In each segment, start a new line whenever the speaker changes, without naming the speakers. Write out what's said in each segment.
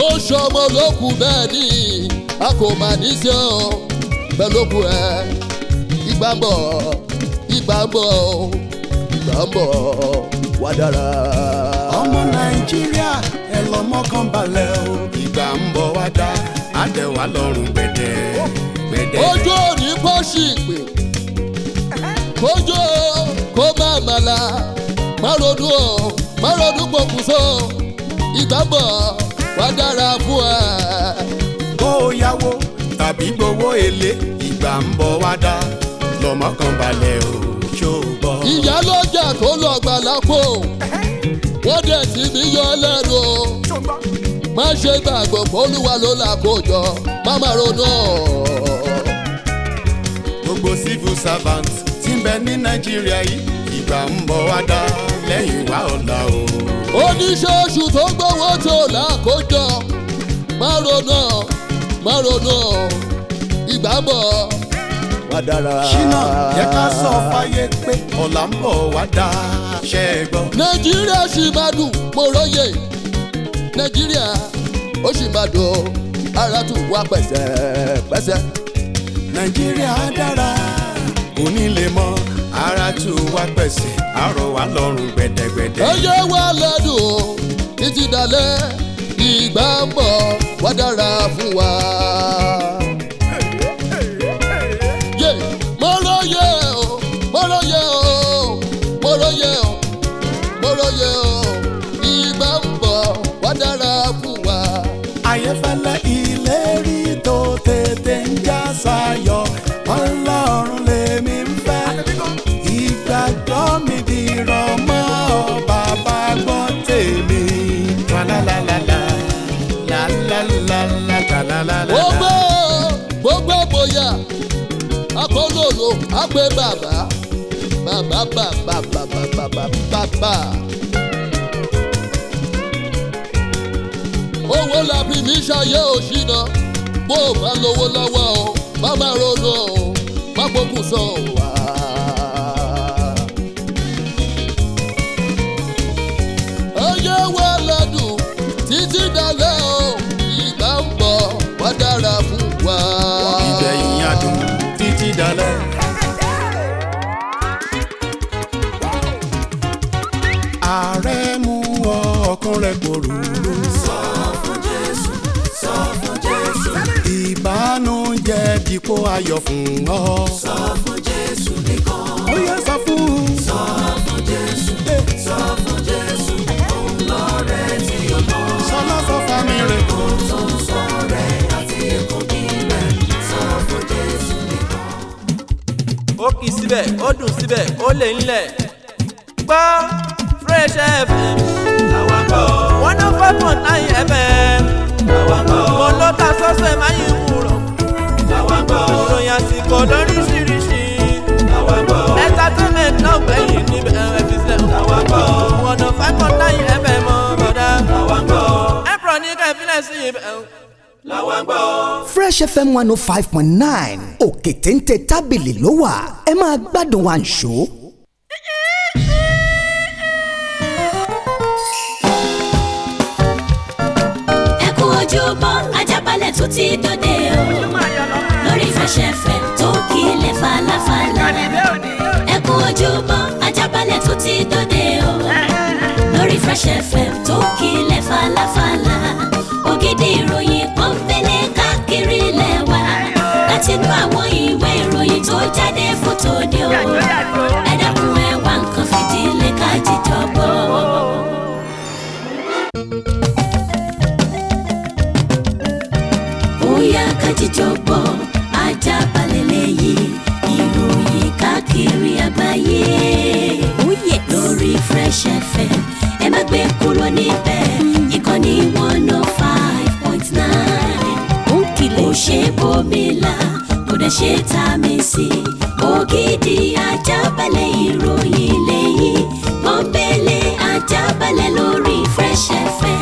ó ṣọmọ olókù bẹ́ẹ̀ ni a kò mà ní sí ọ pẹ̀lókù ẹ ìgbà ń bọ̀ ìgbà ń bọ̀ ìgbà ń bọ̀ wá dára. ọmọ nàìjíríà ẹ lọmọ kan balẹ̀ o ìgbà ń bọ̀ wá dá àdẹ̀wà lọ́rùn gbẹ̀dẹ̀ gbẹ̀dẹ̀. ojú òní kò sì pè kójú kó má màlà má ronú ọ má ronú pokùnso ìgbà ń bọ̀ wá dára fún ẹ. bó o yáwó tàbí
gbowó èlé ìgbà ń bọ̀ wá dá lọ́mọ kan balẹ̀ o ṣó bọ̀. ìyá
lọ́jà tó lọ gbàlá kó wọ́n dẹ̀ sí mi yọ lẹ́nu o má ṣe gbàgbọ́ fọlúwa ló là kó jọ má má ronú.
gbogbo civil servant tí ń bẹ ní nàìjíríà yìí ìgbà ń bọ̀ wá dá lẹ́yìn wá ọ̀la o
oníṣòṣù tó gbowó tó làkójọ máa ronú máa ronú ìgbàgbọ́ wá ṣínà yẹ ká sọ fáyé pé ọ̀la ń bọ̀ wá dá ṣe é gbọ́. nàìjíríà ṣì máa dùn mo róye nàìjíríà ó ṣì máa dùn ara tún wá pẹ̀sẹ̀pẹ̀sẹ̀. nàìjíríà dára kò ní lè mọ ara tù
wá pẹ̀sẹ̀ àrò wá lọ́rùn gbẹ̀dẹ̀gbẹ̀dẹ̀. ẹyẹ
wa lẹ́dùn o títí dalẹ̀ ìgbà ń bọ̀ wá dára fún wa. mọ́rọ́yẹ o mọ́rọ́yẹ o mọ́rọ́yẹ o mọ́rọ́yẹ o ìgbà ń bọ̀ wá dára fún ilé rí tó tètè ń
já sáyọ.
pé bàbá bàbá bàbá bàbá bàbá bàbá. owó la fi ní ṣayé òṣìnà bó o bá lówó lọ́wọ́ o má má ronú o má gbókùn sọ wàá.
jẹ́
dípò ayọ̀ fún ọ. sọ fún
Jésù nìkan.
ó yẹ sọ fún. sọ fún
Jésù. Eh. sọ fún Jésù. òun lọ rẹ tí o lọ.
sọlá sọ fami rẹ. kò tó sọ rẹ àti ikú kílẹ. sọ fún Jésù nìkan. ó kì í síbẹ̀ ó dùn síbẹ̀ ó lè ńlẹ̀.
gbọ́ Fresh FM. àwọn kọ́. one oh five point nine FM. àwọn kọ́. mo ló ta sọ́sẹ̀ máa yin wúrọ̀ ròyìn àsìkò lóríṣiríṣi. entertainment náà gbẹ̀yìn níbẹ̀ ẹ fi sílẹ̀. ọ̀nà five point nine fm bọ̀dá. ẹ̀pọ̀ ní ká ìfilẹ̀ sí ibẹ̀.
Fresh FM one oh five point nine òkè téńté tábìlì ló wà ẹ máa gbádùn wa
ojúbọ Ajábalẹ̀ tó ti dòde o lórí Fresh FM tó kílẹ̀ falafala ẹ kú ojúmọ́ ajábalẹ̀ tó ti dòde o lórí Fresh tó kílẹ̀ falafala ògidì ìròyìn kan fẹ́lẹ́ káàkiri lẹ́wà láti inú àwọn ìwé ìròyìn tó jáde fún tòde o ẹ dákun nǹkan fìdílé ká jíjọ gbọ́. ó yá ká jíjọ ayé oh, lórí Fresh FM ẹ má gbé kúrò níbẹ̀ mm. ìkànnì one oh five point nine kò ṣe bòmílà kò dẹ̀ ṣe tá a mi sí ògidì ajábalẹ̀ ìròyìn lẹ́yìn pọ́npẹ́lẹ́ ajábalẹ̀ lórí Fresh FM.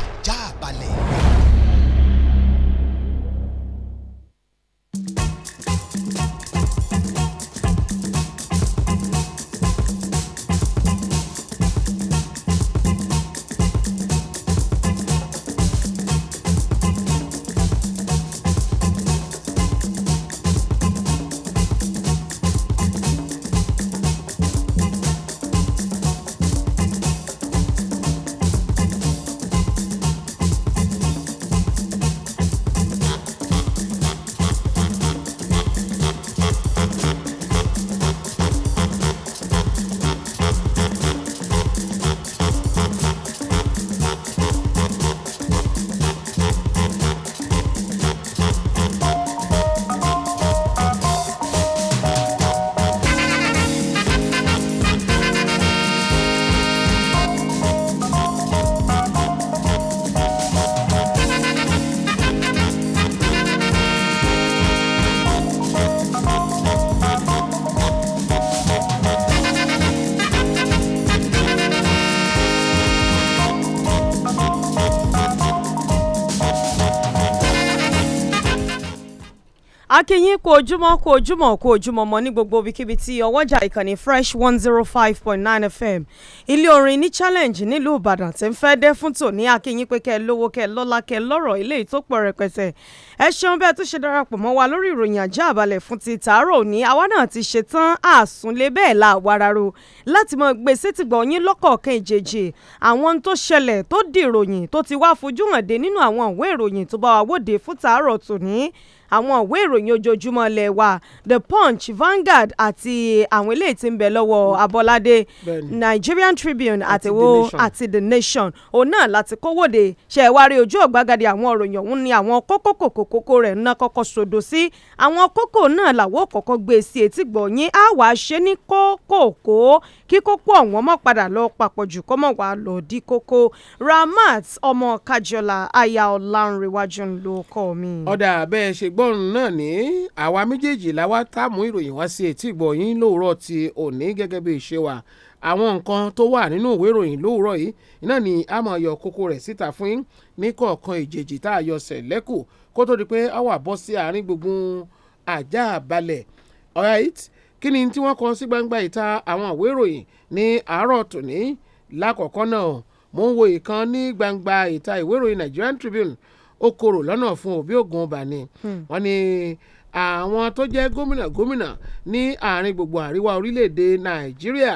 akínyìn kú ojúmọ́ kú ojúmọ́ kú ojúmọ́ mọ́ ní gbogbo ibikíbi tí ọwọ́jà ìkànnì fresh one zero five point nine fm ilé orin ní challenge nílùú ìbàdàn tí ń fẹ́ dé fún tòní akínyìn pé kẹ́ ẹ lówó kẹ́ ẹ lọ́lá kẹ́ ẹ lọ́rọ̀ eléyìí tó pọ̀ rẹpẹtẹ ẹ ṣeun bẹ́ẹ̀ tó ṣe darapọ̀ mọ́ wa lórí ìròyìn ajá àbálẹ̀ fún ti tàárọ̀ òní àwa náà ti ṣe tán àsùnlé bẹ́ẹ̀ la àwararo láti mọ gbé sétìgbọ̀ yín lọ́kọ̀ọ̀kan ìjèjì àwọn tó ṣẹlẹ̀ tó dìròyìn tó ti wá fojú hàn dé nínú àwọn ìwé ìròyìn tó bá wa wòde fún tàárọ̀ tòní àwọn ìwé ìròyìn ojoojúmọ́ ilé wa The Punch, Vanguard àti àwọn eléyìí tí ń bẹ lọ́wọ́ Abọ́ládé Nigerian Tribune àtiwo àti The Nation òun náà láti kówóde ṣe wá rí ojú ọ̀gbagadè àwọn òròyìn ọ̀hún ni àwọn kókó kòkòkò rẹ̀ ná kọ́kọ́ sodo sí àwọn kókó náà làwọn kọ̀ọ̀kan gbé sí etí gbọ̀nyìn á wà á ṣe ní kókòkò kí kókó ọ̀wọ́n mọ̀ padà lọ papọ̀ jù kọ́ mọ̀ wá lọ dí kókó Ramat ọmọ Kájọlá aya Ọlánrewájú ń lo ọkọ mi.
ọ̀dà bẹ́ẹ̀ ṣe gbọ́ gbọ́rùn náà ní àwa méjèèjì làwa tá mú ìròyìn wá sí etí ìgbọ̀ yín lóòrọ̀ ti òní gẹ́gẹ́ bí ìṣe wa àwọn nǹkan tó wà nínú ìwé ìròyìn lóòrọ̀ yìí náà ni a máa yọ kókó rẹ̀ síta fún yín ní kọ̀ọ̀kan ìjèjì tá a yọ sẹ̀lẹ́kù kó tó di pé a wà bọ́ sí àárín gbùngbùn àjà àbalẹ̀ alright kí ni tí wọ́n kọ sí gbangba ìta àwọn ìwé ìròyìn ní àárọ̀ tòní lákọ̀ọ́kọ́ náà mò ń wo ìkan ní gbangba ìta ìwé ìròyìn Nigerian Tribune ó korò lọ́nà fún òbí ògùn ọba ni hmm. wọ́n ní àwọn tó jẹ́ gómìnà gómìnà ní àárín gbogbo àríwá orílẹ̀-èdè nàìjíríà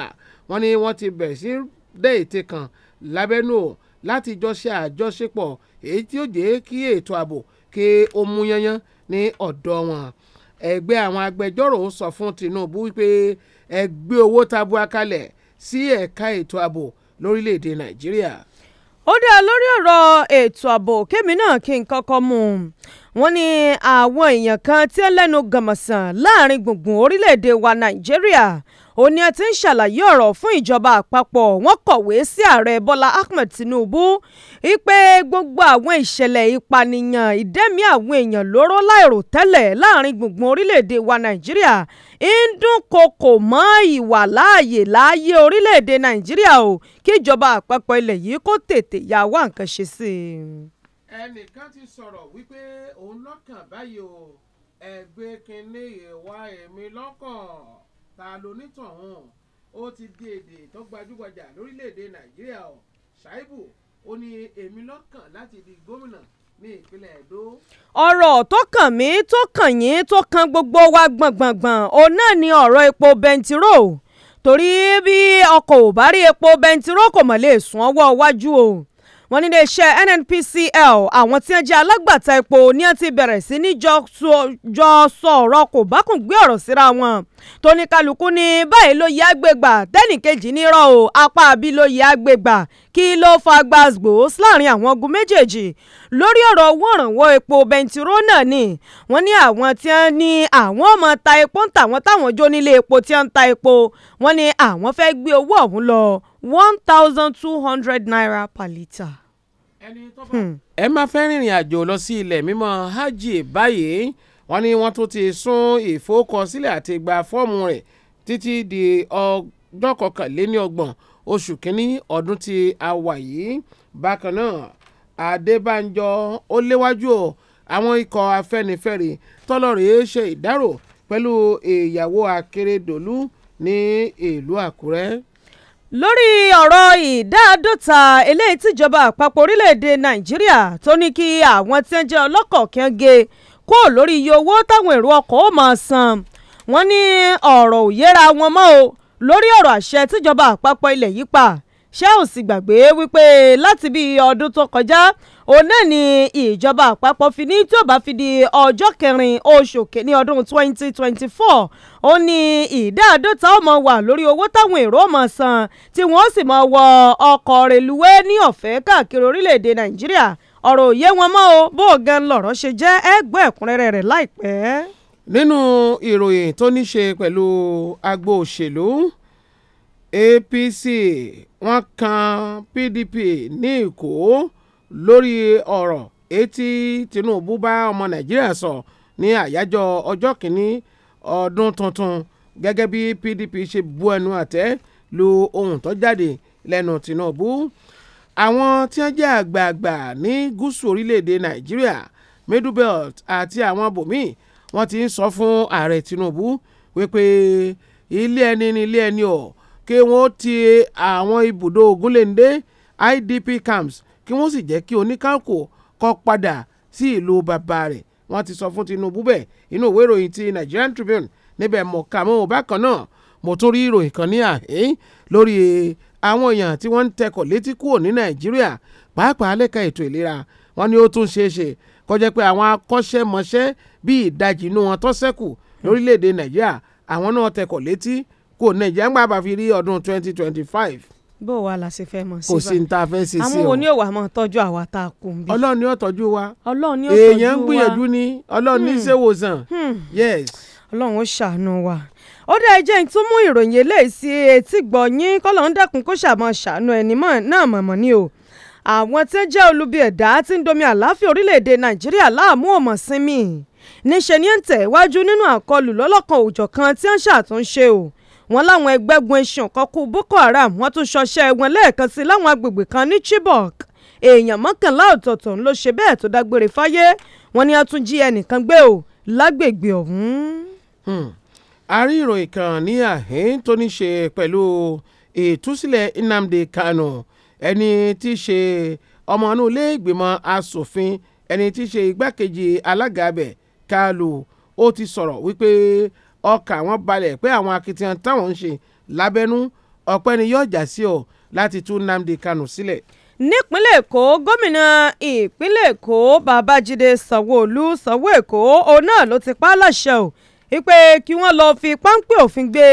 wọ́n ní wọ́n ti bẹ̀rẹ̀ sí dé ète kan lábẹ́nú o láti jọ ṣe àjọṣepọ̀ èyí tí ó jẹ́ kí ètò ààbò kí ó mú yányán ní ọ̀dọ̀ wọn ẹgbẹ́ àwọn agbẹjọ́rò sọ fún Tinubu wípé ẹgbẹ́ owó tabua kalẹ̀ sí ẹ̀ka ètò ààbò lórílẹ̀‐èdè
Nàìjíríà ó dá lórí ọ̀rọ̀ ètò ààbò kémi náà kí n kọ́kọ́ mú un wọ́n ní àwọn èèyàn kan tí ó lẹ́nu gànmọ̀sán láàrin gbùngbùn orílẹ̀‐èdè wa nàìjíríà òun ni ẹ ti ń ṣàlàyé ọ̀rọ̀ fún ìjọba àpapọ̀ wọ́n kọ̀wé sí ààrẹ bọ́lá ahmed tinubu wípé gbogbo àwọn ìṣẹ̀lẹ̀ ìpànìyàn ìdẹ́mi àwọn èèyàn lóró láìròtẹ́lẹ̀ láàrin gbùngbùn orílẹ̀-èdè wa nàìjíríà ń dúnkokò mọ́ ìwà láàyè láàyè orílẹ̀-èdè nàìjíríà o kíjọba àpapọ̀ ilẹ̀ yìí kó tètè yà wá nǹkan ṣe sí i.
ẹnìkan ti sọ̀rọ̀ wípé òun lọ́kàn báyìí o ẹgbẹ́ kínní ìwà èmi lọ́kàn ta ló nítọ̀hún ó ti di èdè tó gbajúgbajà lórílẹ̀‐èdè nàìjíríà ọ̀ ṣáíbù ó ní èmi lọ́kàn láti di gómìnà ní ìpínlẹ̀ èdò.
ọ̀rọ̀ tó kàn mí tó kàn yín tó kan gbogbo wa gbọ̀ngbọ̀ngbọ̀n òun náà ni ọ̀rọ̀ epo bẹntiró torí bí ọkọ̀ ò bá rí epo bẹntiró kò mọ̀ lè sún ọwọ́ iwájú o wọ́n ní iléeṣẹ́ nnpcl àwọn tí wọ́n jẹ́ alágbàtà epo ní wọ́n ti bẹ̀rẹ̀ sí ní jọ sọ ọ̀rọ̀ kò bákùn gbé ọ̀rọ̀ síra wọn tóníkálukú ní báyìí ló yẹ àgbègbà tẹ́nìkejì nírọ̀ o apá àbí ló yẹ àgbègbà kí ló fa gbàgbós láàrin àwọn ogun méjèèjì lórí ọ̀rọ̀ owó ìrànwọ́ epo bẹntiró náà ni wọ́n ní àwọn tí wọ́n ní àwọn ọmọ ta epo ń tàwọn táwọn jó nílé epo tí wọ́n ń ta epo wọ́n ní àwọn fẹ́ gbé owó ọ̀hún lọ one thousand two hundred naira per litre. Hmm.
ẹ máa fẹ́ rìnrìn àjò lọ sí ilẹ̀ mímọ́ hajj báyìí wọ́n ní wọ́n tún ti sún ìfowókọsílẹ̀ àti gba fọ́ọ̀mù rẹ̀ títí di ọjọ́ kọkànléní ọgbọ̀n oṣù kínní ọdún tí a wà yìí bákan náà Adébánjọ ó léwájú o àwọn ikọ̀ Afẹ́nifẹ́re tọ́lọ́rèé ṣe ìdárò pẹ̀lú ìyàwó
Akérédolú ní ìlú Àkúrẹ́ lórí ọ̀rọ̀ ìdáàdọ́ta eléyìí tíjọba àpapọ̀ orílẹ̀-èdè Nàìjíríà tó ní kí àwọn tí ń jẹ́ ọlọ́kọ̀ kẹ́ńgẹ́ kúrò lórí iye owó táwọn èrò ọkọ̀ ó máa san wọ́n ní ọ̀rọ̀ ò yéra wọn mọ́ o lórí ọ̀rọ̀ àṣẹ tíjọba àpapọ̀ ilẹ̀ yìí pa ṣé ò sì gbàgbé wípé láti bí ọdún tó kọjá òun náà ni ìjọba àpapọ̀ fi ní tí ó bá fi di ọjọ́ kẹrin oṣù kìíní ọdún 2024 ó ní ìdá àádọ́ta ó máa wà lórí owó táwọn èrò máa san tí wọ́n sì máa wọ ọkọ̀ reluwé ní ọ̀fẹ́ káàkiri orílẹ̀-èdè Nàìjíríà ọ̀rọ̀ òye wọn mọ́ o bó o gan lọ̀rọ̀ ṣe jẹ́ ẹ gbọ́ ẹ̀kúnrẹ́rẹ́ rẹ̀ láìpẹ́. nínú ìròyìn tó ní ṣe pẹ̀lú
agbo òṣèlú APC wọ́n kan PDP ní Èkó lórí ọ̀rọ̀ etí Tinubu bá ọmọ Nàìjíríà sọ ní àyájọ́ ọjọ́ kìíní ọdún tuntun gẹ́gẹ́ bí PDP ṣe bu ẹnu àtẹ́ lu ohun tó jáde lẹ́nu Tinubu. No àwọn tí wọ́n jẹ́ àgbààgbà ní gúúsù orílẹ̀-èdè nàìjíríà middle belt àti àwọn bòmíì wọ́n ti ń sọ fún ààrẹ tinubu wípé ilé ẹni ni ilé ẹni ọ̀ kí wọ́n ti àwọn ibùdó ogunléndé idp camps kí wọ́n sì jẹ́ kí oníkàkò kó padà sí ìlú bàbá rẹ̀ wọ́n ti sọ fún tinubu bẹ́ẹ̀ inú ìwé ìròyìn ti nigerian tribune níbẹ̀ mọ̀kàmọ́ bákan náà mo tún rí ìròyìn kan ní àhín lórí àwọn èèyàn tí wọ́n ń tẹkọ̀ létí kúrò ní nàìjíríà pàápàá lẹ́ka ètò ìlera wọn ni ó tún ṣeé ṣe kó jẹ́ pé àwọn akọ́ṣẹ́mọṣẹ́ bíi ìdajì inú wọn tó ṣẹ́kù lórílẹ̀‐èdè nàìjíríà àwọn náà tẹkọ̀ létí kò nàìjíríà ń gbà bá fi rí ọdún 2025
bó wa la ṣe fẹ́ mọ̀ sí bá kò sí ní ta fẹ́ ṣe sí o àwọn wo ni yóò wá àwa tá a kùn bí. ọlọ́run ni yóò wa ọlọ́run ni yóò tọ́jú wa èèyàn ń gbìyànjú ni ọlọ́run ní í hmm. hmm. yes. ọlọ́run ó ṣàánú wa ó dá ẹjẹ́ ń tún mú ìròyìn eléyìí sí etí gbọ́ yín kọ́lọ́ ń dẹ́kun kó ṣàmọ́ ṣàánú ẹni náà mọ̀mọ́ ni o àwọn tí ń jẹ́ olubi ẹ̀dá tí ń domi àláfíà orílẹ̀-èdè nàìjíríà láàmú ọ̀mọ̀ sinmi níṣẹ́ ni ń tẹ̀ wájú nínú àkọlù lọ́lọ́kan òjọ̀kan tí ń ṣàtúnṣe o wọn láwọn ẹgbẹ́gun ẹṣin ọ̀kọ́kú boko haram wọ́n tún ṣọṣẹ́ wọn lẹ́ẹ̀kan sí láwọn agbègbè kan ní chibok èèyàn mọ́kànlá ọ̀tọ̀ọ̀tọ̀ ló ṣe bẹ́ẹ̀ tó dágbére fáyé wọ́n ní a tún jí ẹnìkan gbé o lágbègbè ọ̀hún. Hmm a rí ìròyìn
kan ní àhín tó ní ṣe pẹ̀lú ìtúsílẹ̀ Nnamdi Kanu ẹni tí í ṣe ọmọ inú ilé ìgbìmọ̀ asòfin ẹni tí í ṣe igbákejì alága abẹ Kalu ó ti sọ̀rọ̀ wípé ọkà wọn balẹ̀ pé àwọn akitiyan táwọn ń ṣe lábẹ́nú ọ̀pẹ́ ni yóò já sí ọ láti tú Nnamdi Kanu
sílẹ̀. nípínlẹ̀ èkó gómìnà ìpínlẹ̀ èkó babájídé sanwó sanwó-èkó òun náà ló ti pa á láṣẹ o wípé kí wọ́n lọ́ọ́ fi páńpẹ́ òfin gbé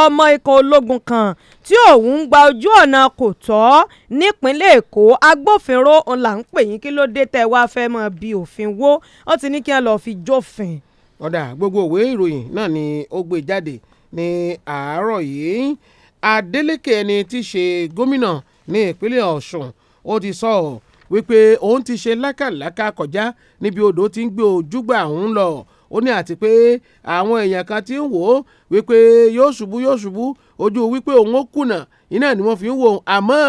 ọmọ ikọ̀ ológun kan tí òun ń gba ojú ọ̀nà kò tọ́ nípínlẹ̀ èkó agbófinró ńlá ń pè yín kí ló dé tẹ́ wá fẹ́ mọ́ bí òfin wó wọ́n ti ní kí wọ́n lọ́ọ́ fi jófin. ọ̀dà gbogbo òwe ìròyìn náà ni ó gbé jáde
ní àárọ̀ yìí adeleke ẹni tí í ṣe gómìnà ní ìpínlẹ̀ ọ̀ṣun ó ti sọ wípé òun ti ṣe lákàlákà kọjá níbi odò ti ń gbé ojúgbà òun lọ ó ní àti pé àwọn èèyàn kan ti ń wò ó wípé yóò ṣubú yóò ṣubú ojú wípé òun ó kùnà iná ni wọ́n fi ń wò ó àmọ́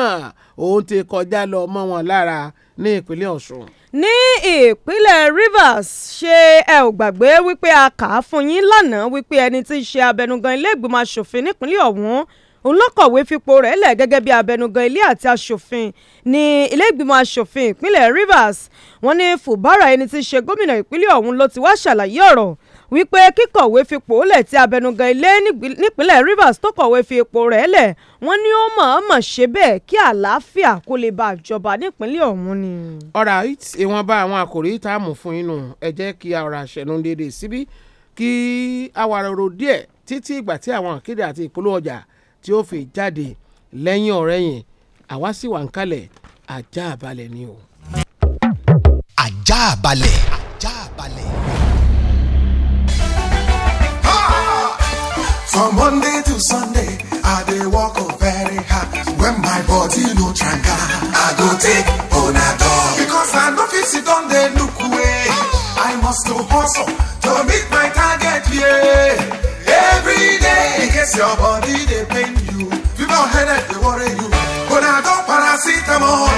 òun ti kọjá lọ mọ́ wọn lára ní ìpínlẹ̀ Ọ̀ṣun.
ní ìpínlẹ̀ Rivers ṣé ẹ ò gbàgbé wípé a kà á fún yín lánàá wípé ẹni tí í ṣe abẹnugan ilé ìgbìmọ̀ asòfin nípínlẹ̀ ọ̀hún òun ló fipò rẹ̀ lẹ̀ gẹ́gẹ́ bí abẹnugan ilé àti aṣòfin ní ilé ìgbìmọ̀ aṣòfin ìpínlẹ̀ Rivers wọ́n ní Fubara ẹni tí í ṣe gómìnà ìpínlẹ̀ ọ̀hún ló ti wá ṣàlàyé ọ̀rọ̀ wípé kíkọ̀wé fipò lẹ̀ tí abẹnugan ilé nípínlẹ̀ Rivers tó kọ̀wé fi ipò rẹ̀ lẹ̀ wọ́n ní ó mọ̀ọ́mọ̀ ṣe bẹ́ẹ̀ kí àlàáfíà kó lè bá ìjọba nípínlẹ̀ ọ̀hún ni. alright ìwọ̀nba àwọn àkòrí tá a mú fún inú
ẹ jẹ́ kí ara ṣẹ̀nu dédé síbí kí awàròrò díẹ̀ títí ìgbà tí àwọn akéde àti ìpolówó ọjà tí ó fi jáde lẹ́yìn ọ̀rẹ́yìn àwa sì wà ń kalẹ̀ ajá balẹ̀ ni o.
ajá balẹ̀. ajá balẹ̀.
From
Monday to Sunday, I dey work very hard. When my body no tranga, I go take Panadol. Because I no fit sit down dey look away. I must to hustle to make my your body, they pain you. Fever headache, they worry you. But I don't
paracetamol,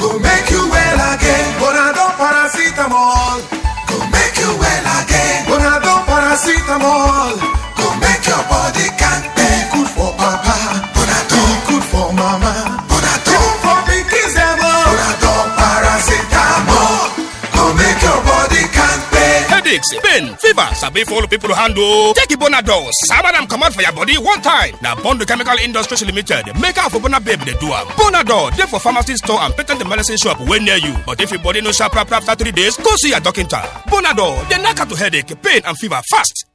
go make you well again. But I don't paracetamol, go make you well again. But I don't paracetamol, go make your body.
headaches pain fever sabi for all people handle oh. take ibonadol sabi am command for your body one time Now bondo chemical Industries limited maker of bona babe dey do am bonadol dey for pharmacy store and patent medicine shop wey near you but if your body no sharp prap after three days go see your doctor bonadol dey knack out to headache pain and fever fast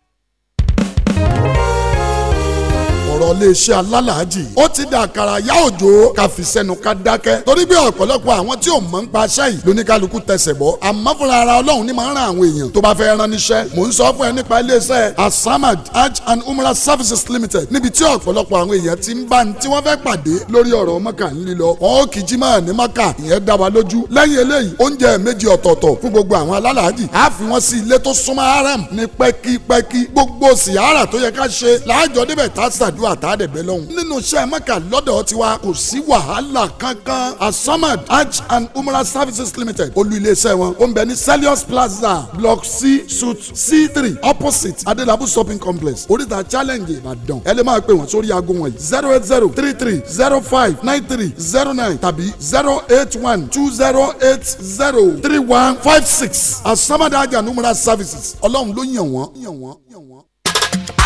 ọ̀rọ̀ iléeṣẹ́ alálàájì ó ti dà àkàrà yá òjò káfí sẹ́nu ká dákẹ́ torí pé ọ̀pọ̀lọpọ̀ àwọn tí ò mọ̀ ń pa aṣẹ́ yìí lóníkálukú tẹsẹ̀ bọ́ àmọ́ fúnra ara ọlọ́run ní máa ń ran àwọn èèyàn tó bá fẹ́ ran níṣẹ́ mò ń sọ fún ẹ nípa iléeṣẹ́ asamad hajj and umrah services limited níbi tí ọ̀pọ̀lọpọ̀ àwọn èèyàn ti ń bá ní tí wọ́n fẹ́ pàdé lórí ọ̀rọ̀ mọ́kà ń lílọ wọn ó kì í jimá ní mọ́kà ìyẹn dá wa lójú lẹ́yìn eléyìí oúnjẹ méjì ọ̀tọ̀ọ̀tọ̀ fún gbogbo àwọn alálàájì á fi wọ́n sí ilé tó súnmọ́ haram ní pẹ́kípẹ́kí gbogbo sìyára tó yẹ ká ṣe láàjọ débẹ̀ tá a ṣàdúrà gbàdúrà tá a lọ́hùn. nínú iṣẹ́ mẹ́kà lọ́dọ̀ tiwa kò sí wàhálà kankan asamad hajj and umrah services limited olú iléeṣẹ́ wọn ó ń bẹ ní salius plaza block c suite c three opposite adelabu shopping complex oríta challenge ìbàdàn ẹ lè máa pè wọ́n sórí aago wọ̀nyí zero eight zero three three zero five nine three zero nine tàbí zero eight one two zero eight zero three one five six asamad
hajj and umrah services ọlọ́run ló yàn
wọ́n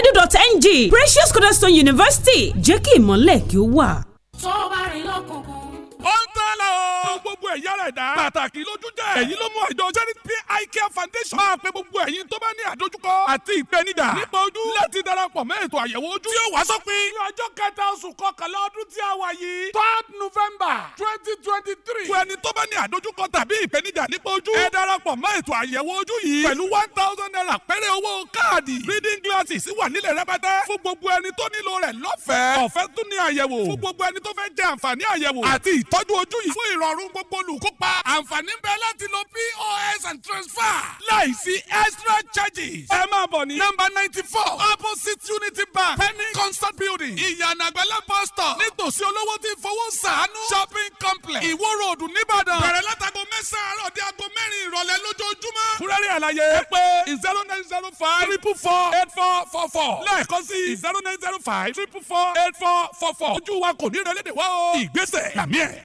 edu.ng Precious Cornerstone University jẹ́ kí ìmọ̀lẹ̀ kí ó wà.
tó bá rìn lọ́kùnkùn ó ń
tẹ́ lọ. fún gbogbo ẹ̀yà rẹ̀ dá. pàtàkì lójú jẹ́. èyí ló mú àjọ charity pay eye care foundation. máa pe gbogbo ẹ̀yin tó bá ní àdójúkọ. àti ìpènijà. nípa ojú. láti darapọ̀ mẹ́ ètò àyẹ̀wò ojú. tí ó wá sópin. ní ọjọ́ kẹta oṣù kọkànlá ọdún tí a wà yìí. third november twenty twenty three. fún ẹni tó bá ní àdójúkọ tàbí ìpènijà nípa ojú. ẹ darapọ̀ mẹ́ ètò àyẹ̀wò ojú yìí. pẹ̀lú one thousand naira péré owó káàdì. reading glasses wà nílẹ̀ rẹpẹtẹ. fún gbogbo ẹni tó nílò rẹ̀ lọ́fẹ̀ẹ́. ọ̀fẹ́ tún ní àyẹ̀wò. fún gbogbo ẹni tó fẹ́ jẹ àǹfààní àyẹ̀wò. àti ì ìtọ́jú ojú yìí fún ìrọ̀rùn gbogbo olùkópa. àǹfààní ń bẹ láti lo POS and transfer láìsí extra charges. ẹ máa bọ̀ ní. nọ́mbà ninety four opposite Unity Bank Penny Concert Building ìyànà àgbẹ̀lẹ̀ bus stop nítòsí olówó tí fowó ṣàánú shopping complex ìwó road nìbàdàn. bẹ̀rẹ̀ látago mẹ́sàn-án àárọ̀ di aago mẹ́rin ìrọ̀lẹ́ lójoojúmọ́. kúrẹ́rì àlàyé ẹ pé zero nine zero five triple four eight four four four lẹ́ẹ̀kan sí zero nine zero five triple four eight four four four ojú wa kò ní ìrẹ́lẹ́dẹ̀ wá o. ìgbésẹ̀ làmí ẹ̀.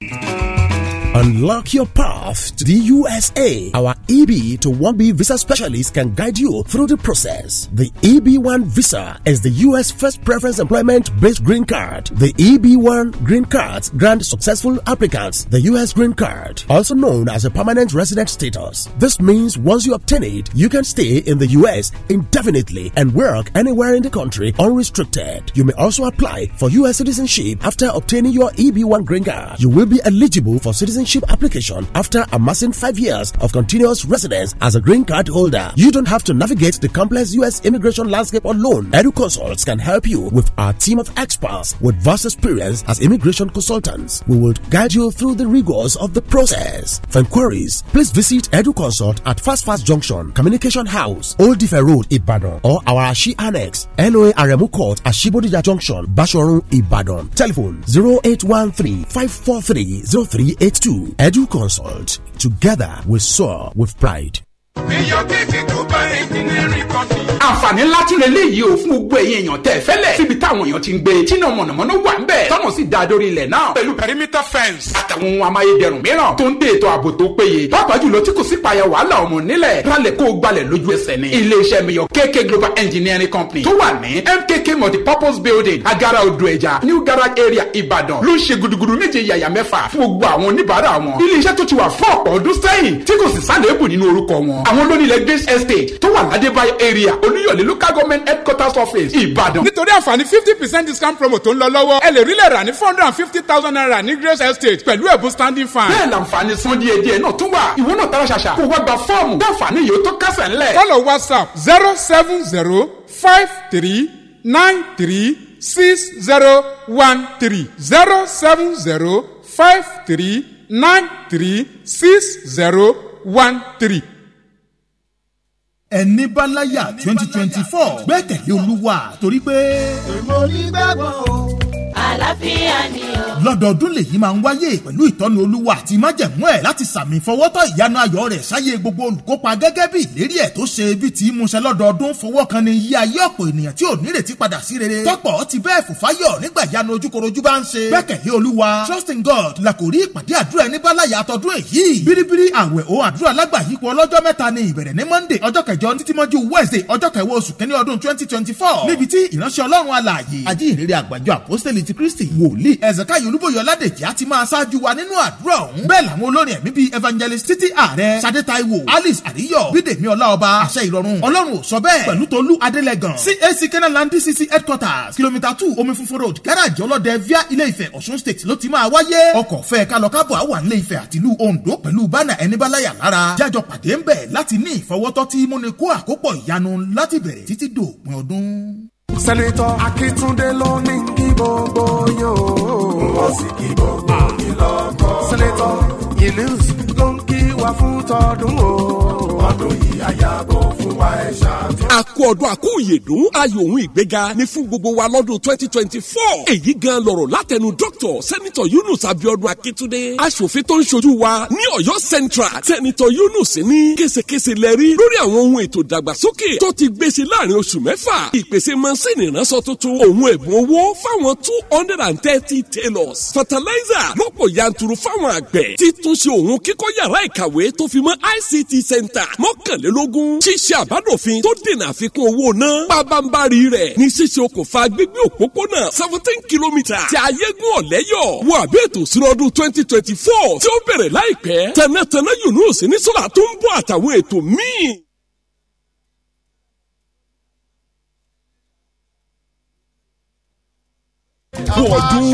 Música Unlock your path to the USA. Our EB to 1B visa specialist can guide you through the process. The EB1 visa is the US first preference employment based green card. The EB1 green cards grant successful applicants the US green card, also known as a permanent resident status. This means once you obtain it, you can stay in the US indefinitely and work anywhere in the country unrestricted. You may also apply for US citizenship after obtaining your EB1 green card. You will be eligible for citizenship citizenship application after amassing five years of continuous residence as a green card holder. You don't have to navigate the complex U.S. immigration landscape alone. EduConsults can help you with our team of experts with vast experience as immigration consultants. We will guide you through the rigors of the process. For inquiries, please visit EduConsult at Fast Fast Junction, Communication House, Old Ife Road, Ibadan, or our Ashi Annex, LOA Aremu Court, Ashibodija Junction, Bashorun, Ibadan. Telephone 0813 543 0382. Edu Consult. Together we soar with pride.
àǹfààní ńlá tí relé yìí ò fún gbogbo ẹ̀yin èèyàn tẹ̀ fẹ́lẹ̀ síbi táwọn èèyàn ti ń gbé tí náà mọ̀nàmọ́ná wà ń bẹ̀ tọ́nà sì da dórí ilẹ̀ náà pẹ̀lú pẹ̀rímítà fẹ́ǹsì àtàwọn ohun amáyédẹrùn mìíràn tó ń dé ètò ààbò tó péye pàápàá jùlọ tí kò sí payà wàhálà ọmọ nílẹ̀ rálẹ̀ kó gbalẹ̀ lójú ẹsẹ̀ ni iléeṣẹ́ miyàn KK Global Engineering Company tó wà ní MKK purpose Building Agara Odò Ẹja New Garage Area ibadan. ló ń ṣe gudugudu méje yàyà mẹ́fà fún gbogbo àwọn oníbàárà wọn iléeṣẹ́ tó ti wà fún ọ̀pọ̀ ọdún sẹ́yìn tí kò sì sáà lébù nínú orúkọ wọn àwọn olónìlẹ̀ grace estate tó wà ládébáyọ̀ area olúyọ̀lé local government headquarters office ìbàdàn. nítorí àǹfààní fifty percent discount promo tó ń lọ lọ́wọ́ ẹ lè rí lẹ̀ rà ní four hundred and fifty thousand naira ní grace estate pẹ̀lú ẹ̀bùn standing fan. bẹ́ẹ̀ làǹfààní san díẹ̀ díẹ̀ náà tún wà ìwọ náà tara ṣàṣà kó wá gba fọ́ọ̀mù láǹfààní yìí ó tó kásẹ̀ ńlẹ̀. kọ́lọ̀ whatsapp zero seven zero five three nine three six zero one three zero seven zero five three nine three six zero one three
ẹni bá láyà twenty twenty four gbẹ́kẹ̀lé olúwa torí pé.
èmo ní gbàgbọ́ o àlàáfíà ni o.
lọ́dọọdún lèyí máa ń wáyé pẹ̀lú ìtọ́ni olúwa àti májẹ̀mú ẹ̀ láti sàmì fọwọ́tọ̀ ìyanu ayọ̀ rẹ̀ sáyé gbogbo olùkópa gẹ́gẹ́ bí ìlérí ẹ̀ tó ṣe bí ti múṣẹ lọ́dọọdún fọwọ́ kan ni yí ayé ọ̀pọ̀ ènìyàn tí ò nírètí padà sí rere tọ́pọ̀ ti bẹ́ẹ̀ fòfáyọ̀ nígbà ìyanu ojúkorojú bá ń ṣe gbẹ́kẹ̀lé olúwa trust in God la kò rí ìpàdé àdúrà ẹni bá láyà àtọ́dún èyí bíríbírí àwẹ̀ o àdúrà lágbàáyípo ọlọ́jọ́ mẹ́ta ni ìbẹ̀rẹ̀ ní Monday ọjọ́ kẹjọ títí mọ́jú Wednesday ọjọ́ kẹwàá oṣù kẹ́ni ọdún twenty twenty four níbi tí ìránṣẹ́ ọlọ́run alààyè àjíhìnrere àgbàjọ àpọ́stẹ́lì ti kristi wòlíì ẹ̀sẹ̀káyọ̀ olúbòyọ̀ ládèjì á ti máa ṣáájú wa nínú àdúrà ọ̀hún. bẹ́ẹ̀ làwọn olórin ẹ̀mí bíi evangelist títí ààrẹ sadé taiwo alice àríyọ̀ bídèmí ọláọba àṣẹ ìrọ̀rùn ọlọ́run ò sọ bẹ́ẹ̀ pẹ̀lú tolú adélẹ́gàn cac kenaland dcc headquarters kilomita two omi funfun road garage ọlọ́dẹ via ilé ìfẹ́ ọ̀ṣun state ló ti máa wáyé ọkọ̀ fẹ́ kálọ kábọ̀ àwọn ilé ìfẹ́ àtìlú ondo pẹ̀lú bánà ẹni báláyà lára jájọ pàdé ń bẹ̀ láti ní ìfọwọ́tọ́ tí múni kó àkópọ̀ ìyanu láti bẹ̀rẹ̀ títí dòpin ọdún sẹ́nitọ́
akíntúndé ló ní kí gbogbo yóò. wọ́n sì kí gbogbo yìí lọ́kọ́. sẹ́nitọ́ yìlúùs ló ń kí wa fún tọdún o ọdún
yìí àyàbọ̀ fún wa ẹ̀ ṣáájú.
àkú ọdún àkú ìyèdún ayò òun ìgbéga ni fún gbogbo wa lọ́dún twenty twenty four èyí gan lọ̀rọ̀ látẹnu dr sẹ́nitọ̀ yunus abiodun akitunde aṣòfin tó ń ṣojú wa ní ọ̀yọ́ central sẹ́nitọ̀ yunus ní késekése lẹ́rí lórí àwọn ohun ètò ìdàgbàsókè tó ti gbèsè láàrin oṣù mẹ́fà ìpèsè mọ́sìnì ìránṣọ tuntun òun ẹ̀bùn owó fáwọn two hundred and thirty tailors fertilizer lọ́pọ̀ yanturu fáwọn àgbẹ̀ títúnṣe òun kíkọ́ yàrá ìkàwé tó fi mọ́ ict center mọ́kànlélógún ṣíṣe àbádòfin tó dènà àfikún owó náà pabambari rẹ̀ ní ṣíṣe okòfà gbígbé òpópónà seventeen kilometre ti ayégun ọ̀lẹ́yọ̀ wo àbí ètò ìṣúná ọdún twenty twenty four tí ó bẹ̀rẹ̀ láìpẹ́ tẹ̀nẹ́tẹ̀nẹ́ Yunus ní sọ́là tó ń bọ̀ àtàwọn ètò míì.
kú ọdún.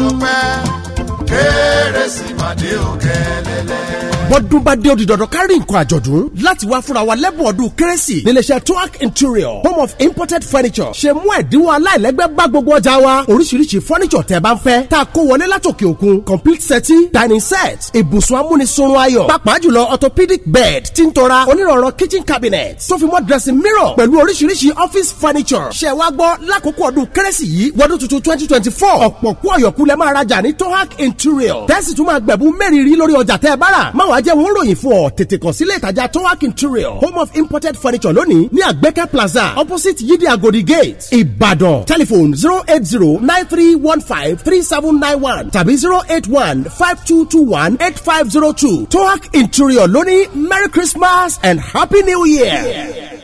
kérésì
pàdé òkè lélẹ̀
bọ́dún bá dé odi dandan kárí nǹkan àjọ̀dún láti wá fúnra wa lẹ́bùn ọdún kérésì níléeṣẹ́ toac interior home of imported furniture ṣe mú ẹ̀dínwó aláìlẹ́gbẹ́ bá gbogbo ọjà wa oríṣiríṣi furniture tẹ́ bá ń fẹ́ tá a kó wọlé látòkè òkun complete seti dining set ibùsùn amúnisunrun ayọ̀ pàápàá jùlọ orthopedic bed tí ń tọ́ra onírọ̀rọ̀ kitchen cabinet tó fi mọ́ dressing mirror pẹ̀lú oríṣiríṣi office furniture ṣe wá gbọ́ lákòókò ọdún kérésì yìí wọdún tuntun twenty twenty four ọ̀pọ̀ kú ọ̀yọ̀kú lẹ máa rajà ní toac interior tẹ́sí tún máa gbẹ̀bú mẹ́rin rí lórí ọjà tẹ́ bá rà máa wàá jẹ́ wọ́n ròyìn fún ọ tètè kàn sílé ìtajà Towac interior home of imported furniture lónìí ní Àgbẹ̀kẹ́ plaza opposite Yídí Agodi gate Ìbàdàn telephone zero eight zero nine three one five three seven nine one tàbí zero eight one five two two one eight five zero two Towac interior lónìí merry christmas and happy new year. Yeah.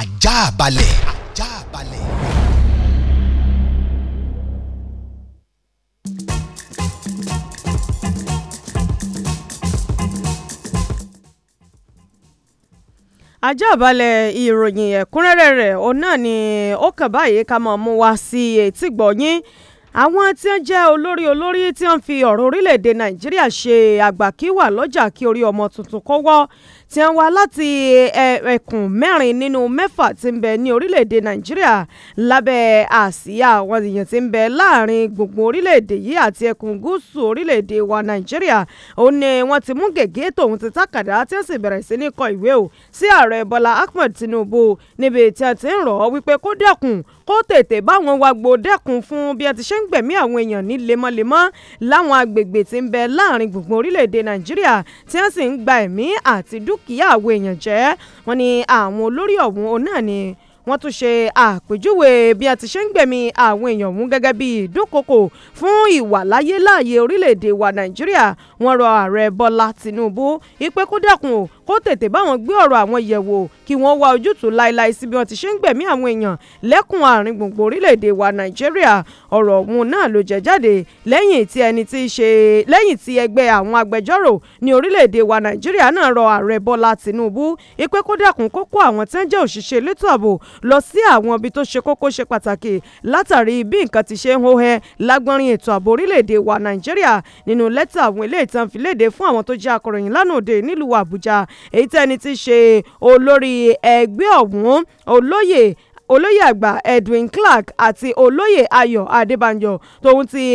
ajá balẹ̀.
ajá balẹ̀. ìròyìn ẹ̀kúnrẹ́rẹ́ rẹ̀ òun náà ni ó kàn báyìí ká máa mú wá sí etí gbọ̀nyìn àwọn tí ń jẹ́ olórí olórí tí ń fi ọ̀rọ̀ orílẹ̀-èdè nàìjíríà ṣe àgbà kí wà lọ́jà kí orí ọmọ tuntun kó wọ́ tí wọ́n wá láti ẹkùn mẹ́rin nínú mẹ́fà tí ń bẹ ní orílẹ̀-èdè nàìjíríà lábẹ́ àsíá àwọn èèyàn tí ń bẹ láàrin gbùngbùn orílẹ̀-èdè yìí àti ẹkùn gúúsù orílẹ̀-èdè wa nàìjíríà ó ní wọ́n ti mú gègé tòun ti tákàdá tí ó sì bẹ̀rẹ̀ sí ní kọ ìwé o sí ààrẹ bọ́lá ahmed tinubu níbi tí a ti ń rọ̀ ọ́ wípé kó dẹ́kun kó tètè báwọn wagbo dẹ́kun fún bí a ti ṣe ń gbẹ̀mí àwọn èèyàn ní lemọ́lemọ́ láwọn agbègbè tí ń bẹ láàrin gbùngbùn orílẹ̀-èdè nàìjíríà tí wọ́n sì ń gba ẹ̀mí àti dúk dúkìá àwọn èèyàn jẹ́ wọn ni àwọn olórí ọ̀hún òun náà ni wọ́n tún ṣe àpèjúwe bí a ti ṣe ń gbẹ̀mí àwọn èèyàn ọ̀hún gẹ́gẹ́ bí ìdúnkokò fún ìwà láyé láàyè orílẹ̀-èdè wa Nàìjíríà wọ́n rọ ààrẹ Bọ́lá Tinubu ìpè kó dẹ́kun kó tètè bá wọn gbé ọ̀rọ̀ àwọn yẹ̀wò kí wọ́n wá ojútùú láéláé sí bí wọ́n ti ṣe ń gbẹ̀mí àwọn èèyàn lẹ́kùn àárín gbùngbùn orílẹ̀-èdè wa nàìjíríà ọ̀rọ̀ ọ̀hún náà ló jẹ́ jáde lẹ́yìn tí ẹni tí ṣe lẹ́yìn tí ẹgbẹ́ àwọn agbẹjọ́rò ní orílẹ̀-èdè wa nàìjíríà náà rọ ààrẹ bọ́lá tinúbú ipe kó dẹ́kun kókó àwọn tí wọ́n jẹ́ òṣìṣẹ́ elétò ààbò lọ sí àwọn ibi tó ṣe kókó ṣe pàtàkì látàrí bí nǹkan ti ṣe ń hóhẹ́ lágbọ́nrin ètò ààbò orílẹ̀-èdè wa nàìjíríà nínú lẹ́tà àwọn ilé ìtàn fìlédè fún àwọn tó jẹ́ akọ̀ròyìn lánàá òde nílùú àbújá èyí tẹ́ni ti ṣe olórí ẹgbẹ́ ọ̀hún olóyè olóyè àgbà Edwin Clark àti olóyè Ayọ̀ Adébánjọ tóun ti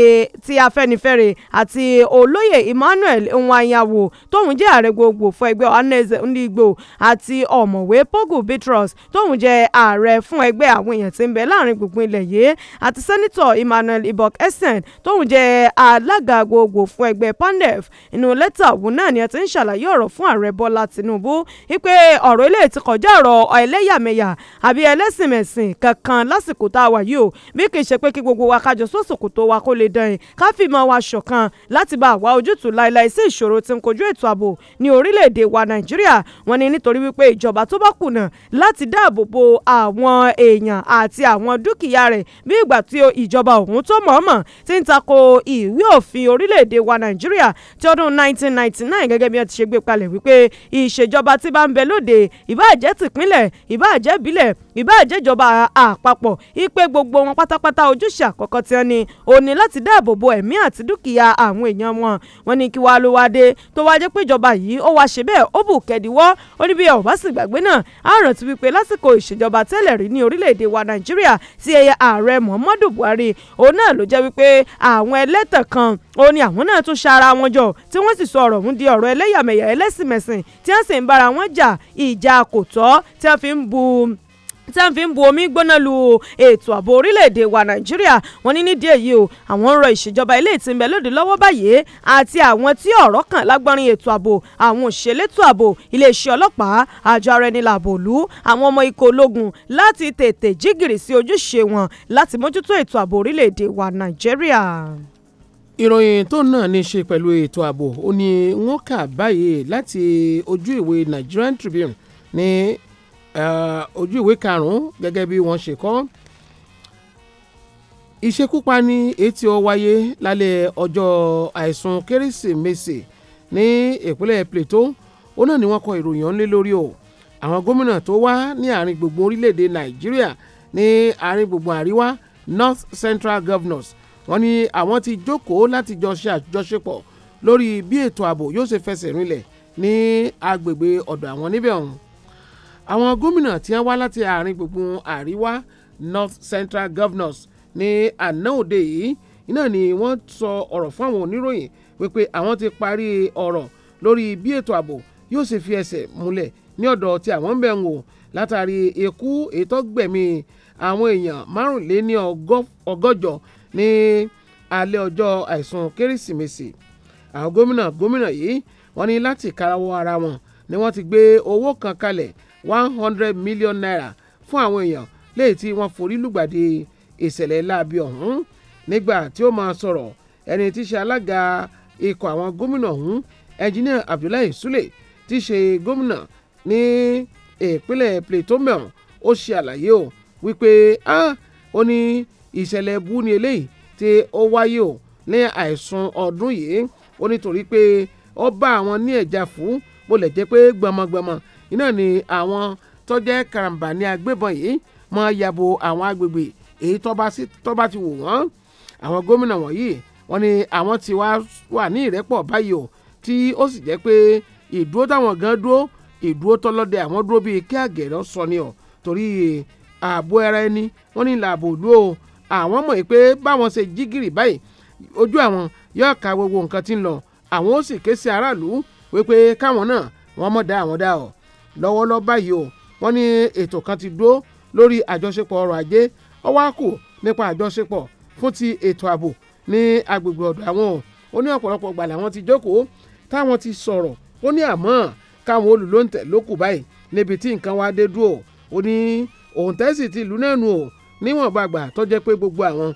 ti Afẹ́nifẹ́re àti olóyè Emmanuel Nwanyanwo tóun jẹ́ ààrẹ gbogbo fún ẹgbẹ́ Ohanaeze Ndigbo àti ọ̀mọ̀wé Pogu Bitrus tóun jẹ́ ààrẹ fún ẹgbẹ́ àwọn èèyàn tí ń bẹ láàrin gbùngbùn ilẹ̀ yìí àti sẹ́nitọ̀ Emmanuel Ibok Esen tóun jẹ́ alága gbogbo fún ẹgbẹ́ PANDEF inú lẹ́tà òun náà ni ẹ ti ń ṣàlàyé ọ̀rọ̀ fún ààrẹ Bọ́lá Tinubu wípé ọ̀rọ̀ ilé ti kọjá ọ̀rọ̀ ẹlẹ́yàmẹ̀yà àbí ẹlẹ́sìnmẹ̀ ẹ̀sìn kankan lásìkò tá a wà yìí o bí kì í ṣe pé kí gbogbo wa kájọ sóṣòkòtò wa kó lè dán in ká fi mọ́ wa ṣọ̀kan láti bá àwa ojútùú láéláé sí ìṣòro tí ń kojú ètò ààbò ní orílẹ̀-èdè wa Nàìjíríà wọ́n ní nítorí wípé ìjọba tó bá kùnà láti dáàbò bo àwọn èèyàn àti àwọn dúkìá rẹ̀ bí ìgbà tí ìjọba òun tó mọ̀ọ́mọ̀ ti ń tako ìwé òfin orílẹ̀-èdè wa Nàìjíríà ti ọdún 1999 gẹ́gẹ́ bí wọ́n ti ṣe gbé palẹ̀ wípé ìṣèjọba tí bá ń bẹ lóde ìbáàjẹ́ tìpínlẹ̀ ìbáàjẹ́ ìbílẹ̀ ìbáàjẹ́ ìjọba àpapọ̀ ipe gbogbo wọn pátápátá ojúṣe àkọ́kọ́ tí wọ́n ní òní láti dáàbò bo ẹ̀mí àti dúkìá àwọn èèyàn wọn wọ́n ní kí wàá ló wá dé tó wá jẹ́ pé ìjọba yìí ó wá ṣe bẹ́ẹ̀ ó bù kẹ́díwọ́ ó ní bí ẹ̀ sì gbàgbé náà á rántí wípé lásìkò ìṣèjọba tẹ́lẹ̀ rí ní orílẹ̀-èdè wa Nàìjíríà tí ẹyẹ ààrẹ Muhammadu Buhari òun náà ló jẹ́ wípé àwọn ẹlẹ́tàn kan ó ní àwọn náà tún ṣara wọn jọ tí wọ́n sì sọ ọ̀rọ̀ ọ̀hún di ọ̀rọ̀ ẹlẹ́yàmẹ̀yà ẹlẹ́sìnmẹ̀sìn tí wọ́n sì ń bára wọn jà ìjà kò tọ́ tí wọ́n fi ń bu tí a fi ń bu omi gbóná lu ètò ààbò orílẹ̀-èdè wa nàìjíríà wọn ní nídìí èyí o àwọn ń rọ ìṣèjọba ilé ìtìǹbẹ̀ lòdì lọ́wọ́ báyìí àti àwọn tí ọ̀rọ̀ kàn lágbárin ètò ààbò àwọn òṣèlétò ààbò iléeṣẹ́ ọlọ́pàá àjọ ara ẹni làbò òlu àwọn ọmọ ikọ̀ ológun láti tètè jígìrì sí ojúṣe wọn láti mójútó ètò ààbò orílẹ̀-èdè wa nàìjíríà.
ìròyìn tó náà
ní ṣe pẹ̀lú ètò ààbò ó ní
wọ́n kà báyìí láti ojú ìwé Nigerian Tribune ní Eh, ojú ìwé karùn-ún gẹ́gẹ́ bí wọ́n ṣe kọ́ ìṣekúpani etí ó wáyé lálẹ́ ọjọ́ àìsùn kérésìmesì ní ìpínlẹ̀ Plateau ó náà ni wọ́n kọ ìròyìn ọ̀nlé lórí o àwọn gómìnà tó wá ní àárín gbogbo orílẹ̀-èdè Nàìjíríà ní àárín gbogbo àríwá North Central Governors wọ́n ní àwọn ti jókòó láti jọ ṣe àjọṣepọ̀ lórí bí ètò ààbò yóò ṣe fẹsẹ̀ rinlẹ̀ ní agbègbè ọ̀dọ̀ àwọn níbẹ̀ ọ̀hún àwọn gómìnà tí wọ́n wá láti àárín gbùngbùn àríwá north central governors ní àná òde yìí iná ni wọ́n sọ ọ̀rọ̀ fún àwọn oníròyìn wípé àwọn ti parí ọ̀rọ̀ lórí bí ètò ààbò yóò ṣe fi ẹsẹ̀ múlẹ̀ ní ọ̀dọ̀ tí àwọn ń bẹ̀ ń wò látàrí ikú ètò gbẹ̀mí àwọn èèyàn márùnléní ọgọ́jọ ní alẹ́ ọjọ́ àìsùn kérésìmesì àwọn gómìnà gómìnà yìí wọ́n ní láti karawọ́ ara wọn ni wọ́n ti gbé owó kan kalẹ̀ one hundred million naira fún àwọn èèyàn léyìí tí wọ́n forí lùgbàdì ìṣẹ̀lẹ̀ láabi ọ̀hún nígbà tí ó máa sọ̀rọ̀ ẹni tí í ṣe alága ikọ̀ àwọn gómìnà ọ̀hún ẹnjiníà Abdullahi Sule tí í ṣe gómìnà ní ìpínlẹ̀ Plateau mẹ́wọ̀n ó ṣe àlàyé o wípé ó ní ìṣẹ̀lẹ̀ bú ni eléyìí tí ó wáyé o ní àìsùn ọdún yìí ó nítorí pé ó bá àwọn ní ẹ̀já fún bó lè jẹ́ pé gbọmọgbọmọ iná ni àwọn tó jẹ́ karambà ní agbébọn yìí máa yàbò àwọn agbègbè èyí tó bá ti wò wọ́n àwọn gómìnà wọ̀nyí wọ́n ní àwọn ti wá wà ní ìrẹ́pọ̀ báyìí o tí ó sì jẹ́ pé ìdúró táwọn gan dúró ìdúró tọlọ́dẹ àwọn dúró bíi kí àgẹ̀rẹ́ sọ ni o torí ààbò ara ẹni wọ́n ní làbò dúró àwọn mọ̀ pé báwọn ṣe jí gìrì báyìí ojú àwọn yóò ka gbogbo nǹkan tí ń lọ àwọn ó sì ké sí aráàlú wípé káwọn náà wọ́n mọ̀ dá àwọn dá o lọ́wọ́lọ́wọ́ báyìí o wọ́n ní ètò kan ti dúró lórí àjọṣepọ̀ ọrọ̀ ajé ọwákù nípa àjọṣepọ̀ fún ti ètò ààbò ní agbègbè ọ̀dọ̀ àwọn o ó ní ọ̀pọ̀lọpọ̀ gbà làwọn ti jókòó táwọn ti sọ̀rọ̀ ó ní àmọ́ káwọn olùlóńtẹ̀ ló kù báyìí níbi tí nǹkan wá dé dúró ó ní òun ti ìlú náà nù o níwọ̀n gbàgbà tó jẹ́ pé gbogbo àwọn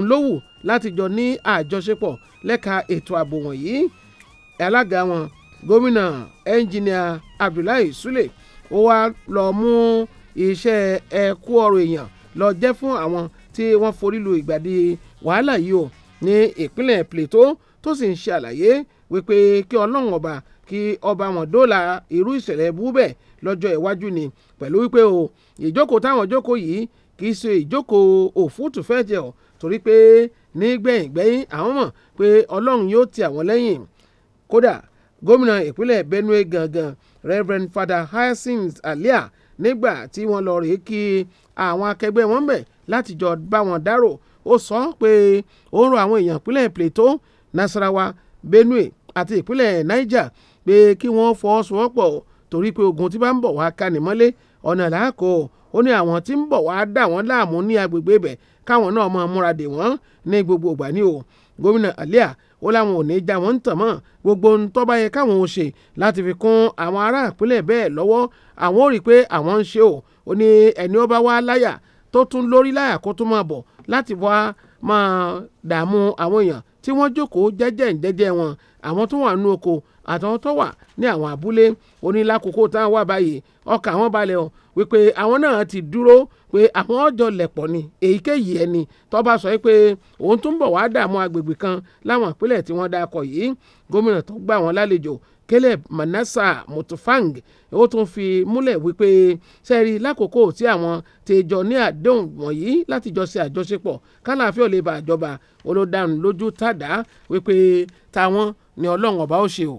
ńlówù láti jọ ní àjọṣepọ̀ lẹ́ka ètò ààbò wọ̀nyí alága wọn gómìnà ẹnjìnìà Abdullahi Sule ó wá lọ mú iṣẹ́ ẹ̀kú ọ̀rọ̀ èèyàn lọ jẹ́ fún àwọn tí wọ́n forí lu ìgbàdí wàhálà yìí o ní ìpínlẹ̀ Plateau tó sì ń ṣàlàyé wípé kí ọlọ́run ọba kí ọba wọn dóòlà irú ìṣẹ̀lẹ̀ búbẹ̀ lọ́jọ́ iwájú ni pẹ̀lú wípé o ìjókòó táwọn jókòó yìí kì í ṣe ìjókòó òfútù fẹ́ jẹ́ o torí pé nígbẹ̀yìngbẹ̀yìn àwọn mọ̀ pé ọlọ́run yóò ti àwọn lẹ́yìn kódà gómìnà ìpínlẹ̀ benue gangan reverend father hyacinth alia nígbà tí wọ́n lọ rèé kí àwọn akẹgbẹ́ wọn bẹ̀ láti jọ bá wọn dárò ó sọ pé ó ń rọ àwọn èèyàn ìpínlẹ̀ plateau nasarawa benue àti ìpínlẹ̀ niger pé kí wọ́n fọwọ́sowọ́pọ̀ torí pé ogun tí bá ń bọ̀ wá kanìmọ́lé ọ̀nà làákò ó ní àwọn tí ń bọ̀ wá dà wọ́n láàmú ní agbègbè ibẹ̀ káwọn náà máa múra dè wọ́n ní gbogbo ìgbà ni o gómìnà alia ó láwọn ò ní já wọn ń tàn mọ́ gbogbo ohun tó bá yẹ káwọn ò ṣe láti fi kún àwọn ará ìpínlẹ̀ bẹ́ẹ̀ lọ́wọ́ àwọn ò rí i pé àwọn ń ṣe ò ó ní ẹni ó bá wá láyà tó tún lórí láyà kó tún máa bọ̀ láti wá máa dààmú àwọn èèyàn tí wọ́n jókòó jẹ́jẹ́ ń jẹ́jẹ́ wọn àwọn tó wà nínú oko àtàwọn tó wà ní àwọn abúlé onílákòókò táwọn wà báyìí ọkà wọn balẹ̀ o wípé àwọn náà ti dúró pé àwọn ọjọ́ lẹ̀pọ̀ ni èyíkéyìí ẹni tó bá sọ pé òun tún bọ̀ wá dààmú agbègbè kan láwọn ìpínlẹ̀ tí wọ́n dákọ̀ yìí gómìnà tó gbà wọ́n lálejò Caleb Manasseh Mutfwang ó tún fi múlẹ̀ wípé sẹ́ẹ̀rí lákòókò tí àwọn ti jọ ní àdéhùn wọ̀nyí láti jọ ṣe àjọṣepọ̀ kálàáfíà lè bá ìjọba olódàánù lójú tàdá wípé táwọn ni ọlọ́run ọba ó ṣe o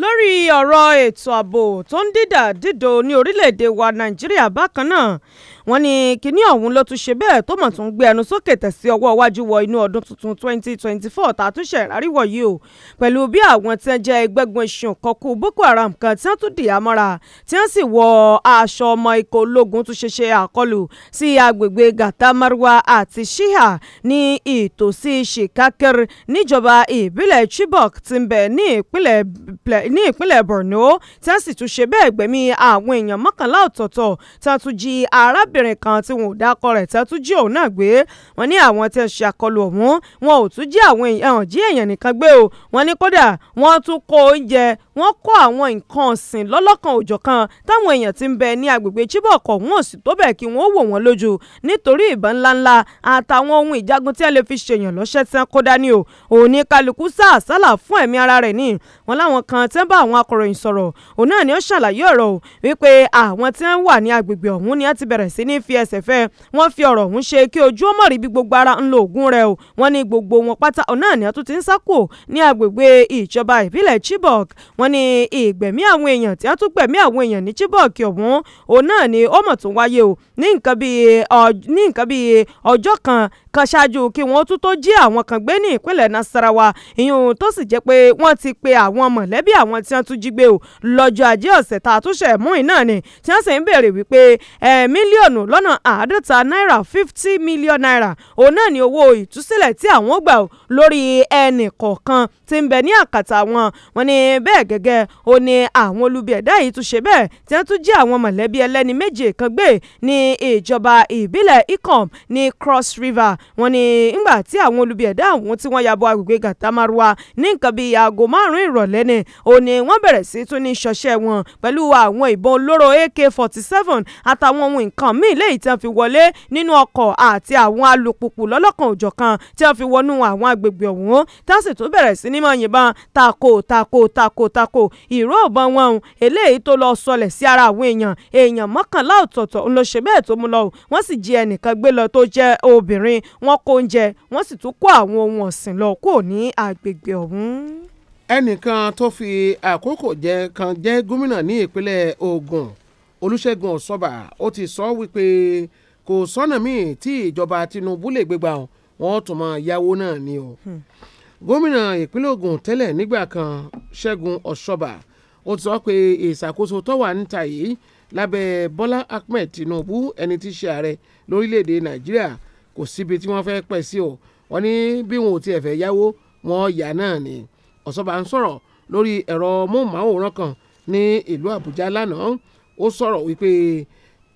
lórí ọ̀rọ̀ ètò ààbò tó ń dìdà-dídò ní orílẹ̀‐èdè wa nàíjíríà bákan náà wọ́n ní kinní ọ̀hún ló tún ṣe bẹ́ẹ̀ tó mọ̀ tún gbé ẹnu sókè tẹ̀sí ọwọ́ iwájú wọ inú ọdún tuntun twenty twenty four a tún ṣe ìráríwọ̀ yìí o pẹ̀lú bí àwọn tí wọ́n jẹ́ ẹgbẹ́gun iṣan kọ́kú boko haram kan tí wọ́n tún dìyà mọ́ra tí wọ́n sì wọ aṣọ ọmọ ikọ̀ ológun tún ṣe àkọlù sí agbègbè gàtá marwa àti shiha ní ìtòsí shikakir níjọba ìbílẹ̀ chibok ti ń bẹ ní ìpínlẹ̀ borno tí wọ́n sì tún ṣe bẹ́ẹ̀ gbẹ̀mí àwọn èèyàn mọ́kànlá ọ̀tọ̀ọ̀tọ̀ arábìnrin kan tí wọn ò dákọ rẹ̀ tẹ́ tún jí òun náà gbé wọn ní àwọn tẹ́ ṣe àkọlù ọ̀hún wọn ò tún jí àwọn èèyàn jí èèyàn nìkan gbé o wọn ní kódà wọn tún kó oúnjẹ wọ́n kó àwọn nǹkan ọ̀sìn lọ́lọ́kan òjọ̀kan táwọn èèyàn ti ń bẹ ní agbègbè Chibok ọ̀hún ò sì tó bẹ́ẹ̀ kí wọ́n wò wọ́n lójú nítorí ìbọn ńláńlá àtàwọn ohun ìjagun tí wọ́n lè fi ṣèyàn lọ́ṣẹ́ tí wọ́n kó dání o òní kálukú sá àsálà fún ẹ̀mí ara rẹ̀ ní wọn láwọn kan tẹ́ ń bá àwọn akọ̀ròyìn sọ̀rọ̀ òun náà ni ó ṣàlàyé ọ̀rọ̀ o wípé àwọn tí wọ́n wà ní agbègbè ọ̀hún ni wọ́n ti bẹ̀rẹ̀ sí ní fi ẹsẹ̀ fẹ́ wọ́n fi ọ̀rọ̀ ọ̀hún ṣe kí ojú ó mọ̀ rí bí gbogbo ara ń lo ògùn rẹ̀ o wọ́n ní gbogbo wọn pátá òun náà ni wọ́n tún ti ń sá kù ní agbègbè ìjọba ìbílẹ̀ Chibok wọ́n ní ìgbẹ̀mí àwọn èèyàn tí a tún gbẹ̀mí àwọn èèyàn ní Chibok ọ̀hún òun náà ni ó tún wáyé o ní nǹkan bíi ní nǹkan bíi ọjọ́ kan kan ṣáájú kí wọ́n tún tó jí àwọn kan gbé ní ìpínlẹ̀ Nasarawa ìyún tó sì jẹ́ pé wọ́n ti pe àwọn mọ̀lẹ́bí àwọn tí wọ́n tún jí gbé o lọ́jọ́ ajé ọ̀sẹ̀ tá a tún ṣẹ̀ mú iná ni tí wọ́n sì ń béèrè wípé mílíọ̀nù lọ́nà àádọ́ta náírà fifty million naira òun náà ni owó ìtúsílẹ̀ tí àwọn gbà o lórí ẹnì kọ̀ọ̀kan tí ń bẹ ní àkàtà wọn wọ́n ní bẹ́ẹ̀ gẹ́gẹ́ o ní àwọn olubi ẹ̀dá yìí tún ṣe bẹ́ẹ̀ tí wọ́n tún jí àwọn mọ̀lẹ́bí ẹlẹ́ni méje kan gbé ní ìjọba ìbílẹ̀ ikom ní cross river wọ́n ní ńgbà tí àwọn olubi ẹ̀dá àwọn tí wọ́n yabo agbègbè gàtàmárùwà ní nǹkan bíi aago márùn-ún ìrọ̀lẹ́ ni ó ní wọ́n bẹ̀rẹ̀ sí tún ní ṣọṣẹ́ wọn pẹ̀lú àwọn ìbọn olóró AK-47 àtàwọn ohun nǹkan míì léyìí tí wọ́n fi wọlé nínú ọkọ̀ àti àwọn alùpùpù lọ́lọ́kan òjọ̀kan tí wọ́n fi wọnú àwọn agbègbè ọ̀hún tá tún bẹ̀rẹ̀ sí ní yìnbọn tako tako tako tako ìró ọ̀bọ̀n wọn eléyìí tó lọ sọlẹ̀ sí ara àwọn èèyàn èèyàn mọ́kànlá ọ̀tọ̀ọ̀tọ̀ ń bẹ́ẹ̀ ìgbésẹ̀ tó mú lọ wọ́n sì jí ẹnìkan gbé lọ tó jẹ́ obìnrin wọ́n kó oúnjẹ wọ́n sì tún kó àwọn ohun ọ̀sìn lọ kúrò ní agbègbè ọ̀hún. ẹnìkan tó fi
àkókò jẹ kan jẹ́ gómìnà ní ìpínlẹ̀ Ògùn Olúṣẹ́gun Ọ̀ṣọ́bà ó ti sọ wípé kò sọ́nà míì tí ìjọba Tinubu lè gbégbá wọn tún máa yáwó náà ni o. Hmm gómìnà ìpínlẹ̀ Ògùn tẹ́lẹ̀ nígbà kan Ṣẹ́gun Ọ̀ṣọ́bà ó ti sọ pé ìṣàkóso tó wà níta yìí lábẹ́ Bọ́lá Ahmed Tinubu ẹni tí í ṣe ààrẹ lórílẹ̀‐èdè Nàìjíríà kò síbi tí wọ́n fẹ́ pẹ̀ sí o wọ́n ní bí wọn ò tiẹ̀ fẹ́ yáwó wọn yà náà ni Ọ̀ṣọ́bà ń sọ̀rọ̀ lórí ẹ̀rọ móhùnmáwòrán kan ní ìlú Àbújá lánàá ó sọ̀rọ̀ wípé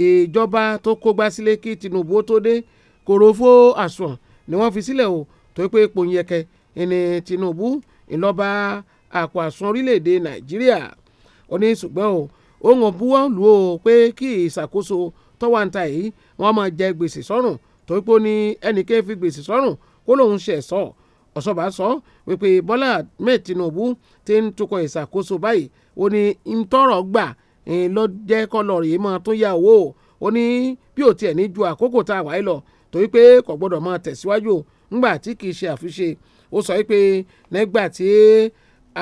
ìjọba tó kógbá sílé kí Tinubu tó dé kòròfó àsùnwọ̀n ni wọ́n fi sílẹ̀ o tó pé epo yẹkẹ ni Tinubu ńlọba àpò àsùn orílẹ̀-èdè Nàìjíríà ó ní ṣùgbọ́n o òun buwọ́ lù ó pé kí ìṣàkóso tọ́wọ́ ń ta yìí wọ́n máa jẹ gbèsè sọ́rùn torí pé ó ní ẹnìkan fi gbèsè sọ́rùn kó lòun ṣe sọ ọ̀ṣọ́bà sọ wípé Bọ́lá Ahmed Tinubu ti ń tukọ̀ ìṣàkóso báyìí ó ní ń tọrọ gbà ló jẹ́ kọ́lọ̀ rèé máa tún yá owó ó ní bí ò tiẹ̀ ní ju àkókò tá a wáyé lọ torí pé kò gbọ́dọ̀ máa tẹ̀síwájú ńgbà tí kì í ṣe àfiṣe ó sọ wípé nígbà tí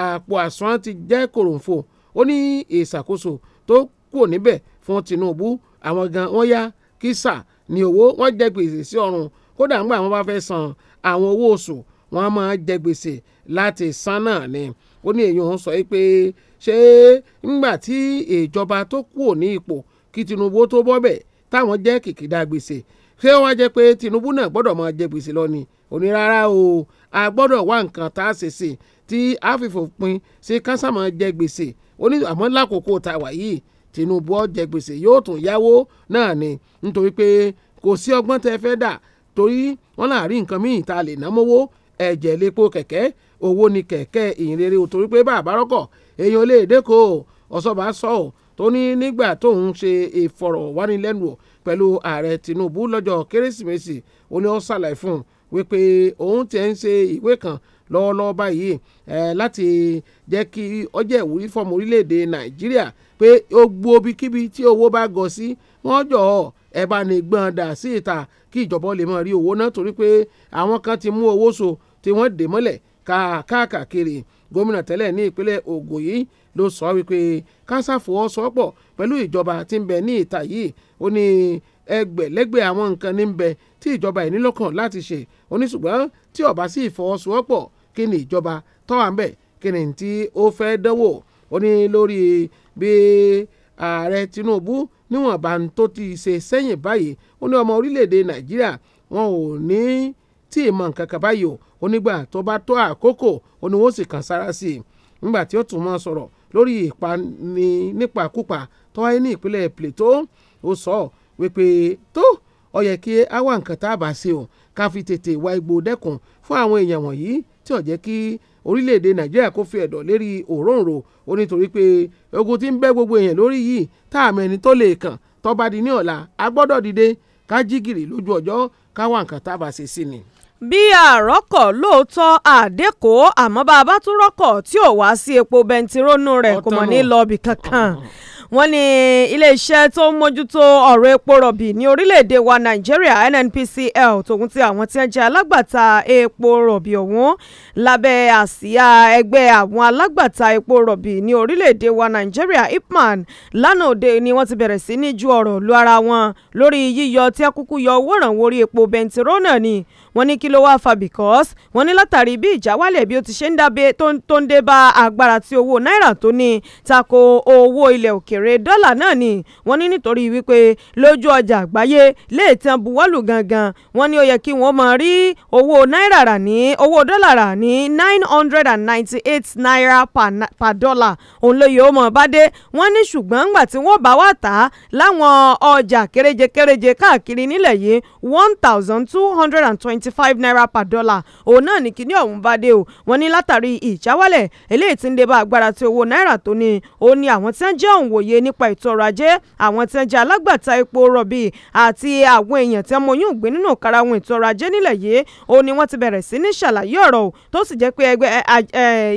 àpò àsùnwọ̀n ti jẹ́ kòròǹfò ó ní ìṣàkóso tó kúrò níbẹ̀ fún Tinubu àwọn gan wọ́n yá kísà ní owó wọ́n jẹ gbèsè sí ọrùn kódà ńgbà wọ́n bá fẹ́ san àwọn owó oṣù wọ́n máa jẹ gbèsè láti san náà ni ó ní èyí òun sọ pé ṣé ńgbà tí ìjọba tó kúrò ní ipò kí Tinubu tó bọ́ bẹ̀ táwọn jẹ́ kìkìdá gbèsè ṣé ó wá jẹ́ pé Tinubu náà gbọ́dọ̀ máa jẹ gbèsè lọ ni òní rárá o a gbọ́dọ̀ wá nǹkan tá a ṣe ṣe tí a fi fòpin sí kásámọ̀ jẹ gbèsè ó ní àmọ́ lákòókò tá a wà yìí Tinubu ó jẹ gbèsè yóò tún yáwó náà ni nítorí pé kò sí ọgbọ́n tẹ́ fẹ́ dà torí wọ́n náà rí nǹkan míì tá a lè owó ni kẹ̀kẹ́ ìrere torí pé bàbá rọ́kọ̀ èèyàn lè ọ̀sọ́ba sọ ọ́ tó ní nígbà tóun ṣe ìfọ̀rọ̀wánilẹ́nuwò pẹ̀lú ààrẹ Tinubu lọ́jọ́ kérésìmesì ó ní fún un wípé kan lọ́wọ́lọ́wọ́ báyìí láti jẹ́ kí ó jẹ́ ìwúrí fọ́ọ̀mù orílẹ̀-èdè nàìjíríà pé gbogbo ibikíbi tí owó bá gọ̀ sí wọ́n jọ̀ ọ́ ẹ̀ bá ní gbọ́n dà sí ìta kí ìjọba lè máa rí owó náà torí pé àwọn kan ti mú owó so tí wọ́n dè mọ́lẹ̀ káàkiri gómìnà tẹ́lẹ̀ ní ìpínlẹ̀ Ògùn yìí ló sọ wípé kásáfòó sọ́pọ̀ pẹ̀lú ìjọba ti ń bẹ ní ìta yìí ó ní ẹgbẹ̀lẹ́gbẹ̀ àwọn nǹkan ní ń bẹ tí ìjọba yìí láti ṣe ó tí ó bá sí kí ni ìjọba tó wà ń bẹ̀ kí ni tí ó fẹ́ dánwò ó bí ààrẹ Tinubu níwọ̀n bá ń tó ti ṣe sẹ́yìn báyìí ó ní ọmọ orílẹ̀-èdè Nàìjíríà wọn ò ní tí ì mọ nǹkan kan báyìí o onígbà tó bá tó àkókò ó ní sì kàn sára sí i nígbà tí ó tún sọ̀rọ̀ lórí ìpani nípakúpa tó wáyé ní ìpínlẹ̀ o ká fi tètè ìwà egbò dẹ́kun fún àwọn èèyàn wọ̀nyí tí ó jẹ́ kí orílẹ̀-èdè nàìjíríà kó fi ẹ̀dọ̀ lérí òróǹro ó nítorí pé ogun tí ń bẹ gbogbo èèyàn lórí yìí tá àmì ẹni tó lè kàn tó bá di ní
ọ̀la a gbọ́dọ̀ dìde ká jí gìrì lójú ọjọ́ ká wá nǹkan tá a bá ṣe sí ni. bí àrọ́kọ̀ lóòótọ́ àdékò àmọ́ bá a bá tún rọ́kọ̀ tí ò wá sí epo bẹntirónú rẹ̀ kò mọ̀ ní lọ́ọ̀bì kankan. Oh, oh, oh wọ́n ní iléeṣẹ́ tó ń mójútó ọ̀rọ̀ epo rọ̀bì ní orílẹ̀-èdè wa nàìjíríà nnpcl tòun ti àwọn tí ń jẹ́ alágbàtà epo rọ̀bì ọ̀hún lábẹ́ àsíá ẹgbẹ́ àwọn alágbàtà epo rọ̀bì ní orílẹ̀-èdè wa nàìjíríà ipman lánàá òde ni wọ́n ti bẹ̀rẹ̀ sí ní ju ọ̀rọ̀ lu ara wọn lórí yíyọ tí akúkú yọ owó ìrànwọ́ orí epo bẹntiró náà ni wọ́n ní kí ló wá fa because wọ́n ní látàrí bí ìjáwálẹ̀ bí ó ti ṣe ń dábẹ́ tó ń dé bá agbára tí owó náírà tó ní tako owó ilẹ̀ òkèèrè èrè dọ́là náà ni wọ́n ní nítorí wípé lójú ọjà àgbáyé léè tán buwọ́lù gangan wọ́n ní ó yẹ kí wọ́n máa rí owó náírà rà ní owó dọ́là rà ní nine hundred and ninety eight naira per dollar òun ló yẹ ó mọ̀ bá dé wọ́n ní ṣùgbọ́n ńgbà tí wọ́n bá wà tà láwọn ọjà kéréje kéréje káàkiri nílẹ̀ yìí one thousand two hundred and twenty-five naira per dollar òun náà ní kíní ọ̀hún bá dé o wọ́n ní látàrí ìjáwálẹ̀ eléyìí tí ń dé bá agbára ti owó náírà tó ní òun ni àwọn tí wọ́n jẹ́ òǹwòye òye nípa ètò ọrọ̀ ajé àwọn tí wọ́n jẹ́ alágbàtà epo rọ̀bì àti àwọn èèyàn tí wọ́n mọ yóò gbé nínú karahun ètò ọrọ̀ ajé nílẹ̀ yìí ó ní wọ́n ti bẹ̀rẹ̀ sí ní ṣàlàyé ọ̀rọ̀ tó sì jẹ́ pé ẹgbẹ́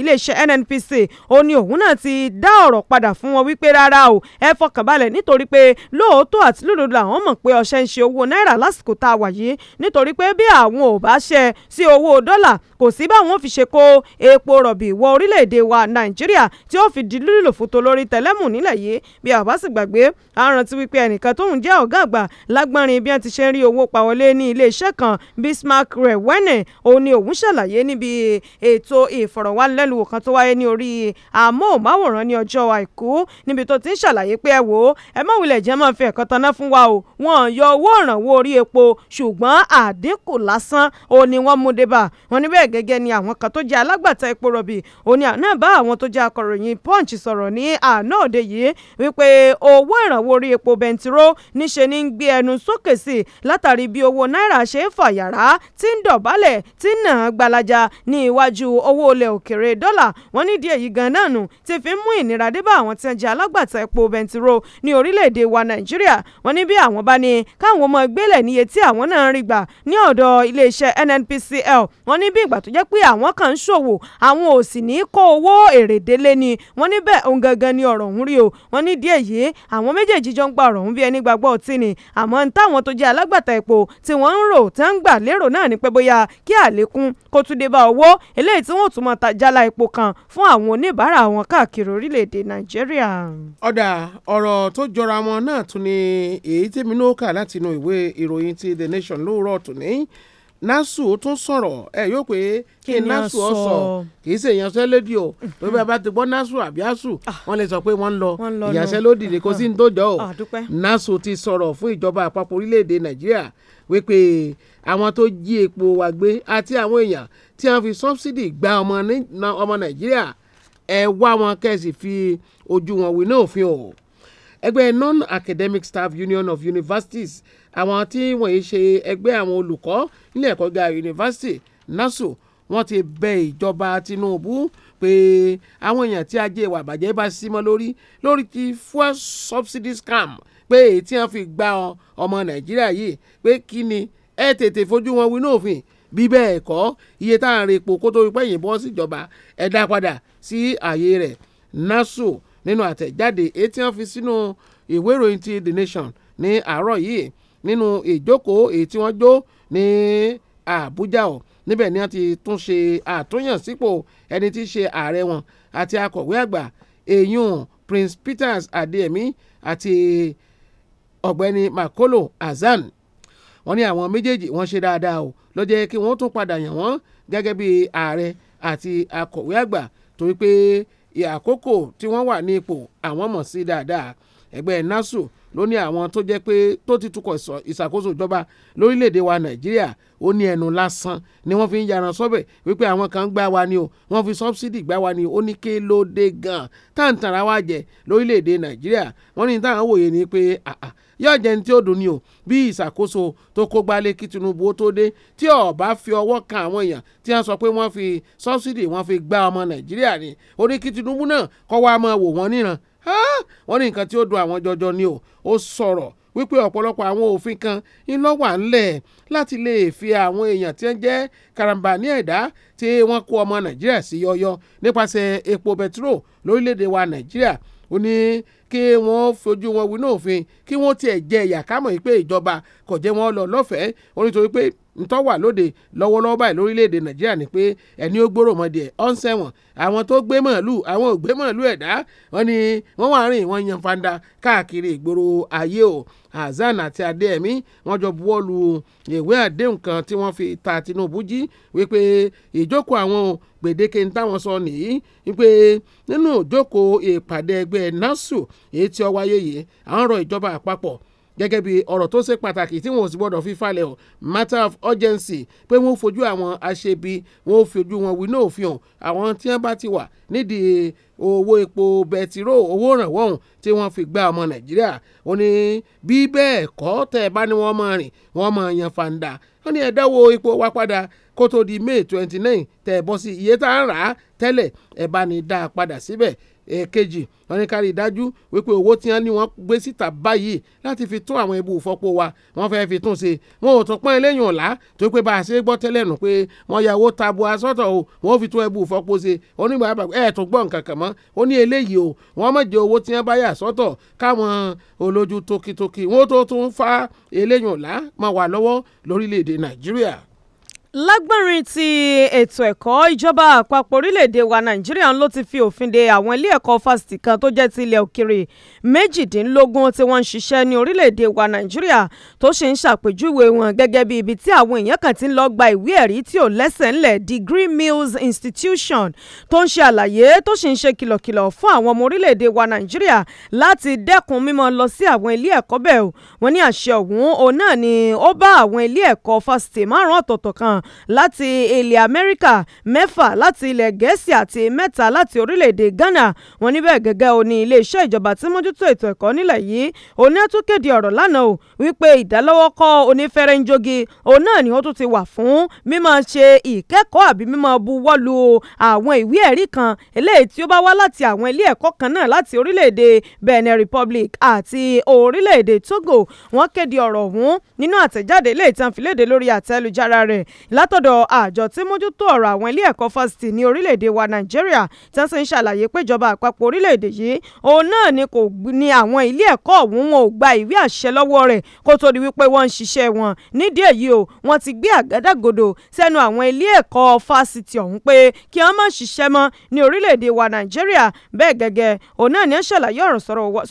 iléeṣẹ́ NNPC ó ní òun náà ti dá ọ̀rọ̀ padà fún wọn wípé rárá o ẹ fọkànbalẹ̀ nítorí pé lóòótọ́ àti lòdòdó làwọn mọ̀ pé ọṣẹ ń ṣe owó náírà lásìkò tá a wà yìí nítorí pé bí àwọn ò bá ṣe sí owó dọ́là kò sí báwọn fi ṣe kó epo rọ̀bì wọ orílẹ̀-èdè wa Nàìjíríà tí ó fi di lílò fòtò lórí tẹ̀lẹ́mù nílẹ̀ yìí bí a bá sì gbàgbé a rántí wípé ẹnìkan tóun jẹ́ ọ̀gá àgbà lágbárin bí wọ́n ti ṣe ń rí owó pa wọlé ní iléeṣẹ́ kan Bismarck Rewene òun ni òun ṣàlàyé níbi ètò ìfọ̀rọ̀wánilẹ́nuwò kan tó wáyé ní orí amóhùnmáwòrán ní ọjọ́ àìkú níbi tó ti ń ṣàlàyé pé ẹ wò ó ẹ má wulẹ̀ jẹ́ máa fi ẹ̀kan taná fún wa o wọn yọ owó ìrànwọ́ orí epo ṣùgbọ́n àdínkù lásán ó ní wọ́n mú débà wọn ní bẹ́ẹ̀ gẹ́gẹ́ ni àwọn kan tó jẹ́ alágbàtà epo rọ̀bì òun náà bá àwọn tó jẹ́ akọ̀ròyìn Punch sọ̀rọ̀ ní àná òde yìí wípé owó ìrànwọ́ orí epo bẹntiró níṣe ní ń gbé ẹnu sókè sí i látàrí bí owó náírà ṣe ń fà yàrá tí ń dọ̀bálẹ̀ tí ń nà gbalaja ní iwájú owó ilẹ̀ òkèrè dọ́là wọ́n nídìí èyí gan náà nù ti fi ń mú ìnira dé bá àwọn tí ń jẹ alágbàtà epo bẹntiró ní orílẹ̀-èdè wa nàìjíríà wọ́n ní bí àwọn bá ní káwọn ọmọ gbélẹ̀ níye tí àwọn náà ń rí gbà ní ọ̀dọ̀ iléeṣẹ́ NNPCL wọ́n ní bí ìgbà tó jẹ́ pé àwọn kan ń ṣòwò àwọn ò sì ní kó owó èrè délé ni wọ́n ní bẹ́ẹ̀ òun gangan ni ọ̀rọ̀ òun rí o wọ́n ní díẹ̀ yìí àwọn méjèèjì jọ ń gba ọ̀rọ̀ ọ̀hún bí ẹni gbàgbọ́ ọtí ni àmọ́ n táwọn tó jẹ́ alágbàtà epo tí wọ́n ń rò tí wọ́n ń gbà lérò náà ni pé bóyá kí àlékún kó tún dé bá owó eléyìí tí wọ́n tún mọ jálá epo kan fún àwọn oníbàárà wọn káàkiri orílẹ̀-èdè nàìjíríà. ọ̀dà ọ̀rọ̀ tó jọra wọn náà tún ni èyí
tèmi náà kà látinú ìwé ìròyìn ti The Nation lóòrọ̀ tòní nasu tún sọ̀rọ̀ ẹ yóò pé kí nasu ọ sọ kì í ṣe ìyanṣẹ́lódì o tó bí a bá ti gbọ́ nasu àbí asu ah. wọ́n lè sọ pé wọ́n ń lọ ìyanṣẹ́lódì ni kò sí ah. ní tó jọ o ah, nasu ti sọ̀rọ̀ fún ìjọba àpapọ̀ orílẹ̀-èdè nàìjíríà wípé àwọn tó jí epo wa gbé àti àwọn èèyàn tí wọ́n fi sọ́bsidì gba ọmọ nàìjíríà ẹ wá wọn kẹ́sì fi ojú wọn wí náà òfin o ẹgbẹ́ non-academic staff union of universities àwọn tí wọ́n yìí ṣe ẹgbẹ́ àwọn olùkọ́ nílé ẹ̀kọ́ ga yunifásitì NASU wọ́n ti bẹ ìjọba Tinubu pé àwọn èèyàn tí ajé ìwà àbàjẹ́ bá sí mọ́ lórí lórí ti fuel subsidy scam pé èyí tí wọ́n fi gba ọmọ Nàìjíríà yìí pé kí ni ẹ tètè fojú wọn wí nófin bí bẹ́ẹ̀ kọ́ iye tá à ń re epo kó tó rí pẹ́yìn bọ́ síjọba ẹ dá padà sí ààyè rẹ̀ NASU nínú àtẹ̀jáde èyí tí wọ́n fi sínú ìwé ìròyìn ti The Nation ní àárọ̀ yìí nínú ìjókòó èyí tí wọ́n jó ní Àbújá o níbẹ̀ ni wọ́n ti tún ṣe àtúnyànsípò ẹni tí í ṣe ààrẹ wọn àti akọ̀wé àgbà èyún Prince Peters Adéyẹmí àti ọ̀gbẹ́ni Makolo Hasan wọ́n ní àwọn méjèèjì wọ́n ṣe dáadáa o ló jẹ́ kí wọ́n tún padà yàn wọ́n gẹ́gẹ́ bí ààrẹ àti akọ̀wé àgbà torí pé àkókò tí wọ́n wà ní ipò àwọn mọ̀ sí dáadáa ẹgbẹ́ nasu ló ní àwọn tó jẹ́ pé tó ti tukọ̀ ìṣàkóso ìjọba lórílẹ̀‐èdè wa nàìjíríà ó ní ẹnu lásán ni wọ́n fi ń yaran sọ́bẹ̀ wípé àwọn kan gbá wa ni o wọ́n fi sọ́bsidì gbá wa ni o ó ní ké ló dé gan-an táǹtàrà wa jẹ lórílẹ̀‐èdè nàìjíríà wọ́n ní táwọn wòye ni pé àà yóò jẹ́ ní tí ó dùn ní o bí ìṣàkóso tó kó gbálẹ̀ kí Tinubu ó tó dé tí ọba fi ọwọ́ kan àwọn èèyàn tí wọ́n sọ pé wọ́n fi sọ́bsidì wọ́n fi gbá ọmọ nàìjíríà ni ó ní kí Tinubu náà kọ́ wa máa wò wọ́n níran wọ́n ní nǹkan tí ó dùn àwọn jọjọ ni o ó sọ̀rọ̀ wípé ọ̀pọ̀lọpọ̀ àwọn òfin kan iná wà ńlẹ̀ láti lè fi àwọn èèyàn tí ń jẹ́ karambà ní ẹ̀dá tí wọ́n kó ọmọ nàìjíríà sí yọyọ nípasẹ̀ epo bẹtiró lórílẹ̀‐èdè wa nàìjíríà ó ní kí wọ́n fojú wọn wí náà òfin kí wọ́n tiẹ̀ jẹ ìyà kámọ̀ yìí pé ìjọba kò jẹ́ wọn lọ lọ́fẹ̀ẹ́ ó nítorí pé ntọ́ wà lóde lọ́wọ́lọ́wọ́ báyìí lórílẹ̀‐èdè nàìjíríà ni pé ẹni ó gbóró mọ́ díẹ̀ ọ́n sẹ́wọ̀n àwọn tó gbé màálù àwọn ò gbé màálù ẹ̀dá wọn ni wọ́n wà rìn wọ́n yan fanda káàkiri ìgboro ayé o Hasan àti Adéyẹmí wọ́n jọ buwọ́ lu ìwé àdéhùn kan tí wọ́n fi ta Tinubu jí wípé ìjókòó àwọn gbèdéke ń táwọn sọ nìyí wípé nínú ìjókòó ìpàdé ẹgbẹ́ NASU èyí tí ó wáyé yìí à ń rọ ìjọba àpapọ̀ gẹ́gẹ́ bí ọ̀rọ̀ tó ṣe pàtàkì tí wọn ò sì gbọ́dọ̀ fi falẹ̀ o matter of urgency pé wọ́n fojú àwọn aṣebi wọ́n fojú wọn wí náà fihàn àwọn tí wọ́n bá ti wà nídìí owó epo bẹtiró owó ìrànwọ́ ọ̀hún tí wọ́n fi gba ọmọ nàìjíríà ó ní bí bẹ́ẹ̀ kọ́ tẹ̀ bá ní wọ́n máa rìn wọ́n máa yan fanda ó ní ẹ̀dáwó epo wa padà kó tó di may twenty nine tẹ̀ bọ́ sí iye tá à ń rà á tẹ́lẹ̀ ẹ̀ bá ní dá a padà síbẹ̀ èkejì wọ́n ní kárí ìdájú wípé owó tí wọ́n ní wọ́n gbé síta báyìí láti fi tún àwọn ibú ìfọ́pọ̀ wa wọ́n fẹ́ẹ́ fi tún ṣe wọn ò tún pọ́n eléyìí ọ̀la tó pé bá a ṣe gbọ́ tẹ́lẹ̀ nù pé wọ́n ya owó tabu asọ́tọ̀ o wọ́n fi tún ibú ìfọ́pọ̀ ṣe onígbà ẹ̀ tó gbọ́ nǹkan kan mọ́ ó ní eléyìí o wọ́n mọ̀ jẹ́ owó tí wọ́n bá yà sọ́tọ̀ káwọn olójú tókítókí wọ́n tó tún
fa eléyìí ọ̀la máa wà lọ́wọ́ lórílẹ̀ Nàìjíríà lágbọ́nrin ti ètò ẹ̀kọ́ ìjọba àpapọ̀ orílẹ̀‐èdè wa nàìjíríà ló ti fi òfin de àwọn ilé ẹ̀kọ́ fásitì kan tó jẹ́ ti ilẹ̀ òkèrè méjìdínlógún tí wọ́n ń ṣiṣẹ́ ní orílẹ̀‐èdè wa nàìjíríà tó ṣe ń ṣàpèjúwe wọn gẹ́gẹ́ bí ibi tí àwọn èèyàn kan ti ń lọ gba ìwé ẹ̀rí tí ò lẹ́sẹ̀ ńlẹ̀ degree mills institution tó ń ṣe àlàyé tó sì ń ṣe kìlọ̀kìlọ̀ fún àwọn ọmọ orílẹ̀‐èdè wa nàìjíríà láti dẹ́kun mímọ́ lọ ni ó bá àwọn ilé ẹ̀kọ́ fásitì láti ilẹ̀ amẹ́ríkà mẹ́fà láti ilẹ̀ gẹ̀ẹ́sì àti mẹ́ta láti orílẹ̀-èdè ghana wọn níbẹ̀ gẹ́gẹ́ o ní iléeṣẹ́ ìjọba tí mójútó ètò ẹ̀kọ́ nílẹ̀ yìí òní ẹ̀ tún kéde ọ̀rọ̀ lánàá o wípé ìdálọ́wọ́kọ́ onífẹ́rẹ́ńjogi òun náà ni ó tún ti wà fún mímọ́ ṣe ìkẹ́kọ̀ọ́ àbí mímọ́ buwọ́lu àwọn ìwé ẹ̀rí kan eléyìí tí ó bá wá láti àwọn ilé ẹ̀kọ́ kan náà láti orílẹ̀-èdè Benin Republic àti orílẹ̀-èdè Togo wọ́n kéde ọ̀rọ̀ ọ̀hún nínú àtẹ̀jáde ilé ìtàn fìlédè lórí àtẹ̀lùjára rẹ̀ látọ̀dọ̀ àjọ tí mójútó ọ̀rọ̀ àwọn ilé ẹ̀kọ́ fásitì ní orílẹ̀-èdè wa nàìjíríà tí wọ́n sì ń ṣàlàyé péjọba àpapọ̀ orílẹ̀-èdè yìí òun náà ni kò ní àwọn ilé ẹ̀kọ́ ọ̀hún wọn ò gba ìwé àṣẹ lọ́wọ́ rẹ̀ kó tó di wípé wọ́n ń ṣiṣẹ́ wọn nídìí èyí o wọ́n ti gbé àgádágodo sẹ́nu àwọn ilé ẹ̀kọ́ fásitì ọ̀hún pé kí wọ́n má ṣiṣẹ́ mọ́ ní orílẹ̀-èdè wa nàìjíríà bẹ́ẹ̀ gẹ́gẹ́ òun náà ni ó ṣàlàyé ọ̀rọ̀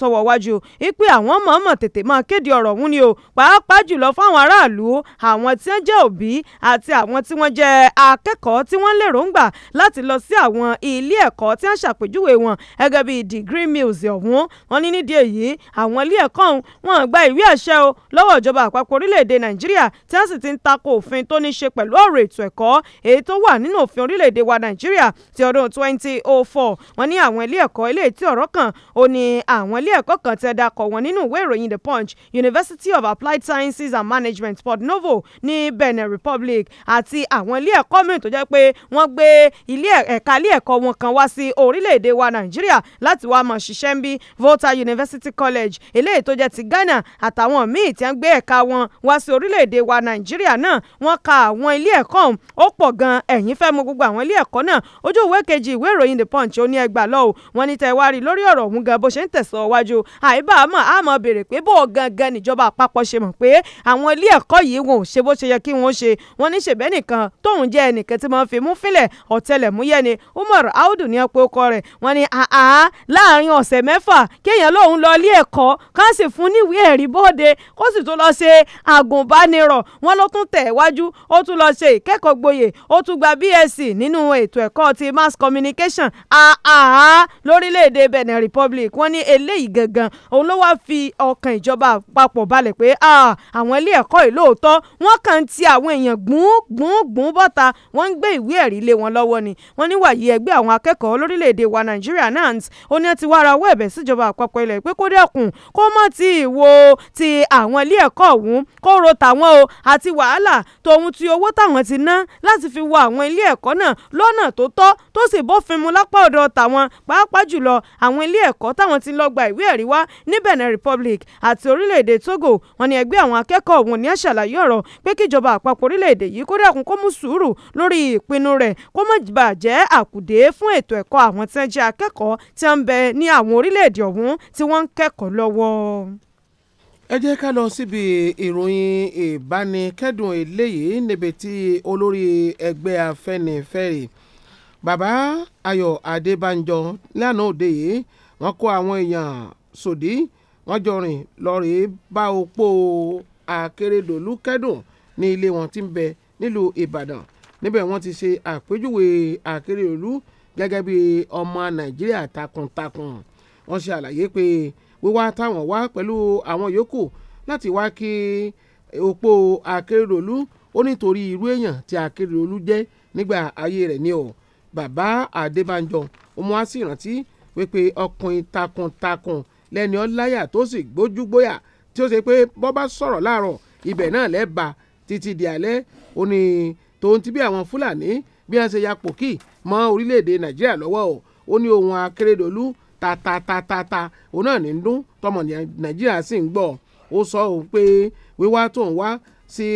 sọ̀wọ́ wájú wípé àwọn mọ̀ọ́mọ̀ tètè máa kéde ọ̀rọ̀ ọ̀hún ni o pàápàá jùlọ fáwọn aráàlú àwọn tí àwọn tí wọ́n jẹ́ akẹ́kọ̀ọ́ tí wọ́n lérògbà láti lọ sí àwọn ilé ẹ̀kọ́ tí wọ́n ṣàpèjúwe wọn gẹ́gẹ́ bíi degree mills ọ̀hún wọn ní nídìí èyí àwọn ilé ẹ̀kọ́ ọ̀hún wọn gba ìwé àṣẹ o lọ́wọ́ ìjọba àpapọ̀ orílẹ̀-èdè nàìjíríà tí wọ́n sì ti ń tako òfin tó ní ṣe pẹ̀lú ọ̀rọ̀ ètò ẹ̀kọ́ èyí tó wà nínú òfin orílẹ̀-èdè wa nàìjíríà ti ọdún 2004 wọn ní àwọn ilé ẹ̀kọ́ ilé tí ọ̀rọ̀ kan ó ní àwọn ilé ẹ̀kọ́ kan tẹ́ dakọ̀ wọn nínú ìwé ìròyìn the punch university of applied sciences and management port novo ní benin republic àti àwọn ilé ẹ̀kọ́ míì tó jẹ́ pé wọ́n gbé ilé ẹ̀ka ilé ẹ̀kọ́ wọn kan wá sí orílẹ̀-èdè wa Nàìjíríà láti wá máa ṣiṣẹ́ ń bí Volta University College eléyìí tó jẹ́ ti Ghana àtàwọn míì tí wọ́n gbé ẹ̀ka wọn wá sí orílẹ̀-èdè wa Nàìjíríà náà wọ́n ka àwọn ilé ẹ̀kọ́ ọ̀hún ó pọ̀ gan ẹ̀yin fẹ́ mọ gbogbo àwọn ilé ẹ̀kọ́ náà ojú ìwé kejì ìwé ìròyìn The Punch ó ní ẹgbà lọ́wọ́ wọn ní tẹ̀wárí lórí ọ̀rọ̀ ọ̀hún gan bó ṣe ń tẹ̀síwájú àìbá àmọ́ àmọ́ béèrè pé bó gangan níjọba àpapọ̀ ṣe mọ̀ pé àwọn ilé ẹ̀kọ́ yìí wọn ò ṣe bó ṣe yẹ kí wọ́n ṣe wọ́n ní ṣèbẹ́ nìkan tóun jẹ́ ẹnìkan tí wọ́n fi mú fílẹ̀ ọ̀tẹlẹ̀múyẹ́ ni Umar Audu ní ọ̀pọ̀ ọkọ rẹ̀ wọ́n ní àá láàrin ọ̀sẹ̀ mẹ́fà kéèyàn lòun lọ ilé ẹ̀kọ́ ká sì fún níwèé ẹ̀rí bóde kó sì tún lọ ṣe àgùnbánirọ̀ wọ́n ló tún tẹ̀ wájú ó tún lọ ṣe ìkẹ́kọ̀ọ́ gboyè ó tún gba BSc nínú ètò ẹ̀kọ́ ti mass communication àá lórílẹ̀‐èdè Benin Republic wọ́n ní eléyìí gangan òun ló wáá fi ọkàn ìjọba àpapọ̀ balẹ̀ pé àwọn ilé ẹ̀kọ́ ìlóòótọ́ wọ́n kàn ti àwọn èèyàn gbùn gbùngbùn bọ́ta wọ́n ń gbé ìwé ẹ̀rí lé wọn lọ́wọ́ ni wọ́n ní wàyí ẹgbẹ́ àwọn akẹ́kọ̀ọ́ lórílẹ̀‐èdè wa nàìjíríà nans ó ní ti wá rawọ́ ẹ̀bẹ̀ síjọba àpapọ̀ ilẹ̀ pé kó dẹ́kun kó mọ̀ ti ìwo ti àwọn ilé ẹ̀kọ́ ọ̀hún kó ro tàwọn o àti wàhálà tòun ti owó táwọn ti ná láti fi wo àwọn ilé ẹ̀kọ́ náà lọ́nà tó tọ́ tó sì bófin mu lápá ọ̀dọ̀ tàwọn pàápàá jùlọ àwọn ilé ẹ̀kọ́ táwọn ti lọ gba ìwé ẹ̀rí wá ní Benin Republic àti orílẹ̀-èdè Togo wọ́n ní ẹgbẹ́ àwọn akẹ́kọ̀ọ́ òun ní àṣàlàyé ọ̀rọ̀ pé kíjọba àpapọ̀ orílẹ̀-èdè yìí yìí kó dàkún kó mú sùúrù lórí ìpinnu rẹ̀ kó má bàjẹ́ àkùdé fún ètò ẹ̀kọ́ àwọn tí wọ́n jẹ́ akẹ́kọ̀ọ́ tí wọ́n ń bẹ ní àwọn orílẹ̀-èdè ọ̀hún tí wọ́n ń kẹ́kọ̀ọ́ lọ́wọ́ ẹ jẹ́ ká lọ síbi
ìròyìn ìbánikẹ́dùn eléyìí níbi tí olórí ẹgbẹ́ afẹ́nifẹ́re bàbá ayọ̀ adébánjọ lánàá òde yìí wọ́n kó àwọn èèyàn sòdí wọ́n jọ rìn bá opó akérèdọ́lù kẹ́dùn ní ilé wọn tí ń bẹ nílùú Ìbàdàn níbẹ̀ wọ́n ti ṣe àpèjúwe Akérédolú gẹ́gẹ́ bí ọmọ Nàìjíríà takuntakun wọ́n ṣe àlàyé pé wíwá táwọn wá pẹ̀lú àwọn yòókù láti wá kí òpó Akérédolú ó nítorí irú èèyàn tí Akérédolú jẹ́ nígbà ayé rẹ̀ ni o bàbá Adébánjọ ọmọ wa sì rántí wípé ọkùnrin takuntakun lẹ́ni ọláyà tó sì gbójúgbóyà tí ó ṣe pé bọ́ bá sọ̀rọ̀ láàárọ̀ ibẹ̀ náà lẹ́ẹ̀ba títí di alẹ́ ó ní tòun ti bí àwọn fúlàní bí wọ́n ṣe ya pòkì mọ́ orílẹ̀-èdè nàìjíríà lọ́wọ́ o ó ní ohun akérèdọ́lù tatatatata òun náà ní ń dún tọmọ nàìjíríà sì ń gbọ́ ó sọ òun pé wíwá tó ń wá sí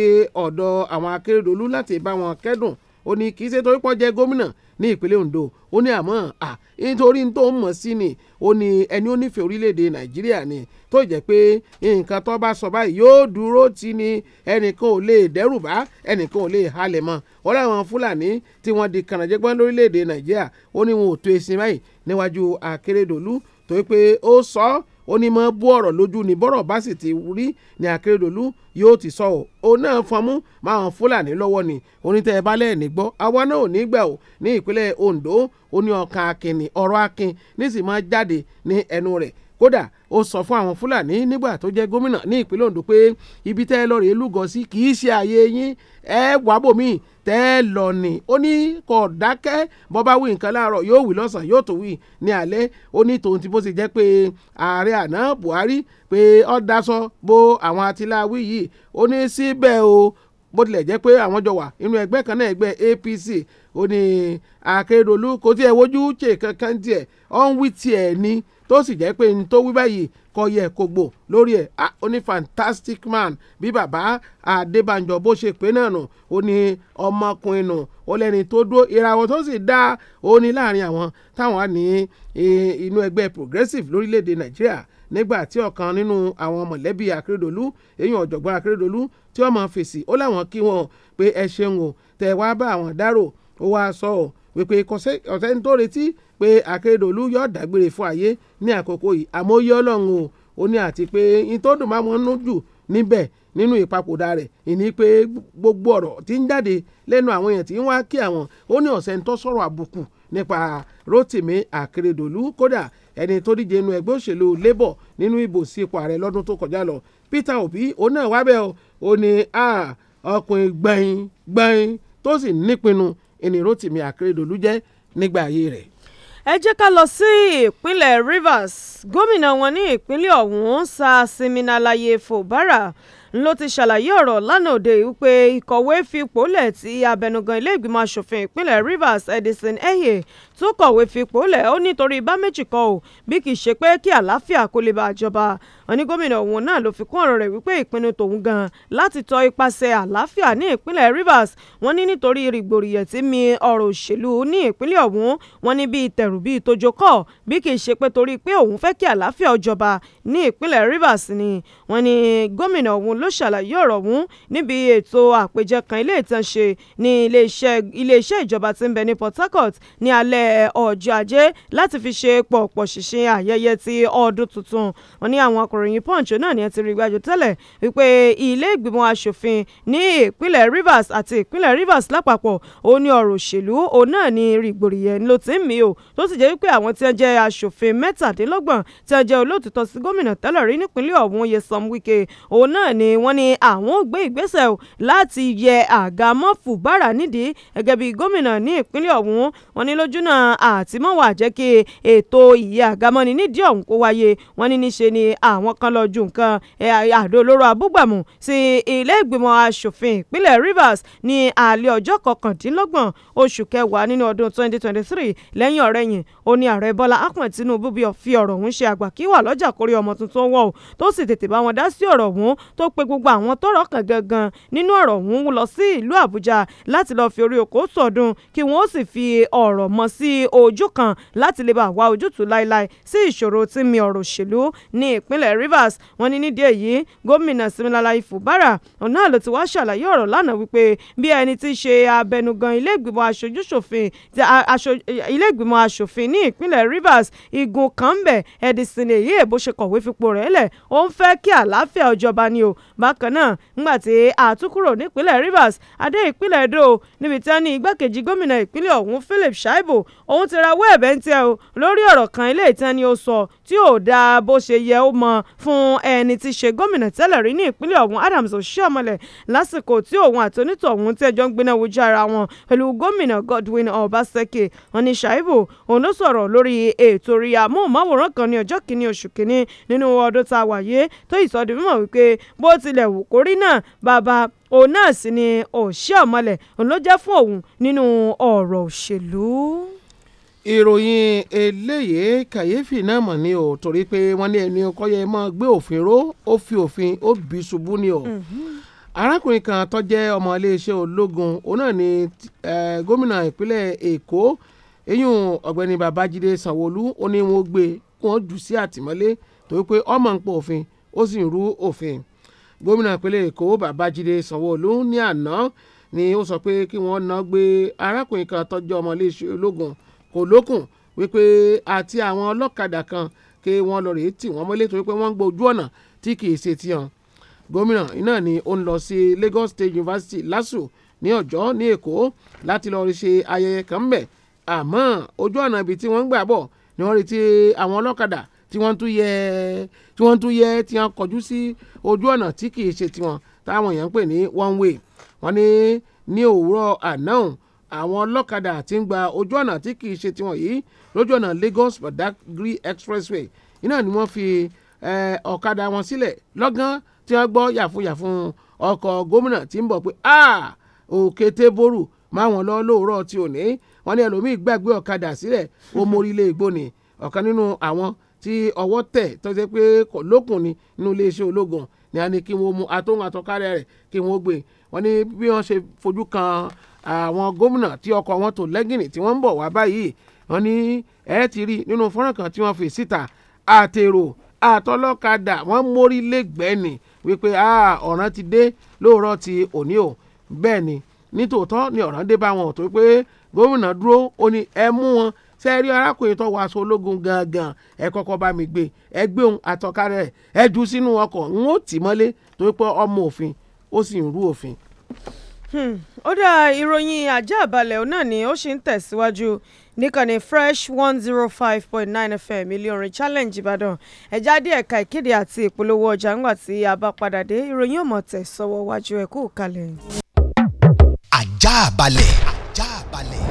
ọ̀dọ̀ àwọn akérèdọ́lù láti bá wọn kẹ́dùn ó ní kì í ṣe torí pọ́ jẹ́ gómìnà ní ìpínlẹ̀ Ondo ó ní àmọ́ à nítorí tó ń mọ̀ sí ni ó ní ẹni ó nífẹ̀ẹ́ orílẹ̀-èdè Nàìjíríà ni tó jẹ́ pé nǹkan tó bá sọ báyìí yóò dúró ti ni ẹnìkan ò lè dẹ́rùbá ẹnìkan ò lè halẹ̀ mọ́ ó láwọn Fúlàní tí wọ́n di kànájẹ́gbọ́n lórílẹ̀-èdè Nàìjíríà ó ní wọn ò tó esin báyìí níwájú Akérédolú tó pé ó sọ ọ́ ó ní mọ́ bú ọ̀rọ̀ lójú ni bọ́rọ̀ bá sì ti rí ni Akérédolú yóò ti sọ ọ́ òun náà fọnmú máa Fúlàní lọ́wọ́ ni onítẹ̀ ẹ̀ balẹ̀ ní gbọ́ àwa náà ò ní gbà ó ní ìpínlẹ̀ Ondo ó ní ọkàn akin ni ọ̀rọ̀ akin nísìmọ́ jáde ní ẹnu rẹ̀ kódà ó sọ fún àwọn fúlàní nígbà tó jẹ́ gómìnà ní ìpínlẹ̀ ondo pé ibi tẹ́ ẹ lọ rèé lúgọ sí kì í ṣe ààyè yín ẹ wàbò míì tẹ́ ẹ lọ ni ó ní kò dákẹ́ bó bá wí nǹkan láàárọ̀ yóò wí lọ́sàn yóò tó wí ní alẹ́ ó ní tòun ti bó ṣe jẹ́ pé ààrẹ àná buhari pé ó daṣọ bo àwọn atiláwí yìí ó ní síbẹ̀ o bó tilẹ̀ jẹ́ pé àwọn jọ wà inú ẹgbẹ́ kan náà ẹgbẹ́ APC ó ní Akérédolú kò tiẹ̀ wojú ṣe kankan tiẹ̀ ọ̀ wí tiẹ̀ ni tó sì jẹ́ pé n tó wí báyìí kò yẹ kó gbò lórí ẹ̀ ah ó ní fantastic man bí bàbá Adébánjọ bó ṣe pé náà nù ó ní ọmọkùnrin nù ó lẹ́ni tó dúró ìràwọ̀ tó sì dá ó ní láàrin àwọn táwọn á ní e, inú ẹgbẹ́ progressive lórílẹ̀‐èdè Nàìjíríà nígbà tí ọ̀kan nínú àwọn mọ̀lẹ́bí Akérèdọ́lù èèyàn ọ̀jọ̀gbọ́n Akérèdọ́lù tí ọmọ fèsì ó láwọn kí wọn pé ẹ ṣeun o tẹ̀ wá bá àwọn dárò ó wá sọ ọ wípé ọ̀sẹ̀ ń tó retí pé akérèdọ́lù yóò dágbére fún ayé ní àkókò yìí àmọ́ ó yẹ ọlọ́run o ó ní àti pé ìtọ́dùn máa ń jù níbẹ̀ nínú ìpapòdà rẹ̀ ìní pé gbogbo ọ̀rọ̀ tí ń jáde lẹ́nu àwọn èèyàn tí ń wá kí àwọn ó ní ọ̀sẹ̀ ń tọ́ sọ̀rọ̀ àbùkù nípa Rotimi Akeredolu kódà ẹni tó díje inú ẹgbẹ́ òṣèlú Labour nínú ìbò sí ipò ààrẹ lọ́dún tó kọjá lọ Peter Obi òun náà wábẹ́ o ó ní ọkùnrin gbẹ̀yìn gbẹ̀yìn tó sì nípinnu
ìní Rotimi Akeredolu jẹ́ nígbà ayé rẹ̀ ẹ jẹ́ ká lọ sí ìpínlẹ̀ Rivers gómìnà wọn ní ìpínlẹ̀ ọ̀hún Sàsìmìnàlàyé Fòbárà ló ti ṣàlàyé ọ̀rọ̀ lánàá òde wípé ìkọ̀wé fipòlẹ̀ ti abẹnugan ilé ìgbìmọ̀ asòfin ìpínlẹ̀ Rivers Edison Eye tó kọ̀wé fipò lẹ̀ ó nítorí bá méjì kọ ò bí kì í ṣe pé kí àlàáfíà kó lè bá a jọba wọn ní gómìnà ọ̀hún náà ló fi kún ọ̀rọ̀ rẹ̀ wípé ìpinnu tòun gan láti tọ ipasẹ̀ àlàáfíà ní ìpínlẹ̀ Rivers wọn ní nítorí rìgbòrìyẹ̀ tí mi ọ̀rọ̀ òṣèlú ní ìpínlẹ̀ ọ̀hún wọn ní bíi tẹ̀rù bíi tójó kọ̀ bí kì í ṣe pé torí pé òun fẹ́ kí àlàáfíà ó jọba ní ìpínlẹ̀ Rivers ni wọn ní gómìnà ọ̀hún ló ṣàlàyé ọ̀rọ̀ ọ̀hún níbi ètò àpèjẹ kan ilé ìtànṣe ní iléeṣẹ́ ọjọ́ ajé láti fi ṣe pọ̀pọ̀ ṣìnṣìn ayẹyẹ ti ọdún tuntun wọn ní àwọn akọ̀ròyìn punch náà ni ẹ ti rí gbájú tẹ́lẹ̀ wípé ilé ìgbìmọ̀ asòfin ní ìpínlẹ̀ rivers àti ìpínlẹ̀ rivers lápapọ̀ ó ní ọ̀rọ̀ òṣèlú òun náà ni rìgbòrìyẹn ló ti ń mí o tó sì jẹ́ wípé àwọn tí wọ́n jẹ́ asòfin mẹ́tàdínlọ́gbọ̀n tí wọ́n jẹ́ olóòtítọ́ sí gómìnà tẹ́lẹ̀ rí nípínlẹ̀ ọ̀hún Nyesom Wike òun náà ni wọ́n ní àwọn ò gbé ìgbésẹ̀ o láti yẹ àga bára nídìí gẹ́gẹ́ bí gómìnà ní ìpínlẹ̀ ọ̀hún wọn ní lójú náà àtìmọ́wọ́ àjẹ́kí ètò ìyá àgámọ́ni nídìí ọ̀hún kó wáyé wọn ní níṣe ni àwọn kan lọ ju nǹkan àdó olóró abúgbàmù sí ilé ìgbìmọ̀ asòfin ìpínlẹ̀ Rivers ní alẹ́ ọjọ́ kọkàndínlọ́gbọ̀n oṣù kẹwàá nínú ọdún 2023 lẹ́yìn ọ̀rẹ́yìn ó ní ààrẹ Bọ́lá Ahmed Tinubu bí fi ọ̀rọ̀ ọ̀hún ṣe àgbà kí wà lọ́jà kórè ọmọ tuntun wọ̀ ọ́ tó sì tètè bá wọn dá sí ọ̀rọ̀ ọ̀hún tó pe gbogbo àwọn tọ́rọ̀ kàn gangan nínú ọ̀rọ̀ ọ̀hún lọ sí ìlú Àbújá láti lọ́ọ́ fi orí oko sọ̀dún kí wọ́n sì fi ọ̀rọ̀ mọ́ sí sí ojú kan láti lè bá wá ojútùú láéláé sí ìṣòro tí mi ọ̀rọ̀ òṣèlú ní ìpínlẹ̀ Rivers wọ́n ní nídìí èyí gómìnà Siminala Ifubara òun náà ló ti wá ṣàlàyé ọ̀rọ̀ lánàá wípé bí ẹni tí í ṣe abẹnugan ilé ìgbìmọ̀ aṣojúṣòfin ilé ìgbìmọ̀ aṣòfin ní ìpínlẹ̀ Rivers igun kan ń bẹ̀ Edison èyí èbó ṣe kọ̀wé fipò rẹ̀ lẹ̀ ó ń fẹ́ kí àlàáfíà ọjọba ni o bákan náà ńgbà tí àtúkúrò nípínlẹ̀ Rivers adé ìpínlẹ̀ Edo níbi tí wọ́n ní igbákejì gómìnà ìpínlẹ̀ ọ̀hún Philip Shaibu òun ti rawọ́ ẹ̀bẹ̀ ń tẹ́ o lórí ọ̀rọ̀ kan eléyìí tán ó sọ tí ò dáa bó ṣe yẹ ó mọ fún ẹni tí ṣe gómìnà tẹ́lẹ̀ rí ní ìpínlẹ̀ ọ̀hún Adams Oshiomhole lásìkò tí òun àti onítọ̀hún tẹ́jọ́ ń gbiná wojú ara wọn pẹ̀lú gómìnà Godwin Obaseki wọn ni òun ló sọ̀rọ̀ lórí ètò orí amóhùnmáwòrán òun náà sì ni Oshiomhole òun ló jẹ́ fún òun nínú ọ̀rọ̀ òṣèlú ìròyìn eléyìí kàyéfì náà
mọ̀ ni o torí pé wọ́n ní ẹni ọkọ yẹn máa gbé òfin ró ó fi òfin ó bì ṣubú ni o
mm-hmm.
arákùnrin kan tó ọmọ iléeṣẹ́ ológun òun náà ni gómìnà ìpínlẹ̀ èkó eyín ọ̀gbẹ́ni babájídé sanwóolu ó ní wọ́n gbé wọn jù sí àtìmọ́lé torí pé ọmọ ń pọ̀ òfin ó sì ń rú òfin gómìnà ìpínlẹ̀ èkó babájídé sanwóolu ní àná ni ó sọ pé kí wọ́n ná gbé arákùnrin kan tó ọmọ iléeṣẹ́ ológun kò lókùn wípé àti àwọn ọlọ́kadà kan kí wọ́n lọ rèé tì wọ́n mọ́lé torí pé wọ́n ń gba ojú ọ̀nà tí kì ṣe ti hàn gómìnà iná ni ó ń lọ sí Lagos State University LASU ní ọjọ́ ní Èkó láti lọ ṣe ayẹyẹ kan bẹ̀ àmọ́ ojú ọ̀nà ibi tí wọ́n ń gbà bọ̀ ni wọ́n rí ti àwọn ọlọ́kadà tí wọ́n tún yẹ tí wọ́n tún yẹ tí wọ́n kọjú sí ojú ọ̀nà tí kì í ṣe tiwọn táwọn èèyàn ń pè ní one way wọ́n ní ní òwúrọ̀ àná àwọn ọlọ́kadà tí ń gba ojú ọ̀nà tí kì í ṣe tiwọn yìí lójú ọ̀nà Lagos Badagry Expressway iná ni wọ́n fi ọ̀kadà wọn sílẹ̀ lọ́gán tí wọ́n gbọ́ yàfùyàfùn ọkọ̀ gómìnà tí ń bọ̀ pé òkété ború máa wọn lọ lóòrọ̀ tí ò ní wọ́n ní ẹlòmíì gbàgbé ọ̀kadà sílẹ̀ ó mórí ilé igbó ni ọ̀kan nínú àwọn tí ọwọ́ tẹ̀ tó ṣe pé lókun ni nínú iléeṣẹ́ ológun ni a ní kí wọ́n mú atóhun àtọkárẹ́ rẹ̀ kí wọ́n gbé wọ́n ní bí wọ́n ṣe fojú kan àwọn gómìnà tí ọkọ̀ wọn tó lẹ́gìnì tí wọ́n ń bọ̀ wá báyìí wọ́n ní ẹ ti rí nínú fọ́nrán kan tí wọ́n fi síta àtèrò àtọlọ́kadà wọ́n mórí lẹ́gbẹ̀ẹ́ ni wípé ọ̀ràn ti dé lóòrọ̀ ti òní o bẹ́ẹ̀ ni nítòótọ́ ni ọ̀ràn dé bá wọn tó pé gómìnà dúró ó ní ẹ mú wọn sẹ́ẹ̀rí arákùnrin tó wọ aṣọ ológun gangan ẹ kọ́kọ́ bá mi gbé ẹ gbé òun àtọ̀kárẹ̀ ẹ jù sínú ọkọ̀ n ó tì mọ́lé torí pé ọmọ òfin ó sì ń rú òfin.
Hmm. ó dá ìròyìn àjààbálẹ̀ náà ni ó sì ń tẹ̀síwájú níkànnì fresh one zero oh five point nine fm ilé orin challenge ìbàdàn ẹ̀já dé ẹ̀ka ìkéde àti ìpolówó ọjà ńgbà tí a bá padà dé ìròyìn ọmọ tẹ̀ sọ́wọ́ wájú ẹ̀ kú kalẹ̀.
àjààbálẹ̀.
àjààbálẹ̀.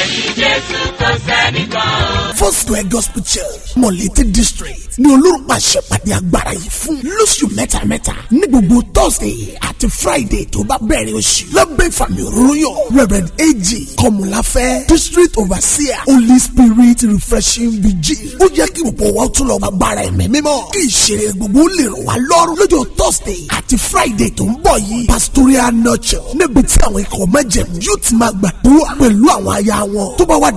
ẹ̀sìn jésù kò
sẹ́nìkan first square gospel church mọ̀lẹ́tẹ̀ district ní olórúkọ àṣepàdé agbára yìí fún lóṣù mẹ́tamẹ́ta ní gbogbo thursday àti friday tó bá bẹ̀rẹ̀ oṣù lábẹ́ ìfàmì òróyọ̀ reverend ag kọmùláfẹ́ district overseer holy spirit refreshing vigil ó yẹ kí gbogbo wa tún lọ agbára ẹ̀mí mímọ́ kí ìṣeré gbogbo lè rọ̀ wá lọ́rùn lọ́jọ́ thursday àti friday tó ń bọ̀ yìí pastoral nurture níbi tí àwọn ikọ̀ mẹ́jẹ̀mú yóò ti máa gbàdúrà pẹ̀lú àwọn aya wọn tó bá wà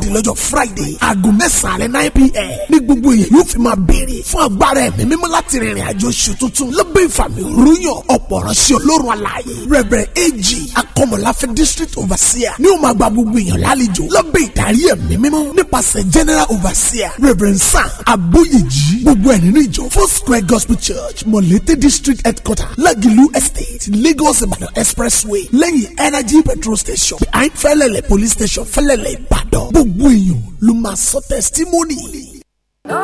friday aago láàrin nine pm ní gbogbo èèyàn yóò fi máa béèrè fún agbára ẹ̀mí mímọ́ láti rìnrìn àjò oṣù tuntun lábẹ́ ìfàmì rúyàn ọ̀pọ̀ ránṣẹ́ ọlọ́run alààyè rẹ̀bẹ̀rẹ̀ ag akọmọláfẹ́ district overseer ní ó máa gba gbogbo èèyàn lálejò lábẹ́ ìdarí ẹ̀mí mímọ́ nípasẹ̀ general overseer Reverend sam aboyeji gbogbo ẹ̀ nínú ìjọ four square gospel church mọ̀lété district headquarter lagilu estate lagos ibadan expressway lẹ́yìn energy petrol station behind fẹ́lẹ́lẹ̀ police station fẹ́lẹ́lẹ̀ ìbàdàn gbogbo èèyàn ló
máa sọ tẹsítímọ́nì. ló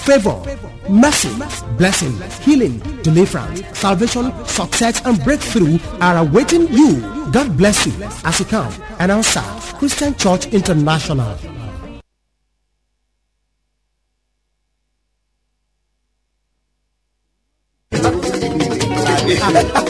favor, mercy, blessing, healing, deliverance, salvation, success, and breakthrough are awaiting you. God bless you as you come and answer Christian Church International.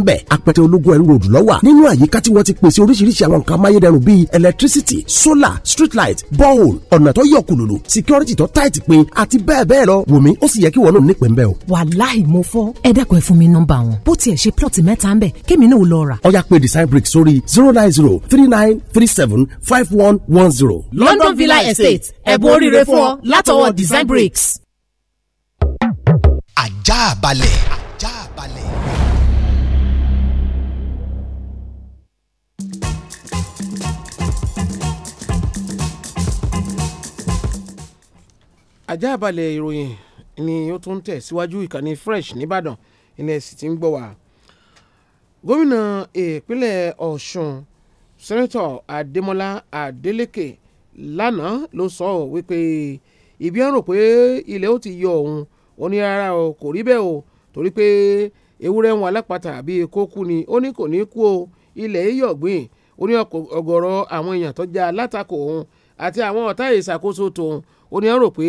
ń bẹ̀ apẹtẹ ológun ẹ̀rú ròdù lọ́wà nínú àyíká tí wọ́n ti pèsè oríṣiríṣi àwọn nǹkan amáyédẹrùn bíi electricity solar street light borehole ọ̀nà tó yọ kùlùlù security tó tight pin àti bẹ́ẹ̀ bẹ́ẹ̀ lọ wùmí ó sì yẹ kí wọ́n lòun nípìn bẹ́ẹ̀ o. wàláì mo fọ́ ẹ ẹ fún mi nọ́mbà wọn bó tiẹ̀ ṣe plọ̀tì mẹ́ta ń bẹ̀ kémi náà lọ rà. ọ̀yà pé design brick sórí zero nine zero three nine three seven five one one zero.
London Villa Estate ẹ̀bùn oríire fún ọ látọwọ́ design bricks. ajá balẹ̀. ajá balẹ̀.
àjàbalẹ̀ ìròyìn ni ó tún tẹ̀ síwájú ìkànnì fresh nìbàdàn ilẹ̀ sì ti ń gbọ́ wá. gómìnà ìpínlẹ̀ ọ̀ṣun sẹ́nẹ́tọ̀ adémọlá adélèké lánàá ló sọ ọ́ wípé ìbí ń rò pé ilẹ̀ ó ti yọ òun ó ní rárá o kò rí bẹ́ẹ̀ o torí pé ewúrẹ́ ń wọn alápatà bíi kókú ni ó ní kò ní kú o ilẹ̀ yíyọ̀gbìn ó ní ọ̀gọ̀rọ̀ àwọn èèyàn tó já látakò òun àti àwọn ọ̀tá ìṣàkóso tòun ó ní wọ́n rò pé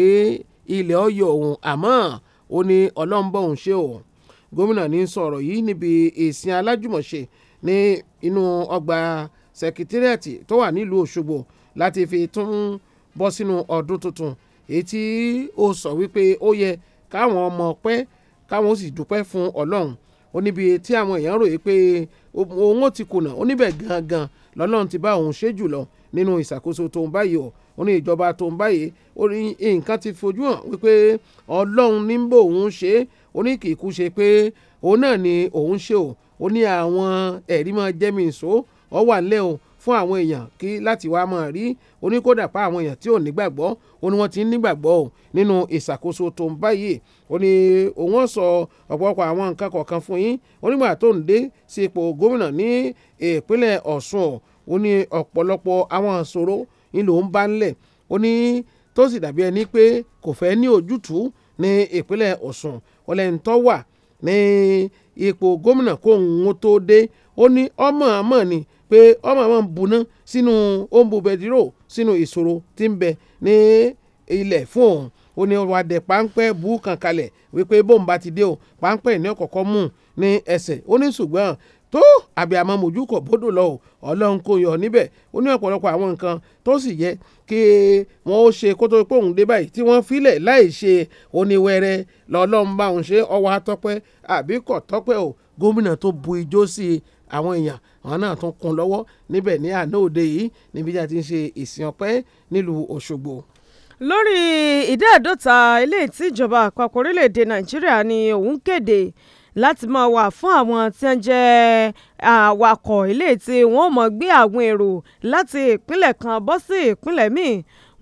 ilẹ̀ ọyọ òun àmọ́ ó ní ọlọ́run bọ́ òun ṣe o gómìnà ní sọ̀rọ̀ yìí níbi ìsìn alájùmọ̀ṣe ní inú ọgbà sẹkítírẹ́ẹ̀tì tó wà nílùú Òṣogbo láti fi tún bọ́ sínú ọdún tuntun èyí tí ó sọ wípé ó yẹ káwọn ọmọ pẹ́ káwọn ó sì dúpẹ́ fún ọlọ́run ó níbi tí àwọn èèyàn ròyìn pé òun ó ti kùnà ó níbẹ̀ gangan lọ́lọ́run ti bá òun ṣe jùlọ nínú ìṣàkóso tó ń báyìí o ó ní ìjọba tó ń báyìí ó ní nǹkan ti fojú hàn wípé ọlọ́run ní bò òun ṣe ó ní kìkú ṣe pé òun náà ni òun ṣe o ó ní àwọn ẹ̀rí máa jẹ́ mi ìṣó ọ wà ńlẹ̀ o fún àwọn èèyàn kí láti wá máa rí oníkódà pa àwọn èèyàn tí ò nígbàgbọ́ ó ní wọ́n ti ń nígbàgbọ́ o nínú ìṣàkóso tó ń báyìí ó ní òun sọ ọ̀pọ̀lọpọ̀ àwọn nǹkan kọ̀ọ̀kan fún yín onígbà tó ń dé sí ipò gómìnà ní ìpínlẹ̀ Ọ̀ṣun ó ní ọ̀pọ̀lọpọ̀ àwọn ìṣòro ńlò ń bá ńlẹ̀ ó ní tó sì dàbí ẹni pé kò fẹ́ ní ojútùú ní ìpínlẹ̀ Ọ̀ṣun ọlẹ́ńtọ́ wà ní ipò gómìnà kóhun tó dé ó ní ọmọ àmọ́ ni pé ọmọ àmọ́ ń buná sínú òǹbù bẹdírò sínú ìṣòro tí ń bẹ ní ilẹ̀ fún òun ó ní ọrọ̀ adẹ páńpẹ́ bú kankalẹ̀ wípé bóun bá ti dé o páńpẹ́ ní ọ̀kọ̀ọ̀kan mú ní ẹsẹ̀ ó ní ṣùgbọ́n tó àbíàmọ́ mojúkọ̀ bódò lọ o ọlọ́run kò yọ níbẹ̀ ó ní ọ̀pọ̀lọpọ̀ àwọn nǹkan tó sì yẹ kí wọ́n ó ṣe kó tó pé òun dé báyìí tí wọ́n filẹ̀ láì ṣe oníwẹ̀rẹ̀ lọ́lọ́run bá òun ṣe ọwọ́ atọ́pẹ́ àbí kò tọ́pẹ́ o gómìnà tó bu ijó sí àwọn èèyàn àwọn náà tún kún lọ́wọ́ níbẹ̀ ní àná òde yìí níbi tí a ti ń
ṣe ìsìn ọpẹ́ nílùú Òṣogbo lórí ìdá àdọ́ta ilé ìtìjọba àpapọ̀ orílẹ̀-èdè Nàìjíríà ni òun kéde láti máa wà fún àwọn tí wọ́n jẹ́ awakọ̀ eléyìí tí wọ́n mọ̀ gbé àwọn èrò láti ìpínlẹ̀ kan bọ́ sí ìpínlẹ̀ míì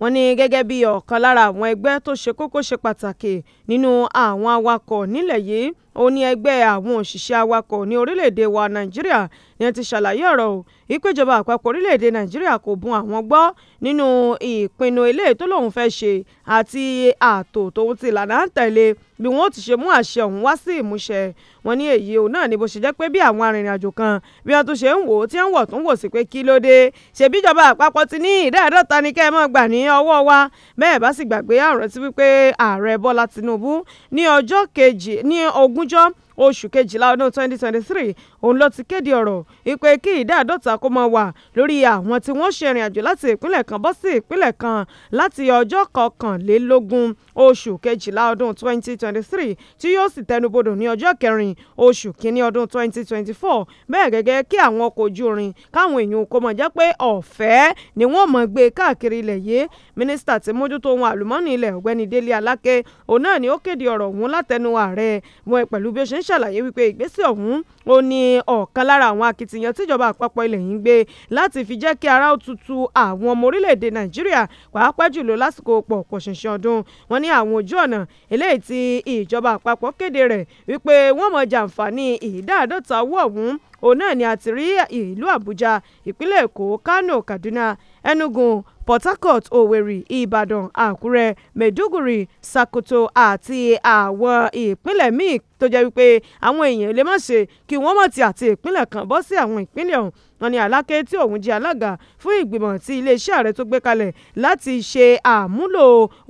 wọ́n ní gẹ́gẹ́ bí ọ̀kan lára àwọn ẹgbẹ́ tó ṣe kókó ṣe pàtàkì nínú àwọn awakọ̀ nílẹ̀ yìí ó ní ẹgbẹ́ àwọn òṣìṣẹ́ awakọ̀ ní orílẹ̀-èdè wa Nàìjíríà ìyẹn ti ṣàlàyé ọ̀rọ̀ o ìpéjọba àpapọ̀ orílẹ̀-èdè nàìjíríà kò bun àwọn gbọ́ nínú ìpinnu eléyìí tó lóun fẹ́ ṣe àti ààtò tòun ti ìlànà à ń tẹ̀lé bí wọn ó ti ṣe mú àṣẹ ọ̀hún wá sí ìmúṣẹ wọn ní èyí òun náà ni bó ṣe jẹ́ pé bí àwọn arìnrìn-àjò kan bí wọ́n tún ṣe ń wò ó tí wọ́n wọ̀ tún wò sí pé kí ló dé ṣèbíjọba àpapọ̀ ti ní ìdá ni kẹ́ ẹ mọ́ gbà ní ọwọ́ wa bẹ́ẹ̀ bá sì gbàgbé àrùn ti wípé ààrẹ Bọ́lá Tinubu ní ọjọ́ kejì ní ogúnjọ́ oṣù kejìlá ọdún twenty twenty three òun ló ti kéde ọ̀rọ̀ ìpè kí ìdá àádọ́ta kó máa wà lórí àwọn tí wọ́n ṣe ìrìn àjò láti ìpínlẹ̀ kan bọ́ sí ìpínlẹ̀ kan láti ọjọ́ kọkànlélógún oṣù kejìlá ọdún 2023 tí yóò sì tẹnubodò ní ọjọ́ kẹrin oṣù kínní ọdún 2024 bẹ́ẹ̀ gẹ́gẹ́ kí àwọn ọkọ̀ ojú irin káwọn èèyàn kó mọ̀ jẹ́ pé ọ̀fẹ́ ni wọ́n mọ̀ gbé káàkiri ilẹ̀ yìí mínísítà tí mójútó ohun àlùmọ́ọ́nì ilẹ̀ ọ̀gbẹ́ni Délé Aláké òun náà ni ó kéde ọ̀rọ̀ ọ̀hún látẹnu ààrẹ wọn pẹ̀lú bí ó ṣe ń ṣàlàyé wípé ìgbésẹ̀ ọ̀hún ó ní ọ̀kan lára àwọn akitiyan tíjọba àpapọ̀ ilẹ̀ yìí ń gbé láti fi jẹ́ kí ara ó tutù àwọn ọmọ orílẹ̀-èdè Nàìjíríà pàápàá jùlọ lásìkò pọ̀ kò ṣẹ̀ṣẹ̀ ọdún wọn ní àwọn ojú ọ̀nà eléyìí tí ìjọba àpapọ̀ kéde rẹ̀ wípé wọ́n mọ̀ jàǹfààní ìdáàdọ́ta owó ọ̀hún òun náà ni a rí ìlú Àbújá ìpínlẹ̀ Èkó Kánò Kaduna Enugu port harcourt owerri ìbàdàn àkúrẹ́ maiduguri sokoto àti àwọn ìpínlẹ̀ míì tó jẹ́ wípé àwọn èèyàn lè má ṣe kí wọ́n mọ̀ ti àti ìpínlẹ̀ kan bọ́ sí àwọn ìpínlẹ̀ ọ̀hún wọn ni aláké tí òun jẹ́ alága fún ìgbìmọ̀ tí iléeṣẹ́ ààrẹ tó gbé kalẹ̀ láti ṣe àmúlò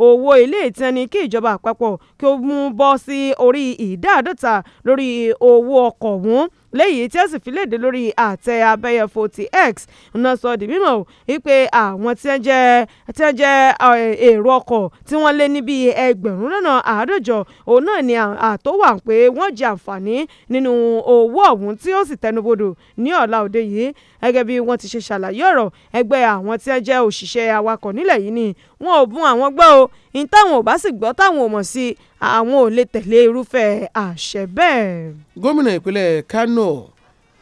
owó ilé ìtẹni kí ìjọba àpapọ̀ kí ó mú bọ́ sí orí ìdá àádọ́ta lórí owó ọkọ̀ ọ̀hún léyìí tí ó sì fi léde lórí àtẹ abẹ́yẹfò ti x náà sọ di mímọ̀ wípé àwọn tí wọ́n jẹ́ tí wọ́n jẹ́ èrò ọkọ̀ tí wọ́n lé níbi ẹgbẹ̀rún lọ́nà àádọ́jọ òun náà ni àtọ́wà pé wọ́n jẹ àǹfààní nínú owó ọ̀hún tí ó sì tẹnubodò ní ọ̀la òde yìí gẹ́gẹ́ bí wọ́n ti ṣe ṣàlàyé ọ̀rọ̀ ẹgbẹ́ àwọn tí wọ́n jẹ́ òṣìṣẹ́ awakọ̀ nílẹ̀ yìí ni wọn ò bun àwọn gbọ́ o ní táwọn ò bá sì gbọ́ táwọn ò mọ̀ sí i àwọn ò lè tẹ̀lé irúfẹ́ àṣẹ bẹ́ẹ̀. gómìnà ìpínlẹ̀ Kano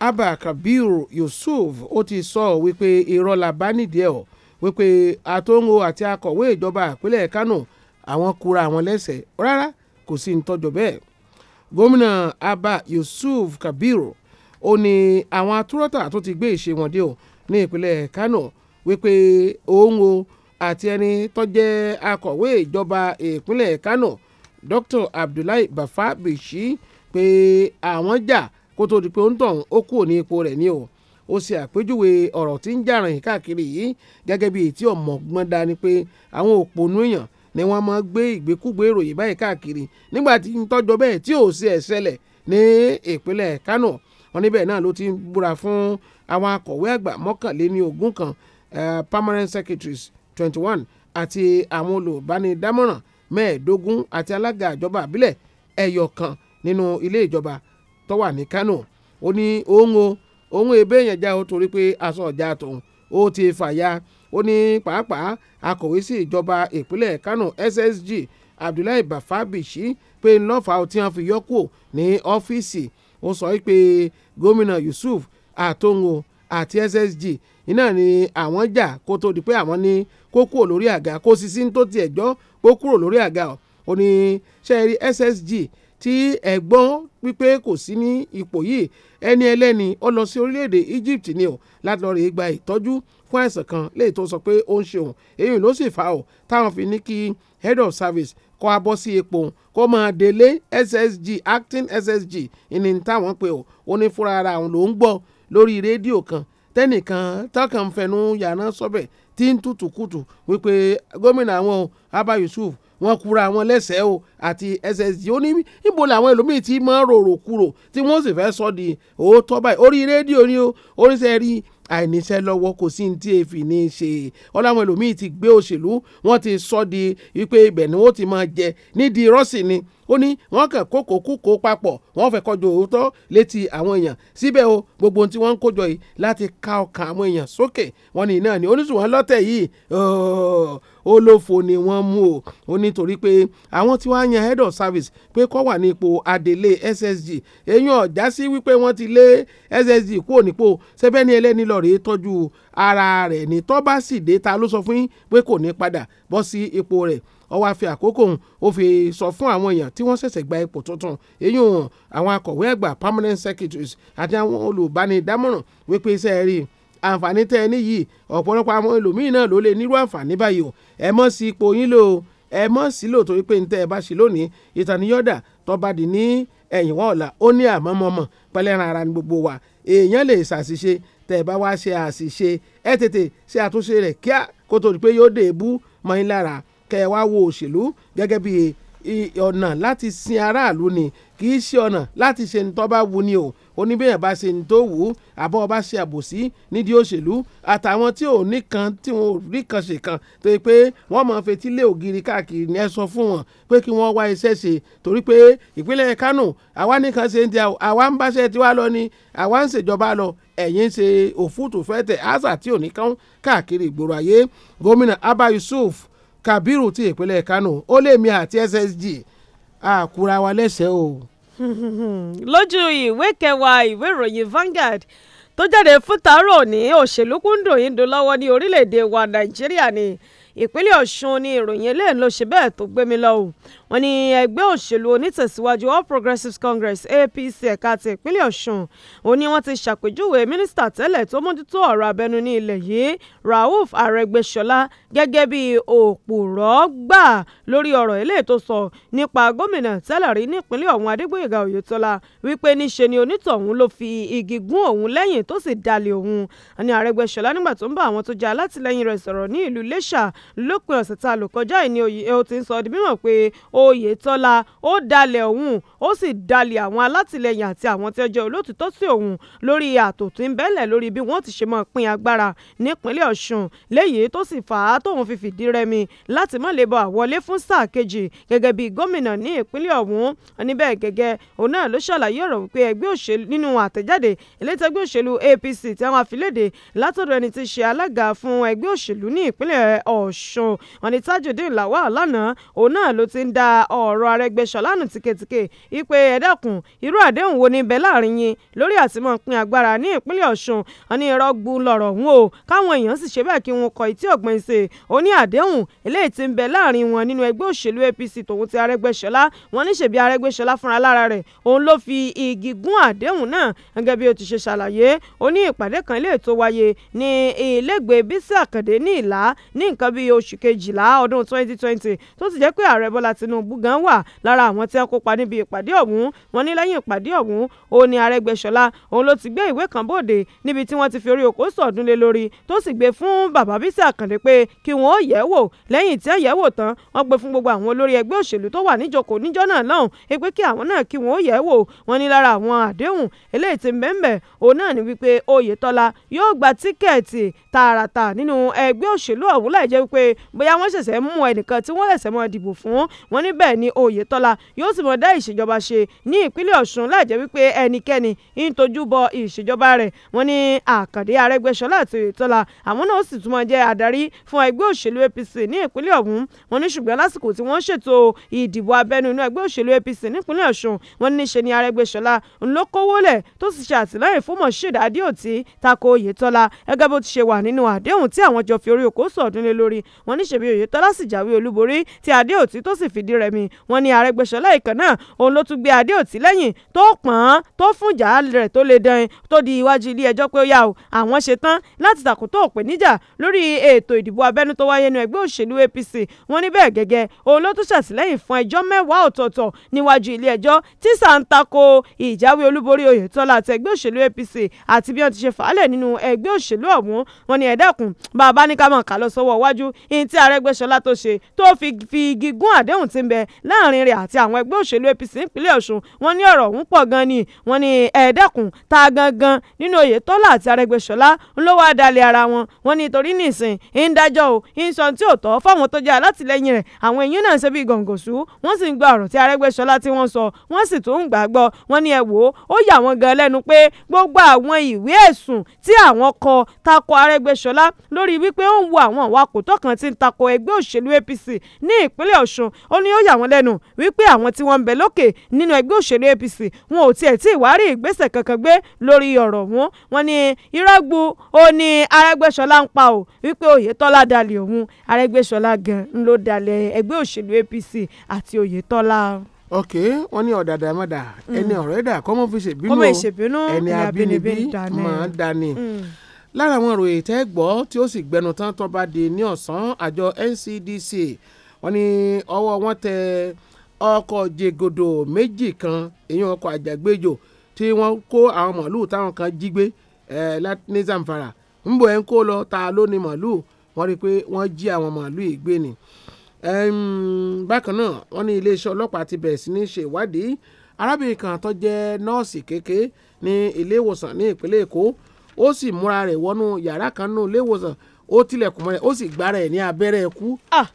Abba Kabir Yusuf ó ti sọ wípé irọ́ la bá nídìí ẹ̀ ọ́ wípé àtòǹgò àti akọ̀wé ìjọba ìpínlẹ̀ Kano àwọn kura àwọn lẹ́sẹ̀ rárá kò sí ní tọ́jọ́ bẹ́ẹ̀ gómìnà Abba Yusuf Kabir ó ní àwọn atúrọ́tà tó ti gbé ìṣe wọn dé o ní ìpínlẹ̀ Kano wípé òun Ongo, àti ẹni tó jẹ́ akọ̀wé ìjọba ìpínlẹ̀ Kánò Dr. Abdullahi Bafa Bichi pé àwọn jà kó tó di pé ó ń tàn ó kúrò ní ipò rẹ̀ ní o ó ṣe àpèjúwe ọ̀rọ̀ tí ń jàràn yìí káàkiri yìí gẹ́gẹ́ bíi tí ọ̀mọ̀gbọ́n dání pé àwọn òpònú èèyàn ni wọ́n máa gbé ìgbékúgbé ìròyìn báyìí káàkiri nígbà tí ń tọ́jọ́ bẹ́ẹ̀ tí ò sí ẹ̀ṣẹ̀lẹ̀ ní ìpínlẹ̀ Kánò wọn níbẹ̀ náà ló ti ń búra fún àwọn akọ̀wé àgbà mọ́kànléní ogún kan eh, permanent secretaries twenty one àti àwọn olùbánidámọ̀ràn mẹ́ẹ̀ẹ́dógún àti alága ìjọba àbílẹ̀ ẹyọ kan nínú ilé ìjọba tó wà ní Kánò ó ní òun o òun èbè yẹn já o torí pé aṣọ ọjà tòun ó ti fàya ó ní pàápàá akọ̀wé sí ìjọba ìpínlẹ̀ Kánò SSG Abdullahi Bafa Bichi pé ńlọ́fà tí wọ́n fi yọ́ kúrò ní ọ́fíìsì ó sọ pé gómìnà Yusuf Atongo àti SSG iná ni àwọn jà kó tó di pé àwọn ní kó kúrò lórí àga kó sì sí tó tiẹ̀ jọ́ kó kúrò lórí àga ọ̀ ò ní sẹ́ẹ̀rí SSG ti ẹ̀gbọ́n wípé kò sí ní ipò yìí ẹni ẹlẹ́ni ó lọ sí orílẹ̀-èdè Egypt ni ọ̀ láti lọ́ọ́ rí gba ìtọ́jú fún àìsàn kan léyìí tó sọ pé ó ń ṣeun èyí ló sì fà ó táwọn fi ní kí head of service kọ́ abọ́ sí epo kó máa délé SSG acting SSG ìní táwọn pe ò ó ní fúnra ara òun ló ń gbọ́ lórí rédíò kan tẹ́nìkan tọ́kàn ń fẹnu yàrá sọ́bẹ̀ tí ń tutù kutù wípé gómìnà àwọn Abba Yusuf wọ́n kura àwọn lẹ́sẹ̀ o àti SSG ó ní níbo làwọn ẹlòmíì ti máa rorò kúrò tí wọ́n sì fẹ́ sọ di òótọ́ báyìí orí rédíò ni o oríṣẹ́ rí àìníṣẹ́ lọ́wọ́ kò sí tí e fi ní í ṣe ọláwọn ẹlòmíì ti gbé òṣèlú wọ́n ti sọ di wípé ibẹ̀ ni wọ́n ti máa jẹ nídìí rọ́ọ̀sì ni ó ní wọ́n kàn kókó kúkó papọ̀ wọ́n fẹ́ kọjú òótọ́ létí àwọn èèyàn síbẹ̀ o gbogbo ohun tí wọ́n ń kójọ yìí láti ka ọkàn àwọn èèyàn sókè wọ́n ní iná ni oníṣùwọ̀n lọ́tẹ̀ yìí ó lófo ni wọ́n mú o ó nítorí pé àwọn tí wọ́n á yan head of service pé kó wà ní ipò adelé SSG èyí ọ̀já sí wípé wọ́n ti lé SSG kúrò nípò sẹ́bẹ́ni ẹlẹ́ni lọ rèé tọ́jú ara rẹ̀ ní tó bá sì dé ta ló sọ fún yín pé kò ní padà bọ́ sí ipò rẹ̀ ó wá fi àkókò òun ó fi sọ fún àwọn èèyàn tí wọ́n ṣẹ̀ṣẹ̀ gba ipò tuntun èyí hàn àwọn akọ̀wé àgbà permanent secretaries àti àwọn olùbánidámọ̀ràn wípé iṣẹ́ rí i àǹfààní tẹ́ ẹ níyì ọ̀pọ̀lọpọ̀ àwọn ẹlòmíín náà ló lè nírú àǹfààní báyìí o ẹ mọ̀ sí ipò yín lò ẹ mọ̀ sí lò torí pé ntẹ́ ẹ bá ṣe lónìí ìtàníyọ́dà tọ́ba dì ní ẹ̀yìn wọn ọ̀la ó ní àmọ́mọ́mọ́ pẹ̀lẹ́ran ara ni gbogbo wa èèyàn lè ṣàṣìṣe tẹ́ ẹ bá wá ṣe àṣìṣe ẹ tètè ṣe àtúnṣe rẹ̀ kíá kó tó di pé yóò dé ebú mọ́ yín lára kẹ́ ẹ wá wo òṣèlú gẹ́gẹ́ bíi ọ̀nà láti sin aráàlú ni kì í ṣe ọ̀nà láti ṣe ní tó bá wù ni o oníbẹ̀yàn bá ṣe ní tó wù ú àbọ̀ ọba ṣe àbòsí nídìí òṣèlú àtàwọn tí ò ní kan tí wọn ò rí kan ṣe kan tó yẹ pé wọ́n máa fetí lé ògiri káàkiri ní ẹ sọ fún wọn pé kí wọ́n wá iṣẹ́ ṣe torí pé ìpínlẹ̀ Kánò àwa nìkan ṣe ń di àwa ń báṣẹ́ tiwa lọ ni àwa ń ṣèjọba lọ ẹ̀yìn ṣe òfútù fẹ́tẹ̀ àṣà tí ò ní kán káàkiri ìgboro ayé gómìnà Abba Yusuf Kabiru ti ìpínlẹ̀ Kánò ó lè mi àti SSG
a kúra wa
lẹ́sẹ̀ o.
lójú ìwé kẹwàá ìwé ìròyìn Vanguard tó jáde fún tàárọ̀ òní òṣèlú kúndùn yìí ń lọ́wọ́ ní orílẹ̀-èdè wa Nàìjíríà ni ìpínlẹ̀ Ọ̀ṣun ni ìròyìn eléyìí ló ṣe bẹ́ẹ̀ tó gbé mi lọ wọ́n ní ẹgbẹ́ òṣèlú onítẹ̀síwájú All Progressives Congress APC ẹ̀ka ti ìpínlẹ̀ Ọ̀ṣun ó ní wọ́n ti ṣàpèjúwe mínísítà tẹ́lẹ̀ tó mójútó ọ̀rọ̀ abẹnú ní ilẹ̀ yìí Rauf Arẹ́gbẹ́ṣọlá gẹ́gẹ́ bí òpùrọ́ gbà lórí ọ̀rọ̀ eléyìí sọ nípa gómìnà tẹ́lẹ̀ rí nípínlẹ̀ ọ̀hún Adégbóyèga Oyètọ́lá wípé níṣe ni onítọ̀hún ló fi igi gún òun lẹ́yìn tó sì dalẹ̀ òun ní Arẹ́gbẹ́ṣọlá nígbà tó ń bá àwọn tó jẹ́ alátìlẹ́yìn rẹ̀ sọ̀rọ̀ ní ìlú Iléṣà lópin ọ̀sẹ̀ tá a lò kọjá ìní òye ó ti ń sọ di mímọ̀ pé oyetola ó dalẹ̀ òun ó sì dalẹ̀ àwọn alátìlẹyìn àti àwọn tí ó jẹ́ olótìtọ́ sí òun lórí ààtò tí ń bẹ́lẹ̀ lórí bí wọ́n ti ṣe máa pín agbára nípínlẹ̀ ọ̀ṣun léyìí tó sì fà á tóun fi fìdí rẹmi láti má lè bọ̀ àwọlé fún sáà kejì gẹ́gẹ́ bí gómìnà ní ìpínlẹ̀ ọ̀hún níbẹ̀ gẹ́gẹ́ òun náà ló ṣàlàyé ọ̀rọ̀ wípé ẹgbẹ́ òṣèlú nínú àtẹ̀jáde elétò òṣèlú APC tí àwọn àfilédè látọ̀dọ̀ ẹni tí ṣe alága fún ẹgbẹ́ òṣèlú ní ìpínlẹ̀ ọ̀ṣun ọ̀nì tajudeen lawal lánàá òun náà ló ti ń dá ọ̀rọ̀ Arẹ́gbẹ́ṣọlá nù tíketíke wípé ẹ dákun irú àdéhùn wo ni ń bẹ láàrin yín lórí àtìmọ́ pín agbára ní ìpínlẹ̀ Ọ̀ṣun ó ní irọ́ gbu lọ̀rọ̀ ọ̀hún o káwọn èèyàn sì ṣe bẹ́ẹ̀ kí wọn kọ etí ọ̀gbìn ṣe ó ní àdéhùn eléyìí ti ń bẹ láàrin wọn nínú ẹgbẹ́ òṣèlú APC tòun ti Arẹ́gbẹ́ṣọlá wọn ní ṣèbí Arẹ́gbẹ́ṣọlá fúnra lára rẹ̀ òun ló fi igi gún àdéhùn náà gẹ́gẹ́ bí o ti ṣe ṣàlàyé ó ìpàdé kan ilé ètò wáyé ní ilégbèé Bísí Àkàndé ní Ìlá ní nǹkan bíi oṣù kejìlá ọdún 2020 tó ti jẹ́ pé ààrẹ Bọ́lá Tinubu gan wà lára àwọn tí wọ́n kópa níbi ìpàdé ọ̀hún wọn ní lẹ́yìn ìpàdé ọ̀hún òun ni òun ló ti gbé ìwé kan bóde níbi tí wọ́n ti fi orí oko sọ̀dún lé lórí tó sì gbé fún bàbá Bísí Àkàndé pé kí wọ́n ó yẹ̀ wò lẹ́yìn tí ó yẹ̀ wò tán wọ́n gbé fún gbogbo àwọn olórí ẹgbẹ́ òṣèlú tó wà níjòkó níjọ́ náà lọ́hùn pé kí àwọn náà kí wọ́n ó yẹ̀ wò wọ́n ní lára àwọn àdéhùn eléyìí ti mẹ́mẹ́ òun náà ni ní bẹ́ẹ̀ ni Oyètọ́lá yóò sì mọ̀ dá ìṣèjọba ṣe ní ìpínlẹ̀ Ọ̀ṣun láì jẹ́ wípé ẹnikẹ́ni ń tojú bọ ìṣèjọba rẹ̀ wọ́n ní Àkàndé Arẹ́gbẹ́ṣọlá àti Oyètọ́lá àwọn náà sì tún máa jẹ́ adarí fún ẹgbẹ́ òṣèlú APC ní ìpínlẹ̀ ọ̀hún wọ́n ní ṣùgbọ́n lásìkò tí wọ́n ṣètò ìdìbò abẹ́nú inú ẹgbẹ́ òṣèlú APC nípínlẹ̀ Ọ̀ṣun wọ́n ní ṣe ni Arẹ́gbẹ́ṣọlá ló kówó lẹ̀ tó sì ṣe àtìlẹ́yìn fún Moshood Adéòtí tako Oyètọ́lá gẹ́gẹ́ bó ti ṣe wà nínú àdéhùn tí àwọn jọ fi orí òkú sọ̀dúnlé lórí wọ́n ní ṣèbí Oyètọ́lá sì jáwé olúborí tí Adéòtí tó sì fìdí Adérẹ̀mí wọ́n ní Arẹ́gbẹ́ṣọlá ìkan náà òun ló tún gbé adé òtí lẹ́yìn tó pọ̀n án tó fún ìjà rẹ̀ tó le dan tó di iwájú ilé ẹjọ́ pé ó yà ó àwọn ṣe tán láti tàkútọ̀ òpèníjà lórí ètò ìdìbò abẹ́nú tó wáyé nu ẹgbẹ́ òṣèlú APC wọ́n ní bẹ́ẹ̀ gẹ́gẹ́ òun ló tún ṣàtìlẹ́yìn fún ẹjọ́ mẹ́wàá ọ̀tọ̀ọ̀tọ̀ níwájú ilé ẹjọ́ tí sàǹtakò ìjáwé olúborí Oyètọ́lá àti ẹgbẹ́ òṣèlú APC àti bí wọ́n ti ṣe fàálẹ̀ nínú ẹgbẹ́ òṣèlú ọ̀hún wọ́n ní ẹ̀dẹ́kùn bàbá ní ká mọ̀ ká lọ sọ́wọ́ iwájú ìyìn tí tí ń bẹ láàrin rẹ̀ àti àwọn ẹgbẹ́ òṣèlú APC nípínlẹ̀ Ọ̀ṣun wọn ní ọ̀rọ̀ ọ̀hún pọ̀ gan ni wọn ní ẹ̀ẹ́dẹ́kùn ta gangan nínú Oyètọ́lá àti Arẹ́gbẹ́ṣọlá ló wá dalẹ̀ ara wọn wọn ní torí nìsín ń dájọ́ o ń sọ tí ò tọ́ fáwọn tó jẹ́ alátìlẹyìn rẹ̀ àwọn èèyàn náà ń ṣe bí gọ̀ǹgọ̀sù wọ́n sì ń gba ọ̀rọ̀ tí Arẹ́gbẹ́ṣọlá tí wọ́n sọ wọ́n sì tún ń gbàgbọ́ wọn ní ẹ wò ó ó yà wọ́n gan lẹ́nu pé gbogbo àwọn ìwé ẹ̀sùn tí àwọn kọ tako Arẹ́gbẹ́ṣọlá lórí wípé ó ń wo àwọn ìwà kòtọ́ kan tí ń tako ẹgbẹ́ òṣèlú APC ní ìpínlẹ̀ Ọ̀ṣun ó ní ní ó yà wọ́n lẹ́nu wípé àwọn tí wọ́n ń bẹ lókè nínú ẹgbẹ́ òṣèlú APC wọn ò tiẹ̀ tí ì wá rí ìgbésẹ̀ kankan gbé lórí ọ̀rọ̀ wọn wọn ni irọ́gbu ó ní Arẹ́gbẹ́ṣọlá ń pa ò wípé Oyètọ́lá dalẹ̀ òun Arẹ́gbẹ́ṣọlá gan ń ló dalẹ̀ ẹgbẹ́ òṣèlú APC àti Oyètọ́lá ok wọn ní ọ̀dàdà mm. má dà ẹni ọ̀rẹ́ dà kọ́mọ fi ṣèbínú ẹni abínibí
máa ń mm. lára àwọn ìròyìn tẹ́ gbọ́ tí ó sì gbẹnu tán tó di ní ọ̀sán àjọ NCDC wọ́n ní ọwọ́ wọn tẹ ọkọ̀ jẹgọdọ méjì kan èyàn ọkọ̀ àjàgbéjò tí wọ́n kó àwọn màálù táwọn kan jí gbé ní Zamfara ńbọ ẹ̀ ń kó lọ ta ló ni màálù wọ́n rí i pé wọ́n jí àwọn màálù yìí gbé ni. bákan náà wọ́n ní iléeṣẹ́ ọlọ́pàá ti bẹ̀rẹ̀ sí ní ṣe ìwádìí arábìnrin kan tó jẹ́ nọ́ọ̀sì kékeré ní ilé ní ìpínlẹ̀ Èkó ó sì múra rẹ̀ wọnú yàrá kan nínú ilé ó tilẹ̀kùn mọ́lẹ̀ ó sì gbára ẹ̀ ní abẹ́rẹ́ ikú ah!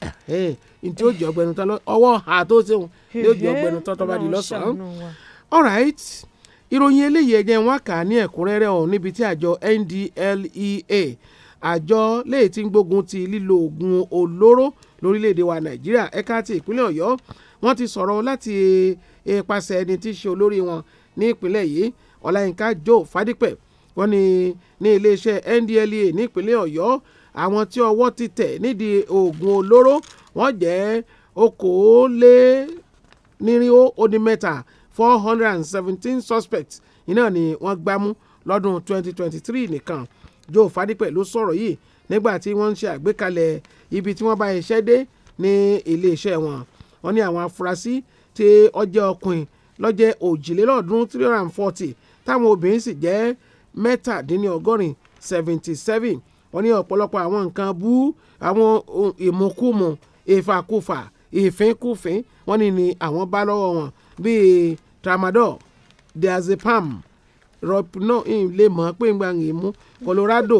ntí ó jẹ ọgbẹnu tán ọwọ́ ha tó ṣeun ni ó jẹ ọgbẹnu tán tó bá di lọ́sàn-án. all right ìròyìn eléyìí ẹ̀jẹ̀ wọn kà ní ẹ̀kúnrẹ́rẹ́ ọ̀hún níbi tí àjọ NDLEA àjọ léè tí ń gbógun ti lílo oògùn olóró lórílẹ̀‐èdè wa Nàìjíríà ẹ̀ka ti ìpínlẹ̀ Ọ̀yọ́ wọ́n ti sọ̀rọ̀ láti ipasẹ̀ ẹni tí í ṣe olórí wọn ní ìpínlẹ̀ yìí Ọláyínká Joe Fadípẹ̀ wọ́n ní ní iléeṣẹ́ NDLEA ní ìpínlẹ̀ Ọ̀yọ́ àwọn tí ọwọ́ ti tẹ̀ nídìí oògùn olóró wọ́n jẹ́ okòólénírínwó ó dín mẹ́ta four hundred and seventeen suspects iná ni wọ́n gbámú lọ́dún twenty twenty three nìkan Joe Fadipẹ̀ ló sọ̀rọ̀ yìí nígbà tí wọ́n ń ṣe àgbékalẹ̀ ibi tí wọ́n bá iṣẹ́ dé ní iléeṣẹ́ wọn wọ́n ní àwọn afurasí tí ọjọ́ ọkùnrin lọ́jẹ́ òjìlélọ́ọ̀ọ́dúnrún three hundred and forty táwọn obìnrin sì jẹ́ mẹ́tàdínlọ́gọ́rin seventy seven wọ́n ní ọ̀pọ̀lọpọ̀ àwọn nǹkan bú àwọn ìmúkùmù ìfàkùfà ìfínkùfín wọ́n ní ni àwọn bá lọ́wọ́ wọn bíi tramadol diazepam ropinol, lè mọ̀ pé ń gbàngàn mú colorado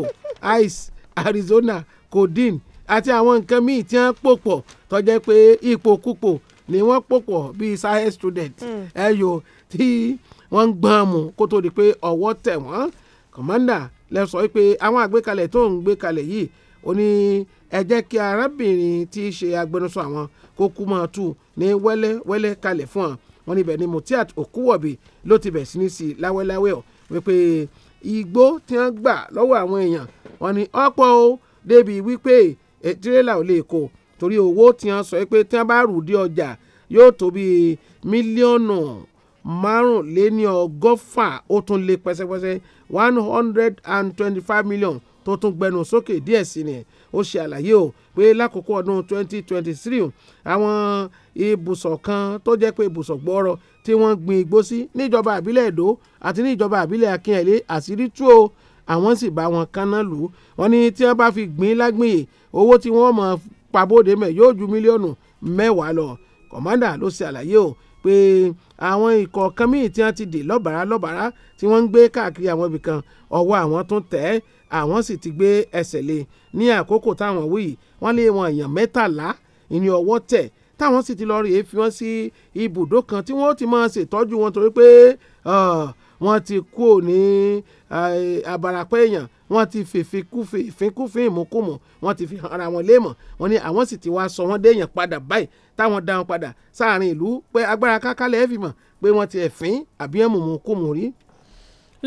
ice arizona codeine àti àwọn nǹkan míì tí wọ́n pò pọ̀ tó jẹ́ pé ipòkúpò ni wọ́n pò pọ̀ bíi science student hmm. ẹ̀yọ́ tí wọ́n ń gbọ́n mu kó tó di pé ọwọ́ tẹ̀ wọ́n kọ̀mọ́ndà lẹ sọ pé àwọn àgbékalẹ̀ tó ń gbé kalẹ̀ yìí ó ní ẹ jẹ́ kí arábìnrin tí í ṣe agbẹnusọ àwọn kó kú mọ́ tù ní wẹ́lẹ́wẹ́lẹ́ kalẹ̀ fún ọ wọn níbẹ̀ ni Mutiat Okuwobi ló ti bẹ̀ sí ní sí láwẹ́láwẹ́ ọ wípé igbó tí wọ́n gbà lọ́wọ́ àwọn èèyàn wọn ni ọ̀pọ̀ o débi wípé e, tirẹ́là ò lè kó torí owó tí wọ́n sọ pé tí wọ́n bá rù dé ọjà yóò tó bíi mílíọ̀nù márùnléníọgọ́fà ó tún lé pẹ́sẹ́pẹ́sẹ́ one hundred and twenty-five million tó tún gbẹnu sókè díẹ̀ sí ni ó ṣe àlàyé o pé lákòókò ọdún twenty twenty three àwọn ibùsọ̀ kan tó jẹ́ pé ibùsọ̀ gbọ́rọ̀ tí wọ́n gbin igbó sí níjọba àbílẹ̀ èdò àti níjọba àbílẹ̀ akínyẹ̀lé àṣírí tú o àwọn sì bá wọn kaná lù ú wọn ní tí wọ́n bá fi gbìn lágbìnyè owó tí wọ́n mọ̀ pabóde mẹ́ yóò ju mílíọ̀nù mẹ́wàá lọ kọ̀mọ́dà ló ṣe àlàyé o pé àwọn ikọ̀ kan míì tí wọ́n ti dè lọ́bàrá lọ́bàrá tí wọ́n ń gbé káàkiri àwọn ibìkan ọwọ́ àwọn tún tẹ̀ ẹ́ àwọn sì ti gbé ẹsẹ̀ lé e. ní àkókò táwọn wí wọ́n lé wọn èèyàn mẹ́tàlá ìní ọwọ́ tẹ̀ táwọn sì ti lọ rèé fi wọ́n sí ibùdó kan tí wọ́n ti máa ṣètọ́jú wọn torí pé wọ́n ti kú ní àbàràpọ̀ èèyàn wọ́n ti fèfin kúfin ìfínkúfin ìmúkùmù wọ́n ti fi hàn ara wọn léèmọ̀ wọ́n ní àwọn sì ti wá sọ wọ́n déèyàn padà báyìí táwọn dáhùn padà sáàrin ìlú
pé agbára kákálẹ̀ ẹ̀ fi mọ̀ pé wọ́n ti ẹ̀fín àbí ẹ̀mùmùkùmù rí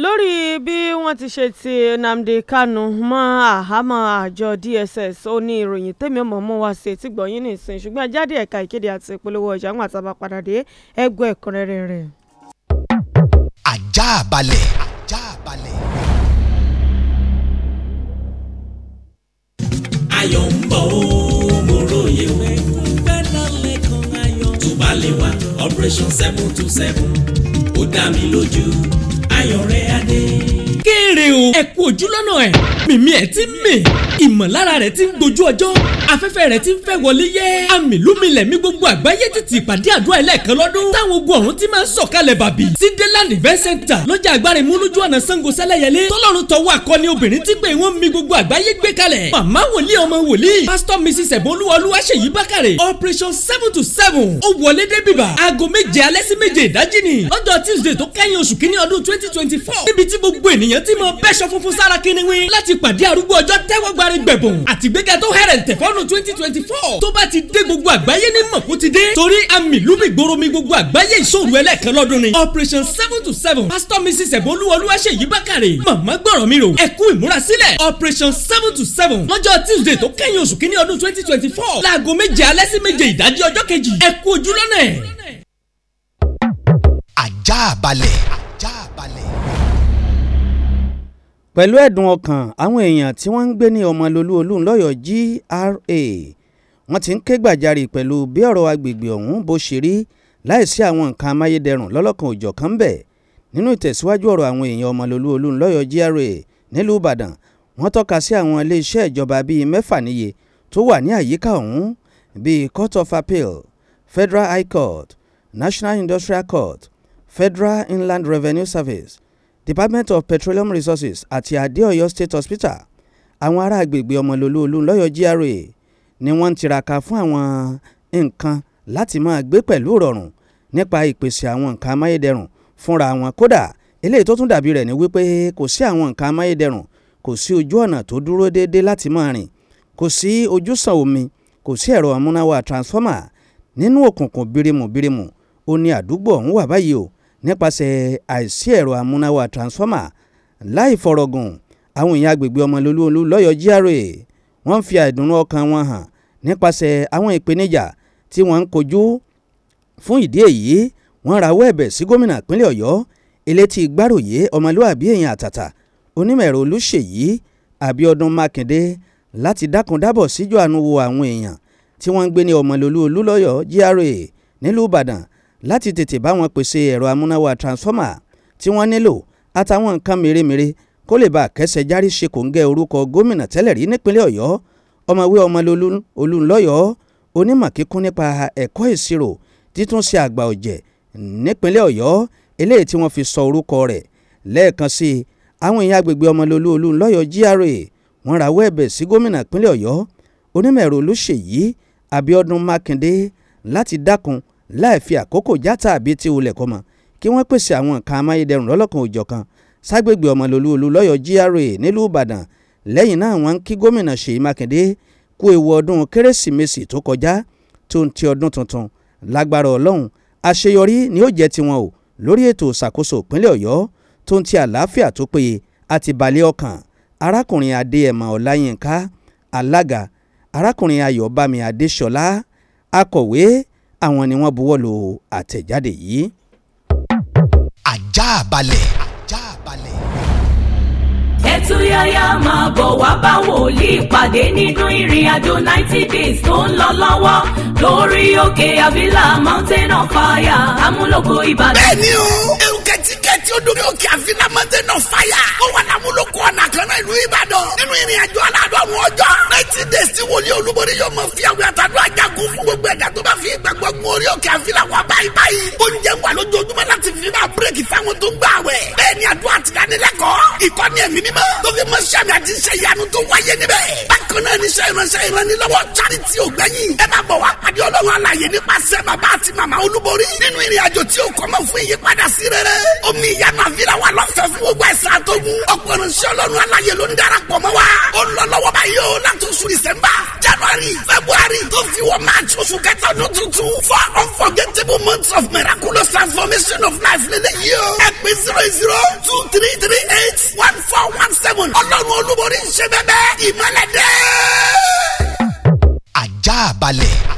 lórí bí wọ́n ti ṣe ti Nnamdi Kanu mọ́ àhámọ́ àjọ DSS ó ní ìròyìn tèmi ọmọ mọ́ wá sí etí gbọ̀nyìn nìsín ṣùgbọ́n jáde ẹ̀ka ìkéde àti ìpolówó ọjà ń wà tá a bá padà dé ẹgbẹ́ ẹ̀kúnrẹ́rẹ́ rẹ̀.
ajá balẹ̀ balẹ̀.
ayọ̀ ń bọ̀ ó mo róye o tó bá lè wá operation seven two seven ó dá mi lójú ayọ̀ rẹ̀ adé kéèrè o ẹ kú ojúlọ́nà ẹ̀ mímí ẹ̀ ti mì ìmọ̀lára rẹ̀ ti ń gbojú ọjọ́ afẹ́fẹ́ rẹ̀ ti ń fẹ́ wọlé yẹ́ amìlúmilẹ̀ mi gbogbo àgbáyé títí ìpàdé àdúrà ẹlẹ́ẹ̀kan lọ́dún táwọn ogun ọ̀run ti máa ń sọ̀kalẹ̀ bàbí sí event center lọ́jà agbára ìmúlójú ọ̀nà Ṣàngó Sẹ́lẹ̀yẹlé tọ́lọ́run tọwọ́ akọni obìnrin tí pé wọ́n mi gbogbo àgbáyé gbé kalẹ̀ màmá wòlíì ọmọ wòlíì pásítọ̀ mrs ẹ̀bọ́nlúwọ̀ olúwaṣèyí bákàrẹ̀ operation seven to seven ó wọlé dé bíbà aago méje alẹ́ sí méje tuesday tó kẹ́yìn oṣù kínní ọdún twenty twenty four níbi tí èèyàn ti mọ bẹ́ṣọ funfun sára kiniwin láti pàdé arúgbó ọjọ́ tẹ́wọ́ gbari gbẹ̀bùn àtìgbéga tó hẹ̀rẹ̀ tẹ̀fọ́nù twenty twenty four tó bá ti dé gbogbo àgbáyé ní mọ̀kú ti dé torí àmì lùmí gbòòrò mi gbogbo àgbáyé ìṣòro ẹlẹ́ẹ̀kan lọ́dún ni operation seven to seven pastor mrs ẹ̀bọ́lúwọlúwà ṣèyí bákàrẹ̀ màmá gbọ́rọ̀ mi rò ẹ̀kú ìmúrasílẹ̀ operation seven to seven lọ́jọ́ tuesday tó kẹ́yìn oṣù kínní ọdún twenty twenty four láago méje alẹ́ sí méje ìdájí ọjọ́ kejì
pẹ̀lú ẹ̀dùn ọkàn àwọn èèyàn tí wọ́n ń gbé ní ọmọlólú olúńlọ́yọ̀ GRA wọ́n ti ń ké gbàjarè pẹ̀lú bí ọ̀rọ̀ agbègbè ọ̀hún bó ṣe rí láìsí àwọn nǹkan amáyédẹrùn lọ́lọ́kan òjọ̀kan ń bẹ̀ nínú ìtẹ̀síwájú ọ̀rọ̀ àwọn èèyàn ọmọlólú olúńlọ́yọ̀ GRA nílùú Ìbàdàn wọ́n tọ́ka sí àwọn iléeṣẹ́ ìjọba bíi mẹ́fà níye tó wà ní àyíká ọ̀hún bíi Court of Appeal Federal High Court National Industrial Court Federal Inland Revenue Service Department of Petroleum Resources àti adé State Hospital àwọn ará agbègbè Ọmọlólú Olúńlọ́yọ̀ GRA ni wọ́n ń tiraka fún àwọn nǹkan láti máa gbé pẹ̀lú ìrọ̀rùn nípa ìpèsè àwọn nǹkan amáyédẹrùn fúnra wọn kódà eléyìí tó tún dàbí rẹ̀ ni wípé kò sí àwọn nǹkan amáyédẹrùn kò sí ojú ọ̀nà tó dúró déédé láti máa rìn kò sí ojúsàn omi kò sí ẹ̀rọ amúnáwá transformer nínú òkùnkùn birimùbirimù ó ní àdúgbò ọ̀hún wà báyìí o nípasẹ̀ àìsí ẹ̀rọ amúnáwá transformer láì fọ̀rọ̀gùn àwọn èèyàn agbègbè ọmọlúlú olúlọ́yọ̀ GRA wọ́n fi àìdùnnú ọkàn wọn hàn nípasẹ̀ àwọn ìpèníjà tí wọ́n ń kojú fún ìdí èyí wọ́n rawọ́ ẹ̀bẹ̀ sí gómìnà ìpínlẹ̀ ọ̀yọ́ elétí gbàròyé ọmọlúàbí èèyàn àtàtà onímọ̀ẹ̀rọ olúṣèyí àbíọ́dún mákindé láti dákun dábọ̀ síjú àánú wo àwọn èèyàn tí wọ́n ń gbé ní ọmọlúlú olúlọ́yọ̀ GRA nílùú ìbàdàn láti tètè bá wọn pèsè ẹ̀rọ amúnáwá transformer tí wọ́n nílò àtàwọn nǹkan mèremère kó lè bá kẹsẹ̀ járí ṣe kòǹgẹ́ orúkọ gómìnà tẹ́lẹ̀ rí nípínlẹ̀ ọ̀yọ́ ọmọwé ọmọlólú olùńlọ́yọ̀ onímọ̀ kíkún nípa ẹ̀kọ́ ìṣirò títún ṣe àgbà ọ̀jẹ̀ nípínlẹ̀ ọ̀yọ́ eléyìí tí wọ́n fi sọ orúkọ rẹ̀ lẹ́ẹ̀kan sí i àwọn èèyàn agbègbè ọmọlólú olùńlọ́yọ̀ GRA wọ́n rawọ́ ẹ̀bẹ̀ sí gómìnà ìpínlẹ̀ ọ̀yọ́ onímọ̀ ẹ̀rọ olùṣèyí Abíọ́dún Mákindé láti dákun láì fi àkókò játa àbí tí olè kọ́ mọ̀ kí wọ́n pèsè àwọn nǹkan amáyédẹrùn lọ́lọ́kan òjọ̀kan ságbègbè ọmọlólú olú lọ́yọ̀ GRA nílùú Ìbàdàn lẹ́yìn náà wọ́n ń kí gómìnà Ṣèyí Mákindé kú ewu ọdún kérésìmesì tó kọjá tó ń ti ọdún tuntun lágbára Ọlọ́run àṣeyọrí ni ó jẹ́ tiwọn o lórí ètò ìṣàkóso ìpínlẹ̀ Ọ̀yọ́ tó ń ti àlàáfíà tó péye àti balẹ̀ ọkàn arákùnrin Adéyẹmọ Ọláyínká alága arákùnrin Ayọ̀bámi Adéṣọlá akọ̀wé àwọn ni wọ́n buwọ́ lu àtẹ̀jáde yìí. Àjààbalẹ̀. Àjààbalẹ̀. ẹ̀tún yáyá máa bọ̀ wá bá wòlíì pàdé nínú ìrìn
àjò ninety days tó ń lọ lọ́wọ́ lórí òkè àbílà mountain of fire amúlòkọ Ìbàdàn. bẹ́ẹ̀ni o ẹrù kẹtíkẹtí ó dórí òkè àfínà mountain of
fire ó wà lámúlòkọ ọ̀nà kan náà ìlú Ìbàdàn nínú ìrìn àjò aládọ́run ọjọ́ ninety days tí wòlíì olúborí yóò mọ̀ fi àwẹ̀ àtàn mo rí òkè àfilà wà báyìí báyìí. oúnjẹ wà lójoojúmọ́ láti fi máa bírèkì fáwọn tó ń gbà wẹ̀. bẹ́ẹ̀ ni àdúrà ti dánilẹ́kọ̀ọ́. ìkọ́ni ẹ̀mí mímọ́. tó fi mọ sẹ́mi àti iṣẹ́ ìyanu tó wáyé níbẹ̀. bákan náà ni iṣẹ́ ìránṣẹ́ ìrànlọ́wọ́ charity ògbẹ́yìn. ẹ máa bọ̀ wá pàdé ọlọ́run alàyè nípasẹ̀ bàbá àti màmá olúborí. nínú ìrìn àjò tí ó kọ́ mọ́ fún ìyípadà sí rere. omi ìyanu unforgettable months of miraculous transformation of life lè léyìí o. ẹ zero zero two three three eight one four one seven ọlọ́run olúborí ń ṣe bẹ́ẹ̀ bẹ́ẹ̀ ìmọ̀lẹ́dẹ́.
ajá balẹ̀.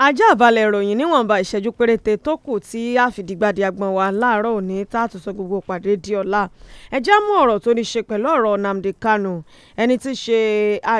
ajá àbálẹ̀ ìròyìn níwọ̀nba ìṣẹ́jú péréte tó kù tí a agbọ̀n wa láàárọ̀ òní tá a tún sọ gbogbo pàdé di ọ̀la ẹjẹ́ mú ọ̀rọ̀ tó ní ṣe pẹ̀lú ọ̀rọ̀ Nnamdi Kanu ẹni tí í ṣe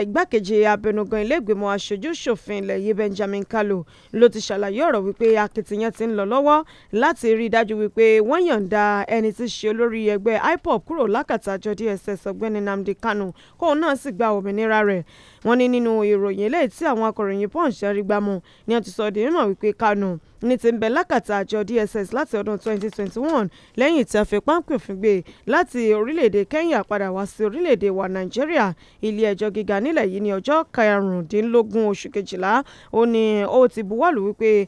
igbákejì abẹnugan iléègbèmọ̀ aṣojú ṣòfin ilẹ̀ yìí Benjamin Kalu ló ti ṣàlàyé ọ̀rọ̀ wípé akitiyan ti ń lọ lọ́wọ́ láti rí i dájú wípé wọ́n yọ̀ǹda ẹni tí í ṣe olórí ẹgbẹ́ IPOB kúrò lákàtà àjọ DSS ọ̀gbẹ́ni Nnamdi Kanu kóun náà sì gba òmìnira rẹ̀ wọ́n ní nínú ìròyìn eléyìí tí àwọn akọ̀ròyìn Punch ṣẹ́rí gbámú ni wọ́n ti sọ di mímọ̀ wípé kánú ní ti ń bẹ lákàtà àjọ DSS láti ọdún 2021 lẹ́yìn tí a fi páńpẹ́ òfin gbé e láti orílẹ̀-èdè Kenya padà wá sí orílẹ̀-èdè wa Nàìjíríà ilé-ẹjọ́ gíga nílẹ̀ yìí ní ọjọ́ karùndínlógún oṣù kejìlá ó ní ó ti buwọ́lù wípé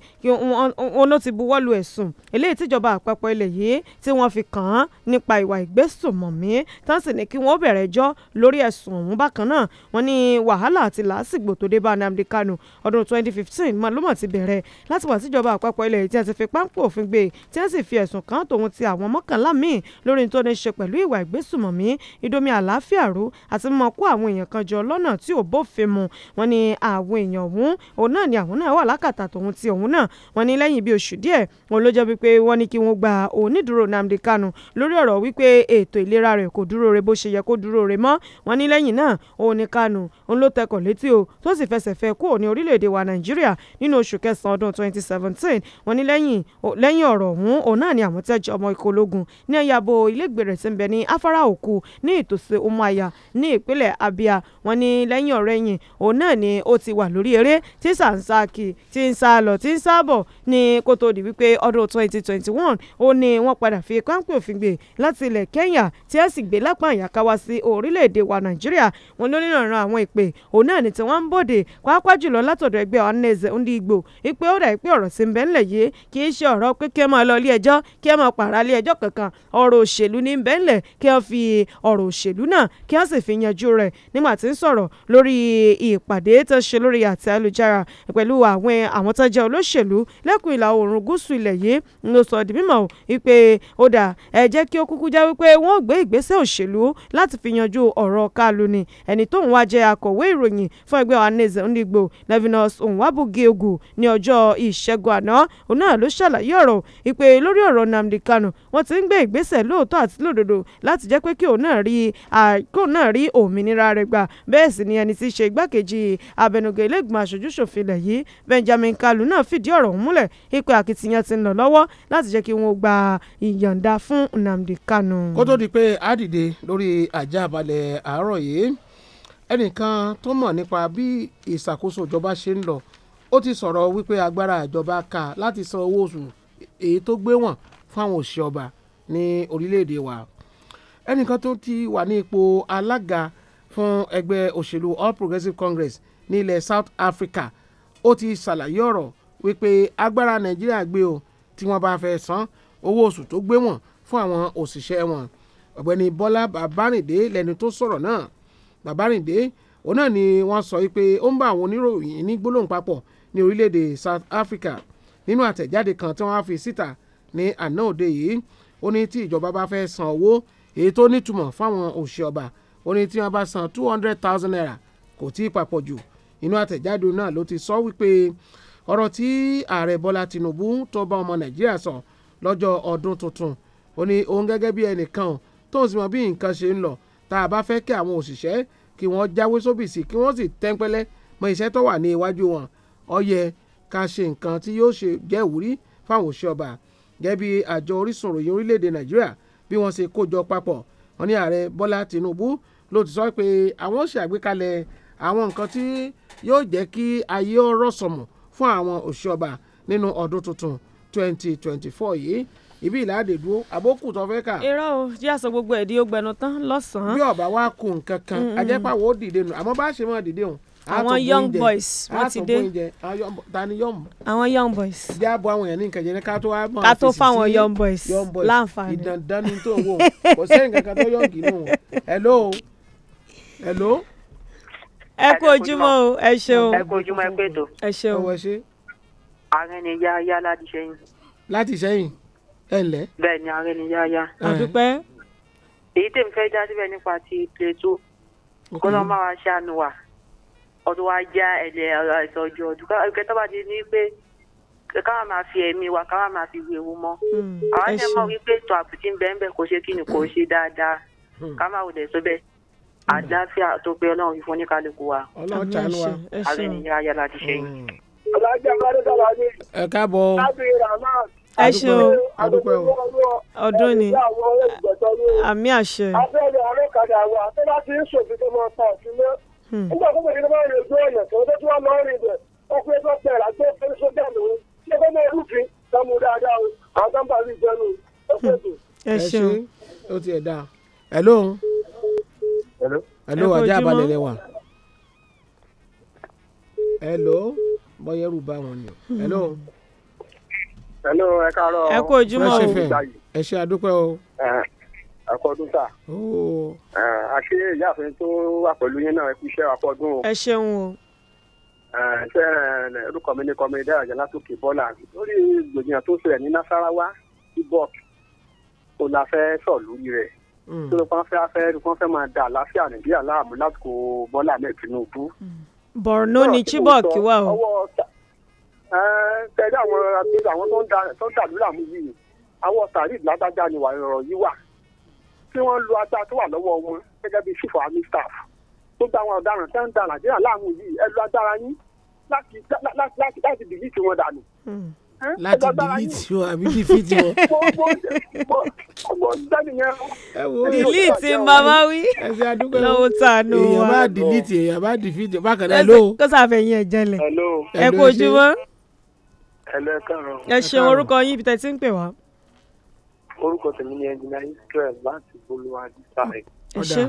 òun ó ti buwọ́lù ẹ̀sùn eléyìí tíjọba àpapọ̀ ilẹ̀ yìí tí wọ́n fi kàn án nípa ìwà ìgbésùnmọ̀mí tán sì ní kí wọ́n bẹ̀rẹ̀ ẹjọ́ lórí ẹ̀sùn ọ̀hún 2015 ló mọ̀ ti bẹ̀rẹ̀ láti àpapọ̀ ilẹ̀ tí a ti fi páńpẹ́ òfin gbé tí a sì fi ẹ̀sùn kan tòun ti àwọn mọ́kànlá míì lórí tó ní ṣe pẹ̀lú ìwà ìgbésùmọ̀mí ìdomi àlàáfíà rú àti mímọ kó àwọn èèyàn kan jọ lọ́nà tí ò bófin mu wọn ni àwọn èèyàn ọ̀hún òun náà ni àwọn náà wà lákàtà tòun ti òun náà wọn ni lẹ́yìn bíi oṣù díẹ̀ òun ló jẹ́ wípé wọ́n ní kí wọ́n gba onídùúró Nnamdi Kanu lórí ọ̀rọ̀ wípé ètò ìlera rẹ̀ kò dúró re bó ṣe yẹ kó dúró re mọ́ wọn ní lẹ́yìn náà òun ni Kanu òun ló tẹkọ̀ létí o tó sì fẹsẹ̀ fẹ́ kúrò orílẹ̀-èdè wa nàìjíríà nínú oṣù kẹsàn-án ọdún 2017 wọn ní lẹ́yìn lẹ́yìn ọ̀rọ̀ ọ̀hún òun náà ni àwọn tẹ́jọ́ ọmọ ikọ̀ ológun ní ẹ̀yàbò ilégbè rẹ̀ ti ń bẹ ní afárá òkú ní ìtòsí umuaya ní ìpínlẹ̀ abia wọn ní lẹ́yìn ọ̀rẹ́yìn òun náà ni ó ti wà lórí eré tí sàǹsàkì ti ń sá lọ ti ń sábọ̀ ní kó tó di wípé ọdún 2021 ó ní wọ́n padà fi káńpì òfin gbè láti ilẹ̀ kenya tí ẹ̀ sì gbé lápá àyàkáwá sí orílẹ̀-èdè wa nàìjíríà wọn ló nílànà àwọn ìp pé òun náà ni tí wọ́n ń bòde pàápàá jùlọ látọ̀dọ̀ ẹgbẹ́ Ohanaeze Ndigbo wípé ó dàbí pé ọ̀rọ̀ tí ń bẹ ńlẹ̀ yìí kì í ṣe ọ̀rọ̀ pé kí ẹ máa lọ ilé ẹjọ́ kí ẹ máa pààrà ilé ẹjọ́ kankan ọ̀rọ̀ òṣèlú ní ń bẹ ńlẹ̀ kí wọ́n fi ọ̀rọ̀ òṣèlú náà kí wọ́n sì fi yanjú rẹ̀ nígbà tí ń sọ̀rọ̀ lórí ìpàdé tó ṣe lórí àti ayélujára pẹ̀lú àwọn àwọn tó jẹ́ olóṣèlú lẹ́kùn ìlà oòrùn gúúsù ilẹ̀ yìí ń sọ di mímọ̀ wípé ó dà ẹ jẹ́ kí ó kúkú jẹ́ wípé wọ́n gbé ìgbésẹ̀ òṣèlú láti fi yanjú ọ̀rọ̀ kálù ni ẹni tóun wá jẹ́ akọ akọ̀wé ìròyìn fún ẹgbẹ́ Ohanaeze Ndigbo Levinus Onwabugi Ogu ní ọjọ́ ìṣẹ́gun àná òun náà ló ṣàlàyé ọ̀rọ̀ ìpè lórí ọ̀rọ̀ Nnamdi Kanu wọ́n ti ń gbé ìgbésẹ̀ lóòótọ́ àti lódodo láti jẹ́ pé kí òun náà rí kóun náà rí òmìnira rẹ̀ gbà bẹ́ẹ̀ sì ni ẹni tí í ṣe igbákejì abẹnugan ilégbìmọ̀ aṣojú ilẹ̀ yìí Benjamin Kalu náà fìdí ọ̀rọ̀ ọ̀hún múlẹ̀ ìpè akitiyan ti ń lọ lọ́wọ́ láti jẹ́ kí wọ́n gba ìyọ̀ǹda fún Nnamdi Kanu. kó tó di pé a
lórí àjà àárọ̀ yìí ẹnìkan tó mọ̀ nípa bí ìṣàkóso ìjọba ṣe ń lọ ó ti sọ̀rọ̀ wípé agbára ìjọba kà láti san owó oṣù èyí tó gbé wọ̀n fáwọn òṣìṣẹ́ ọba ní orílẹ̀-èdè wa ẹnìkan tó ti wà ní ipò alága fún ẹgbẹ́ òṣèlú All Progressives Congress ní ilẹ̀ South Africa ó ti ṣàlàyé ọ̀rọ̀ wípé agbára Nàìjíríà gbé o tí wọ́n bá fẹ́ san owó oṣù tó gbé fún àwọn òṣìṣẹ́ wọn ọ̀gbẹ́ni Bọ́lá Bàbárìndé lẹ́ni tó sọ̀rọ̀ náà Babárìndé òun náà ni wọ́n sọ pé ó ń bá àwọn oníròyìn ní gbólóhùn papọ̀ ní orílẹ̀-èdè South Africa nínú àtẹ̀jáde kan tí wọ́n á fi síta ní àná òde yìí ó ní tí ìjọba bá fẹ́ san owó èyí tó nítumọ̀ fáwọn òṣìṣẹ́ ọba ó ní tí wọ́n bá san two hundred thousand naira kò tí ì papọ̀ jù inú àtẹ̀jáde náà ló ti sọ wípé ọ̀rọ̀ tí ààrẹ Bọ́lá Tinubu tó bá ọmọ Nàìjíríà sọ lọ́jọ́ ọdún tuntun ó ní òun gẹ́gẹ́ bí ẹnìkan tóun sì mọ bí nǹkan ṣe ń lọ tá a bá fẹ́ kí àwọn òṣìṣẹ́ kí wọ́n jáwé sóbìsì kí wọ́n sì tẹ́ńpẹ́lẹ́ mọ iṣẹ́ tó wà ní iwájú wọn ó yẹ ká ṣe nǹkan tí yóò ṣe jẹ́ ìwúrí fáwọn òṣìṣẹ́ ọba gẹ́gẹ́ bí àjọ orísun ìròyìn orílẹ̀-èdè nàìjíríà bí wọ́n ṣe kó jọ papọ̀ wọn ní ààrẹ bọ́lá tinubu ló ti sọ pé àwọn ṣe àgbékalẹ̀ àwọn nǹkan tí yóò jẹ́ kí ayé ọ̀rọ̀ sọ̀mù fún àwọn òṣìṣẹ́ ọba nínú ọdún tuntun 2024 yìí ibi ìlàdè dúró àbókù tó fẹ́ kà.
irọ́ o jí àṣọ gbogbo ẹ̀dí ó gbẹnu
tán lọ́sàn-án. bí ọba wa kù nǹkan kan ajẹ́pàwọ́ dìde nù àmọ́ bá ṣe máa dìde hùn àwọn young boys wọ́n ti dé àwọn young boys. ìjà bọ àwọn yẹn ní nǹkan jẹrẹ ká tó wá mọ àfẹsí sí young boys láǹfààní.
ìdandan ni tó wò kò sẹ́yìn kankan tó yọ̀ nù. hello hello. ẹ kú ojúmọ́ o ẹ ṣeun. ẹ kú ojúmọ́ ẹ pé tó. ẹ ṣeun. ọwọ́ ṣe.
ààrẹ yá yá láti ṣẹ́yìn.
láti ṣẹ́yìn ẹlẹ.
bẹ́ẹ̀ ni ààrẹ ni yáyá. àdúpẹ́. èyí tèmi fẹ́ já síbẹ̀ nípa ti plateau kọ́nà máa wá ṣàánú wa ọdún wa já ẹ̀lẹ́ ìtọ́jú ọdún kẹta bá ti ní pé káwọn máa fi ẹ̀mí wa káwọn máa fi wéwu mọ́ hmm, àwọn ẹ̀ṣẹ̀ mọ́ wípé ètò àbùtí ń bẹ́ẹ̀ bẹ́ẹ̀ kò ṣe kí ni kò hmm. ṣe dáadáa hmm. ká má wò lẹ̀ sóbẹ̀ àdáfíà tó pé ọlọ́run fífún ní kálukú wa ọlọ́run ṣàánú wa ààrẹ ni yáyá láti ṣe yìí.
ọ̀làjà ọlọ́dún tó wà ní. ẹ káàbọ̀. láti ìrànlọ́ọ̀ ẹ ṣeun ọdún ni àmì àṣẹ. abẹ́rẹ́ ọlọ́kadà wa tó bá ti ń ṣòfin tó máa ta òfin náà hmm. nígbà tó bẹ̀rẹ̀ máa rìn ojú ọ̀nà tó tó wá máa rìn bẹ̀ ọkùnrin tó bẹ̀rẹ̀ àti ọkùnrin tó dà lóhun ṣé kó mọ olúfin sọmú dáadáa o àwọn tó ń bá rí ìjẹun o ó hmm. ẹ ṣeun
ó ti ẹ̀ dáa ẹ̀ lóhun ẹ̀ lóhun ajá àbálẹ̀ rẹ wà ẹ̀ lóhun bọ́yẹ̀rù bá wọn ni ẹ̀ hmm. lóhun hello
ẹ káàárọ̀ ẹ kú ojúmọ́ o
ẹ ṣe àdúpẹ́ o.
ẹ kú ta. àṣé ìyáàfin tó wà pẹ̀lú yín náà ẹ kú iṣẹ́ o. ẹ ṣeun o.
ṣé orúkọ mi ní kọ́mi Dáyọ̀ Látòkè Bọ́lá lórí gbòdìyàn tó
ṣẹlẹ̀ ní Nasarawa ibok kò la fẹ́ sọ̀ lórí rẹ̀ tó hmm. ló kàn fẹ́ fẹ́ kàn fẹ́ máa da àlàáfíà Nàìjíríà láàmú lásìkò Bọ́lá mẹ́ẹ̀ Tinubu. Hmm.
Borno ni Chibok wà o
tẹ̀lé àwọn abẹ́rẹ́ àwọn tó ń dàlú làmú yìí àwọn tàríf lágbájá ni wà ìrọ̀rọ̀ yìí wà tí wọ́n lu agbára tó wà lọ́wọ́ wọn gẹ́gẹ́ bí chief army staff tó gba àwọn ọ̀daràn tẹ́ ń da nàìjíríà láàmú yìí ẹ lu agbára yín láti láti láti dìlítì wọn dànù. Hmm. láti dìlítì
wọn àbí dìfìtì wọn. dìlítì màmá wí lọ́wọ́ tànù wa. èèyàn bá dìlítì èèyàn bá dìfìtì bákan náà ló. kó
sàfẹ̀yìn ẹ̀ jẹ́lẹ̀ ẹ kó ojúmọ́ ẹlẹ́kàrọ̀. ẹ ṣeun orúkọ yín ibi tẹ́ ti ń pè wá.
orúkọ tèmi ni ẹnjìnà Israel láti bolúwa dísàlẹ̀. ẹ ṣe.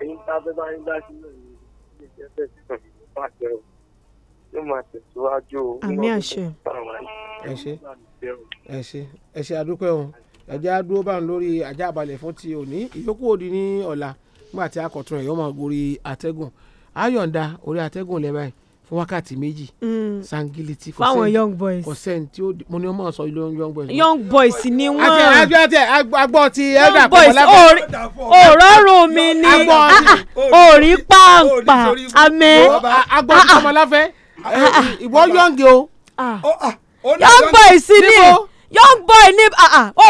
èyí tá a fẹ́ bá yín dá sí náà ni ilé iṣẹ́ fẹ́ sọ̀rọ̀ nípa àjẹrò yóò máa tẹ̀síwájú o. àmì
àṣẹ.
ẹ ṣe ẹ ṣe ẹ ṣe àdúpẹ́ o ẹjẹ́ á dúró báwọn lórí ajá balẹ̀ fún ti òní ìyókù òdi ní ọ̀la nígbà tí akọ̀tún ẹ̀ yóò máa gorí atẹ́gùn ayọ̀ǹda orí atẹ́gùn lẹ́ báyìí fún wákàtí méjì. Mm. sangiliti kò sẹ́ni fáwọn young boys kò sẹ́ni tí ó mo ní ọmọ sọ young boys. young
boys ni wọ́n. àti àjọ àti agbọ́ ti elder kọ́mọlábọ̀. òróró mi ni òrí ah, ah, pàǹpà amẹ́. agbọ́ ti ah, kọ́mọláfẹ́ ìwọ young o.
young boys ni young boy ni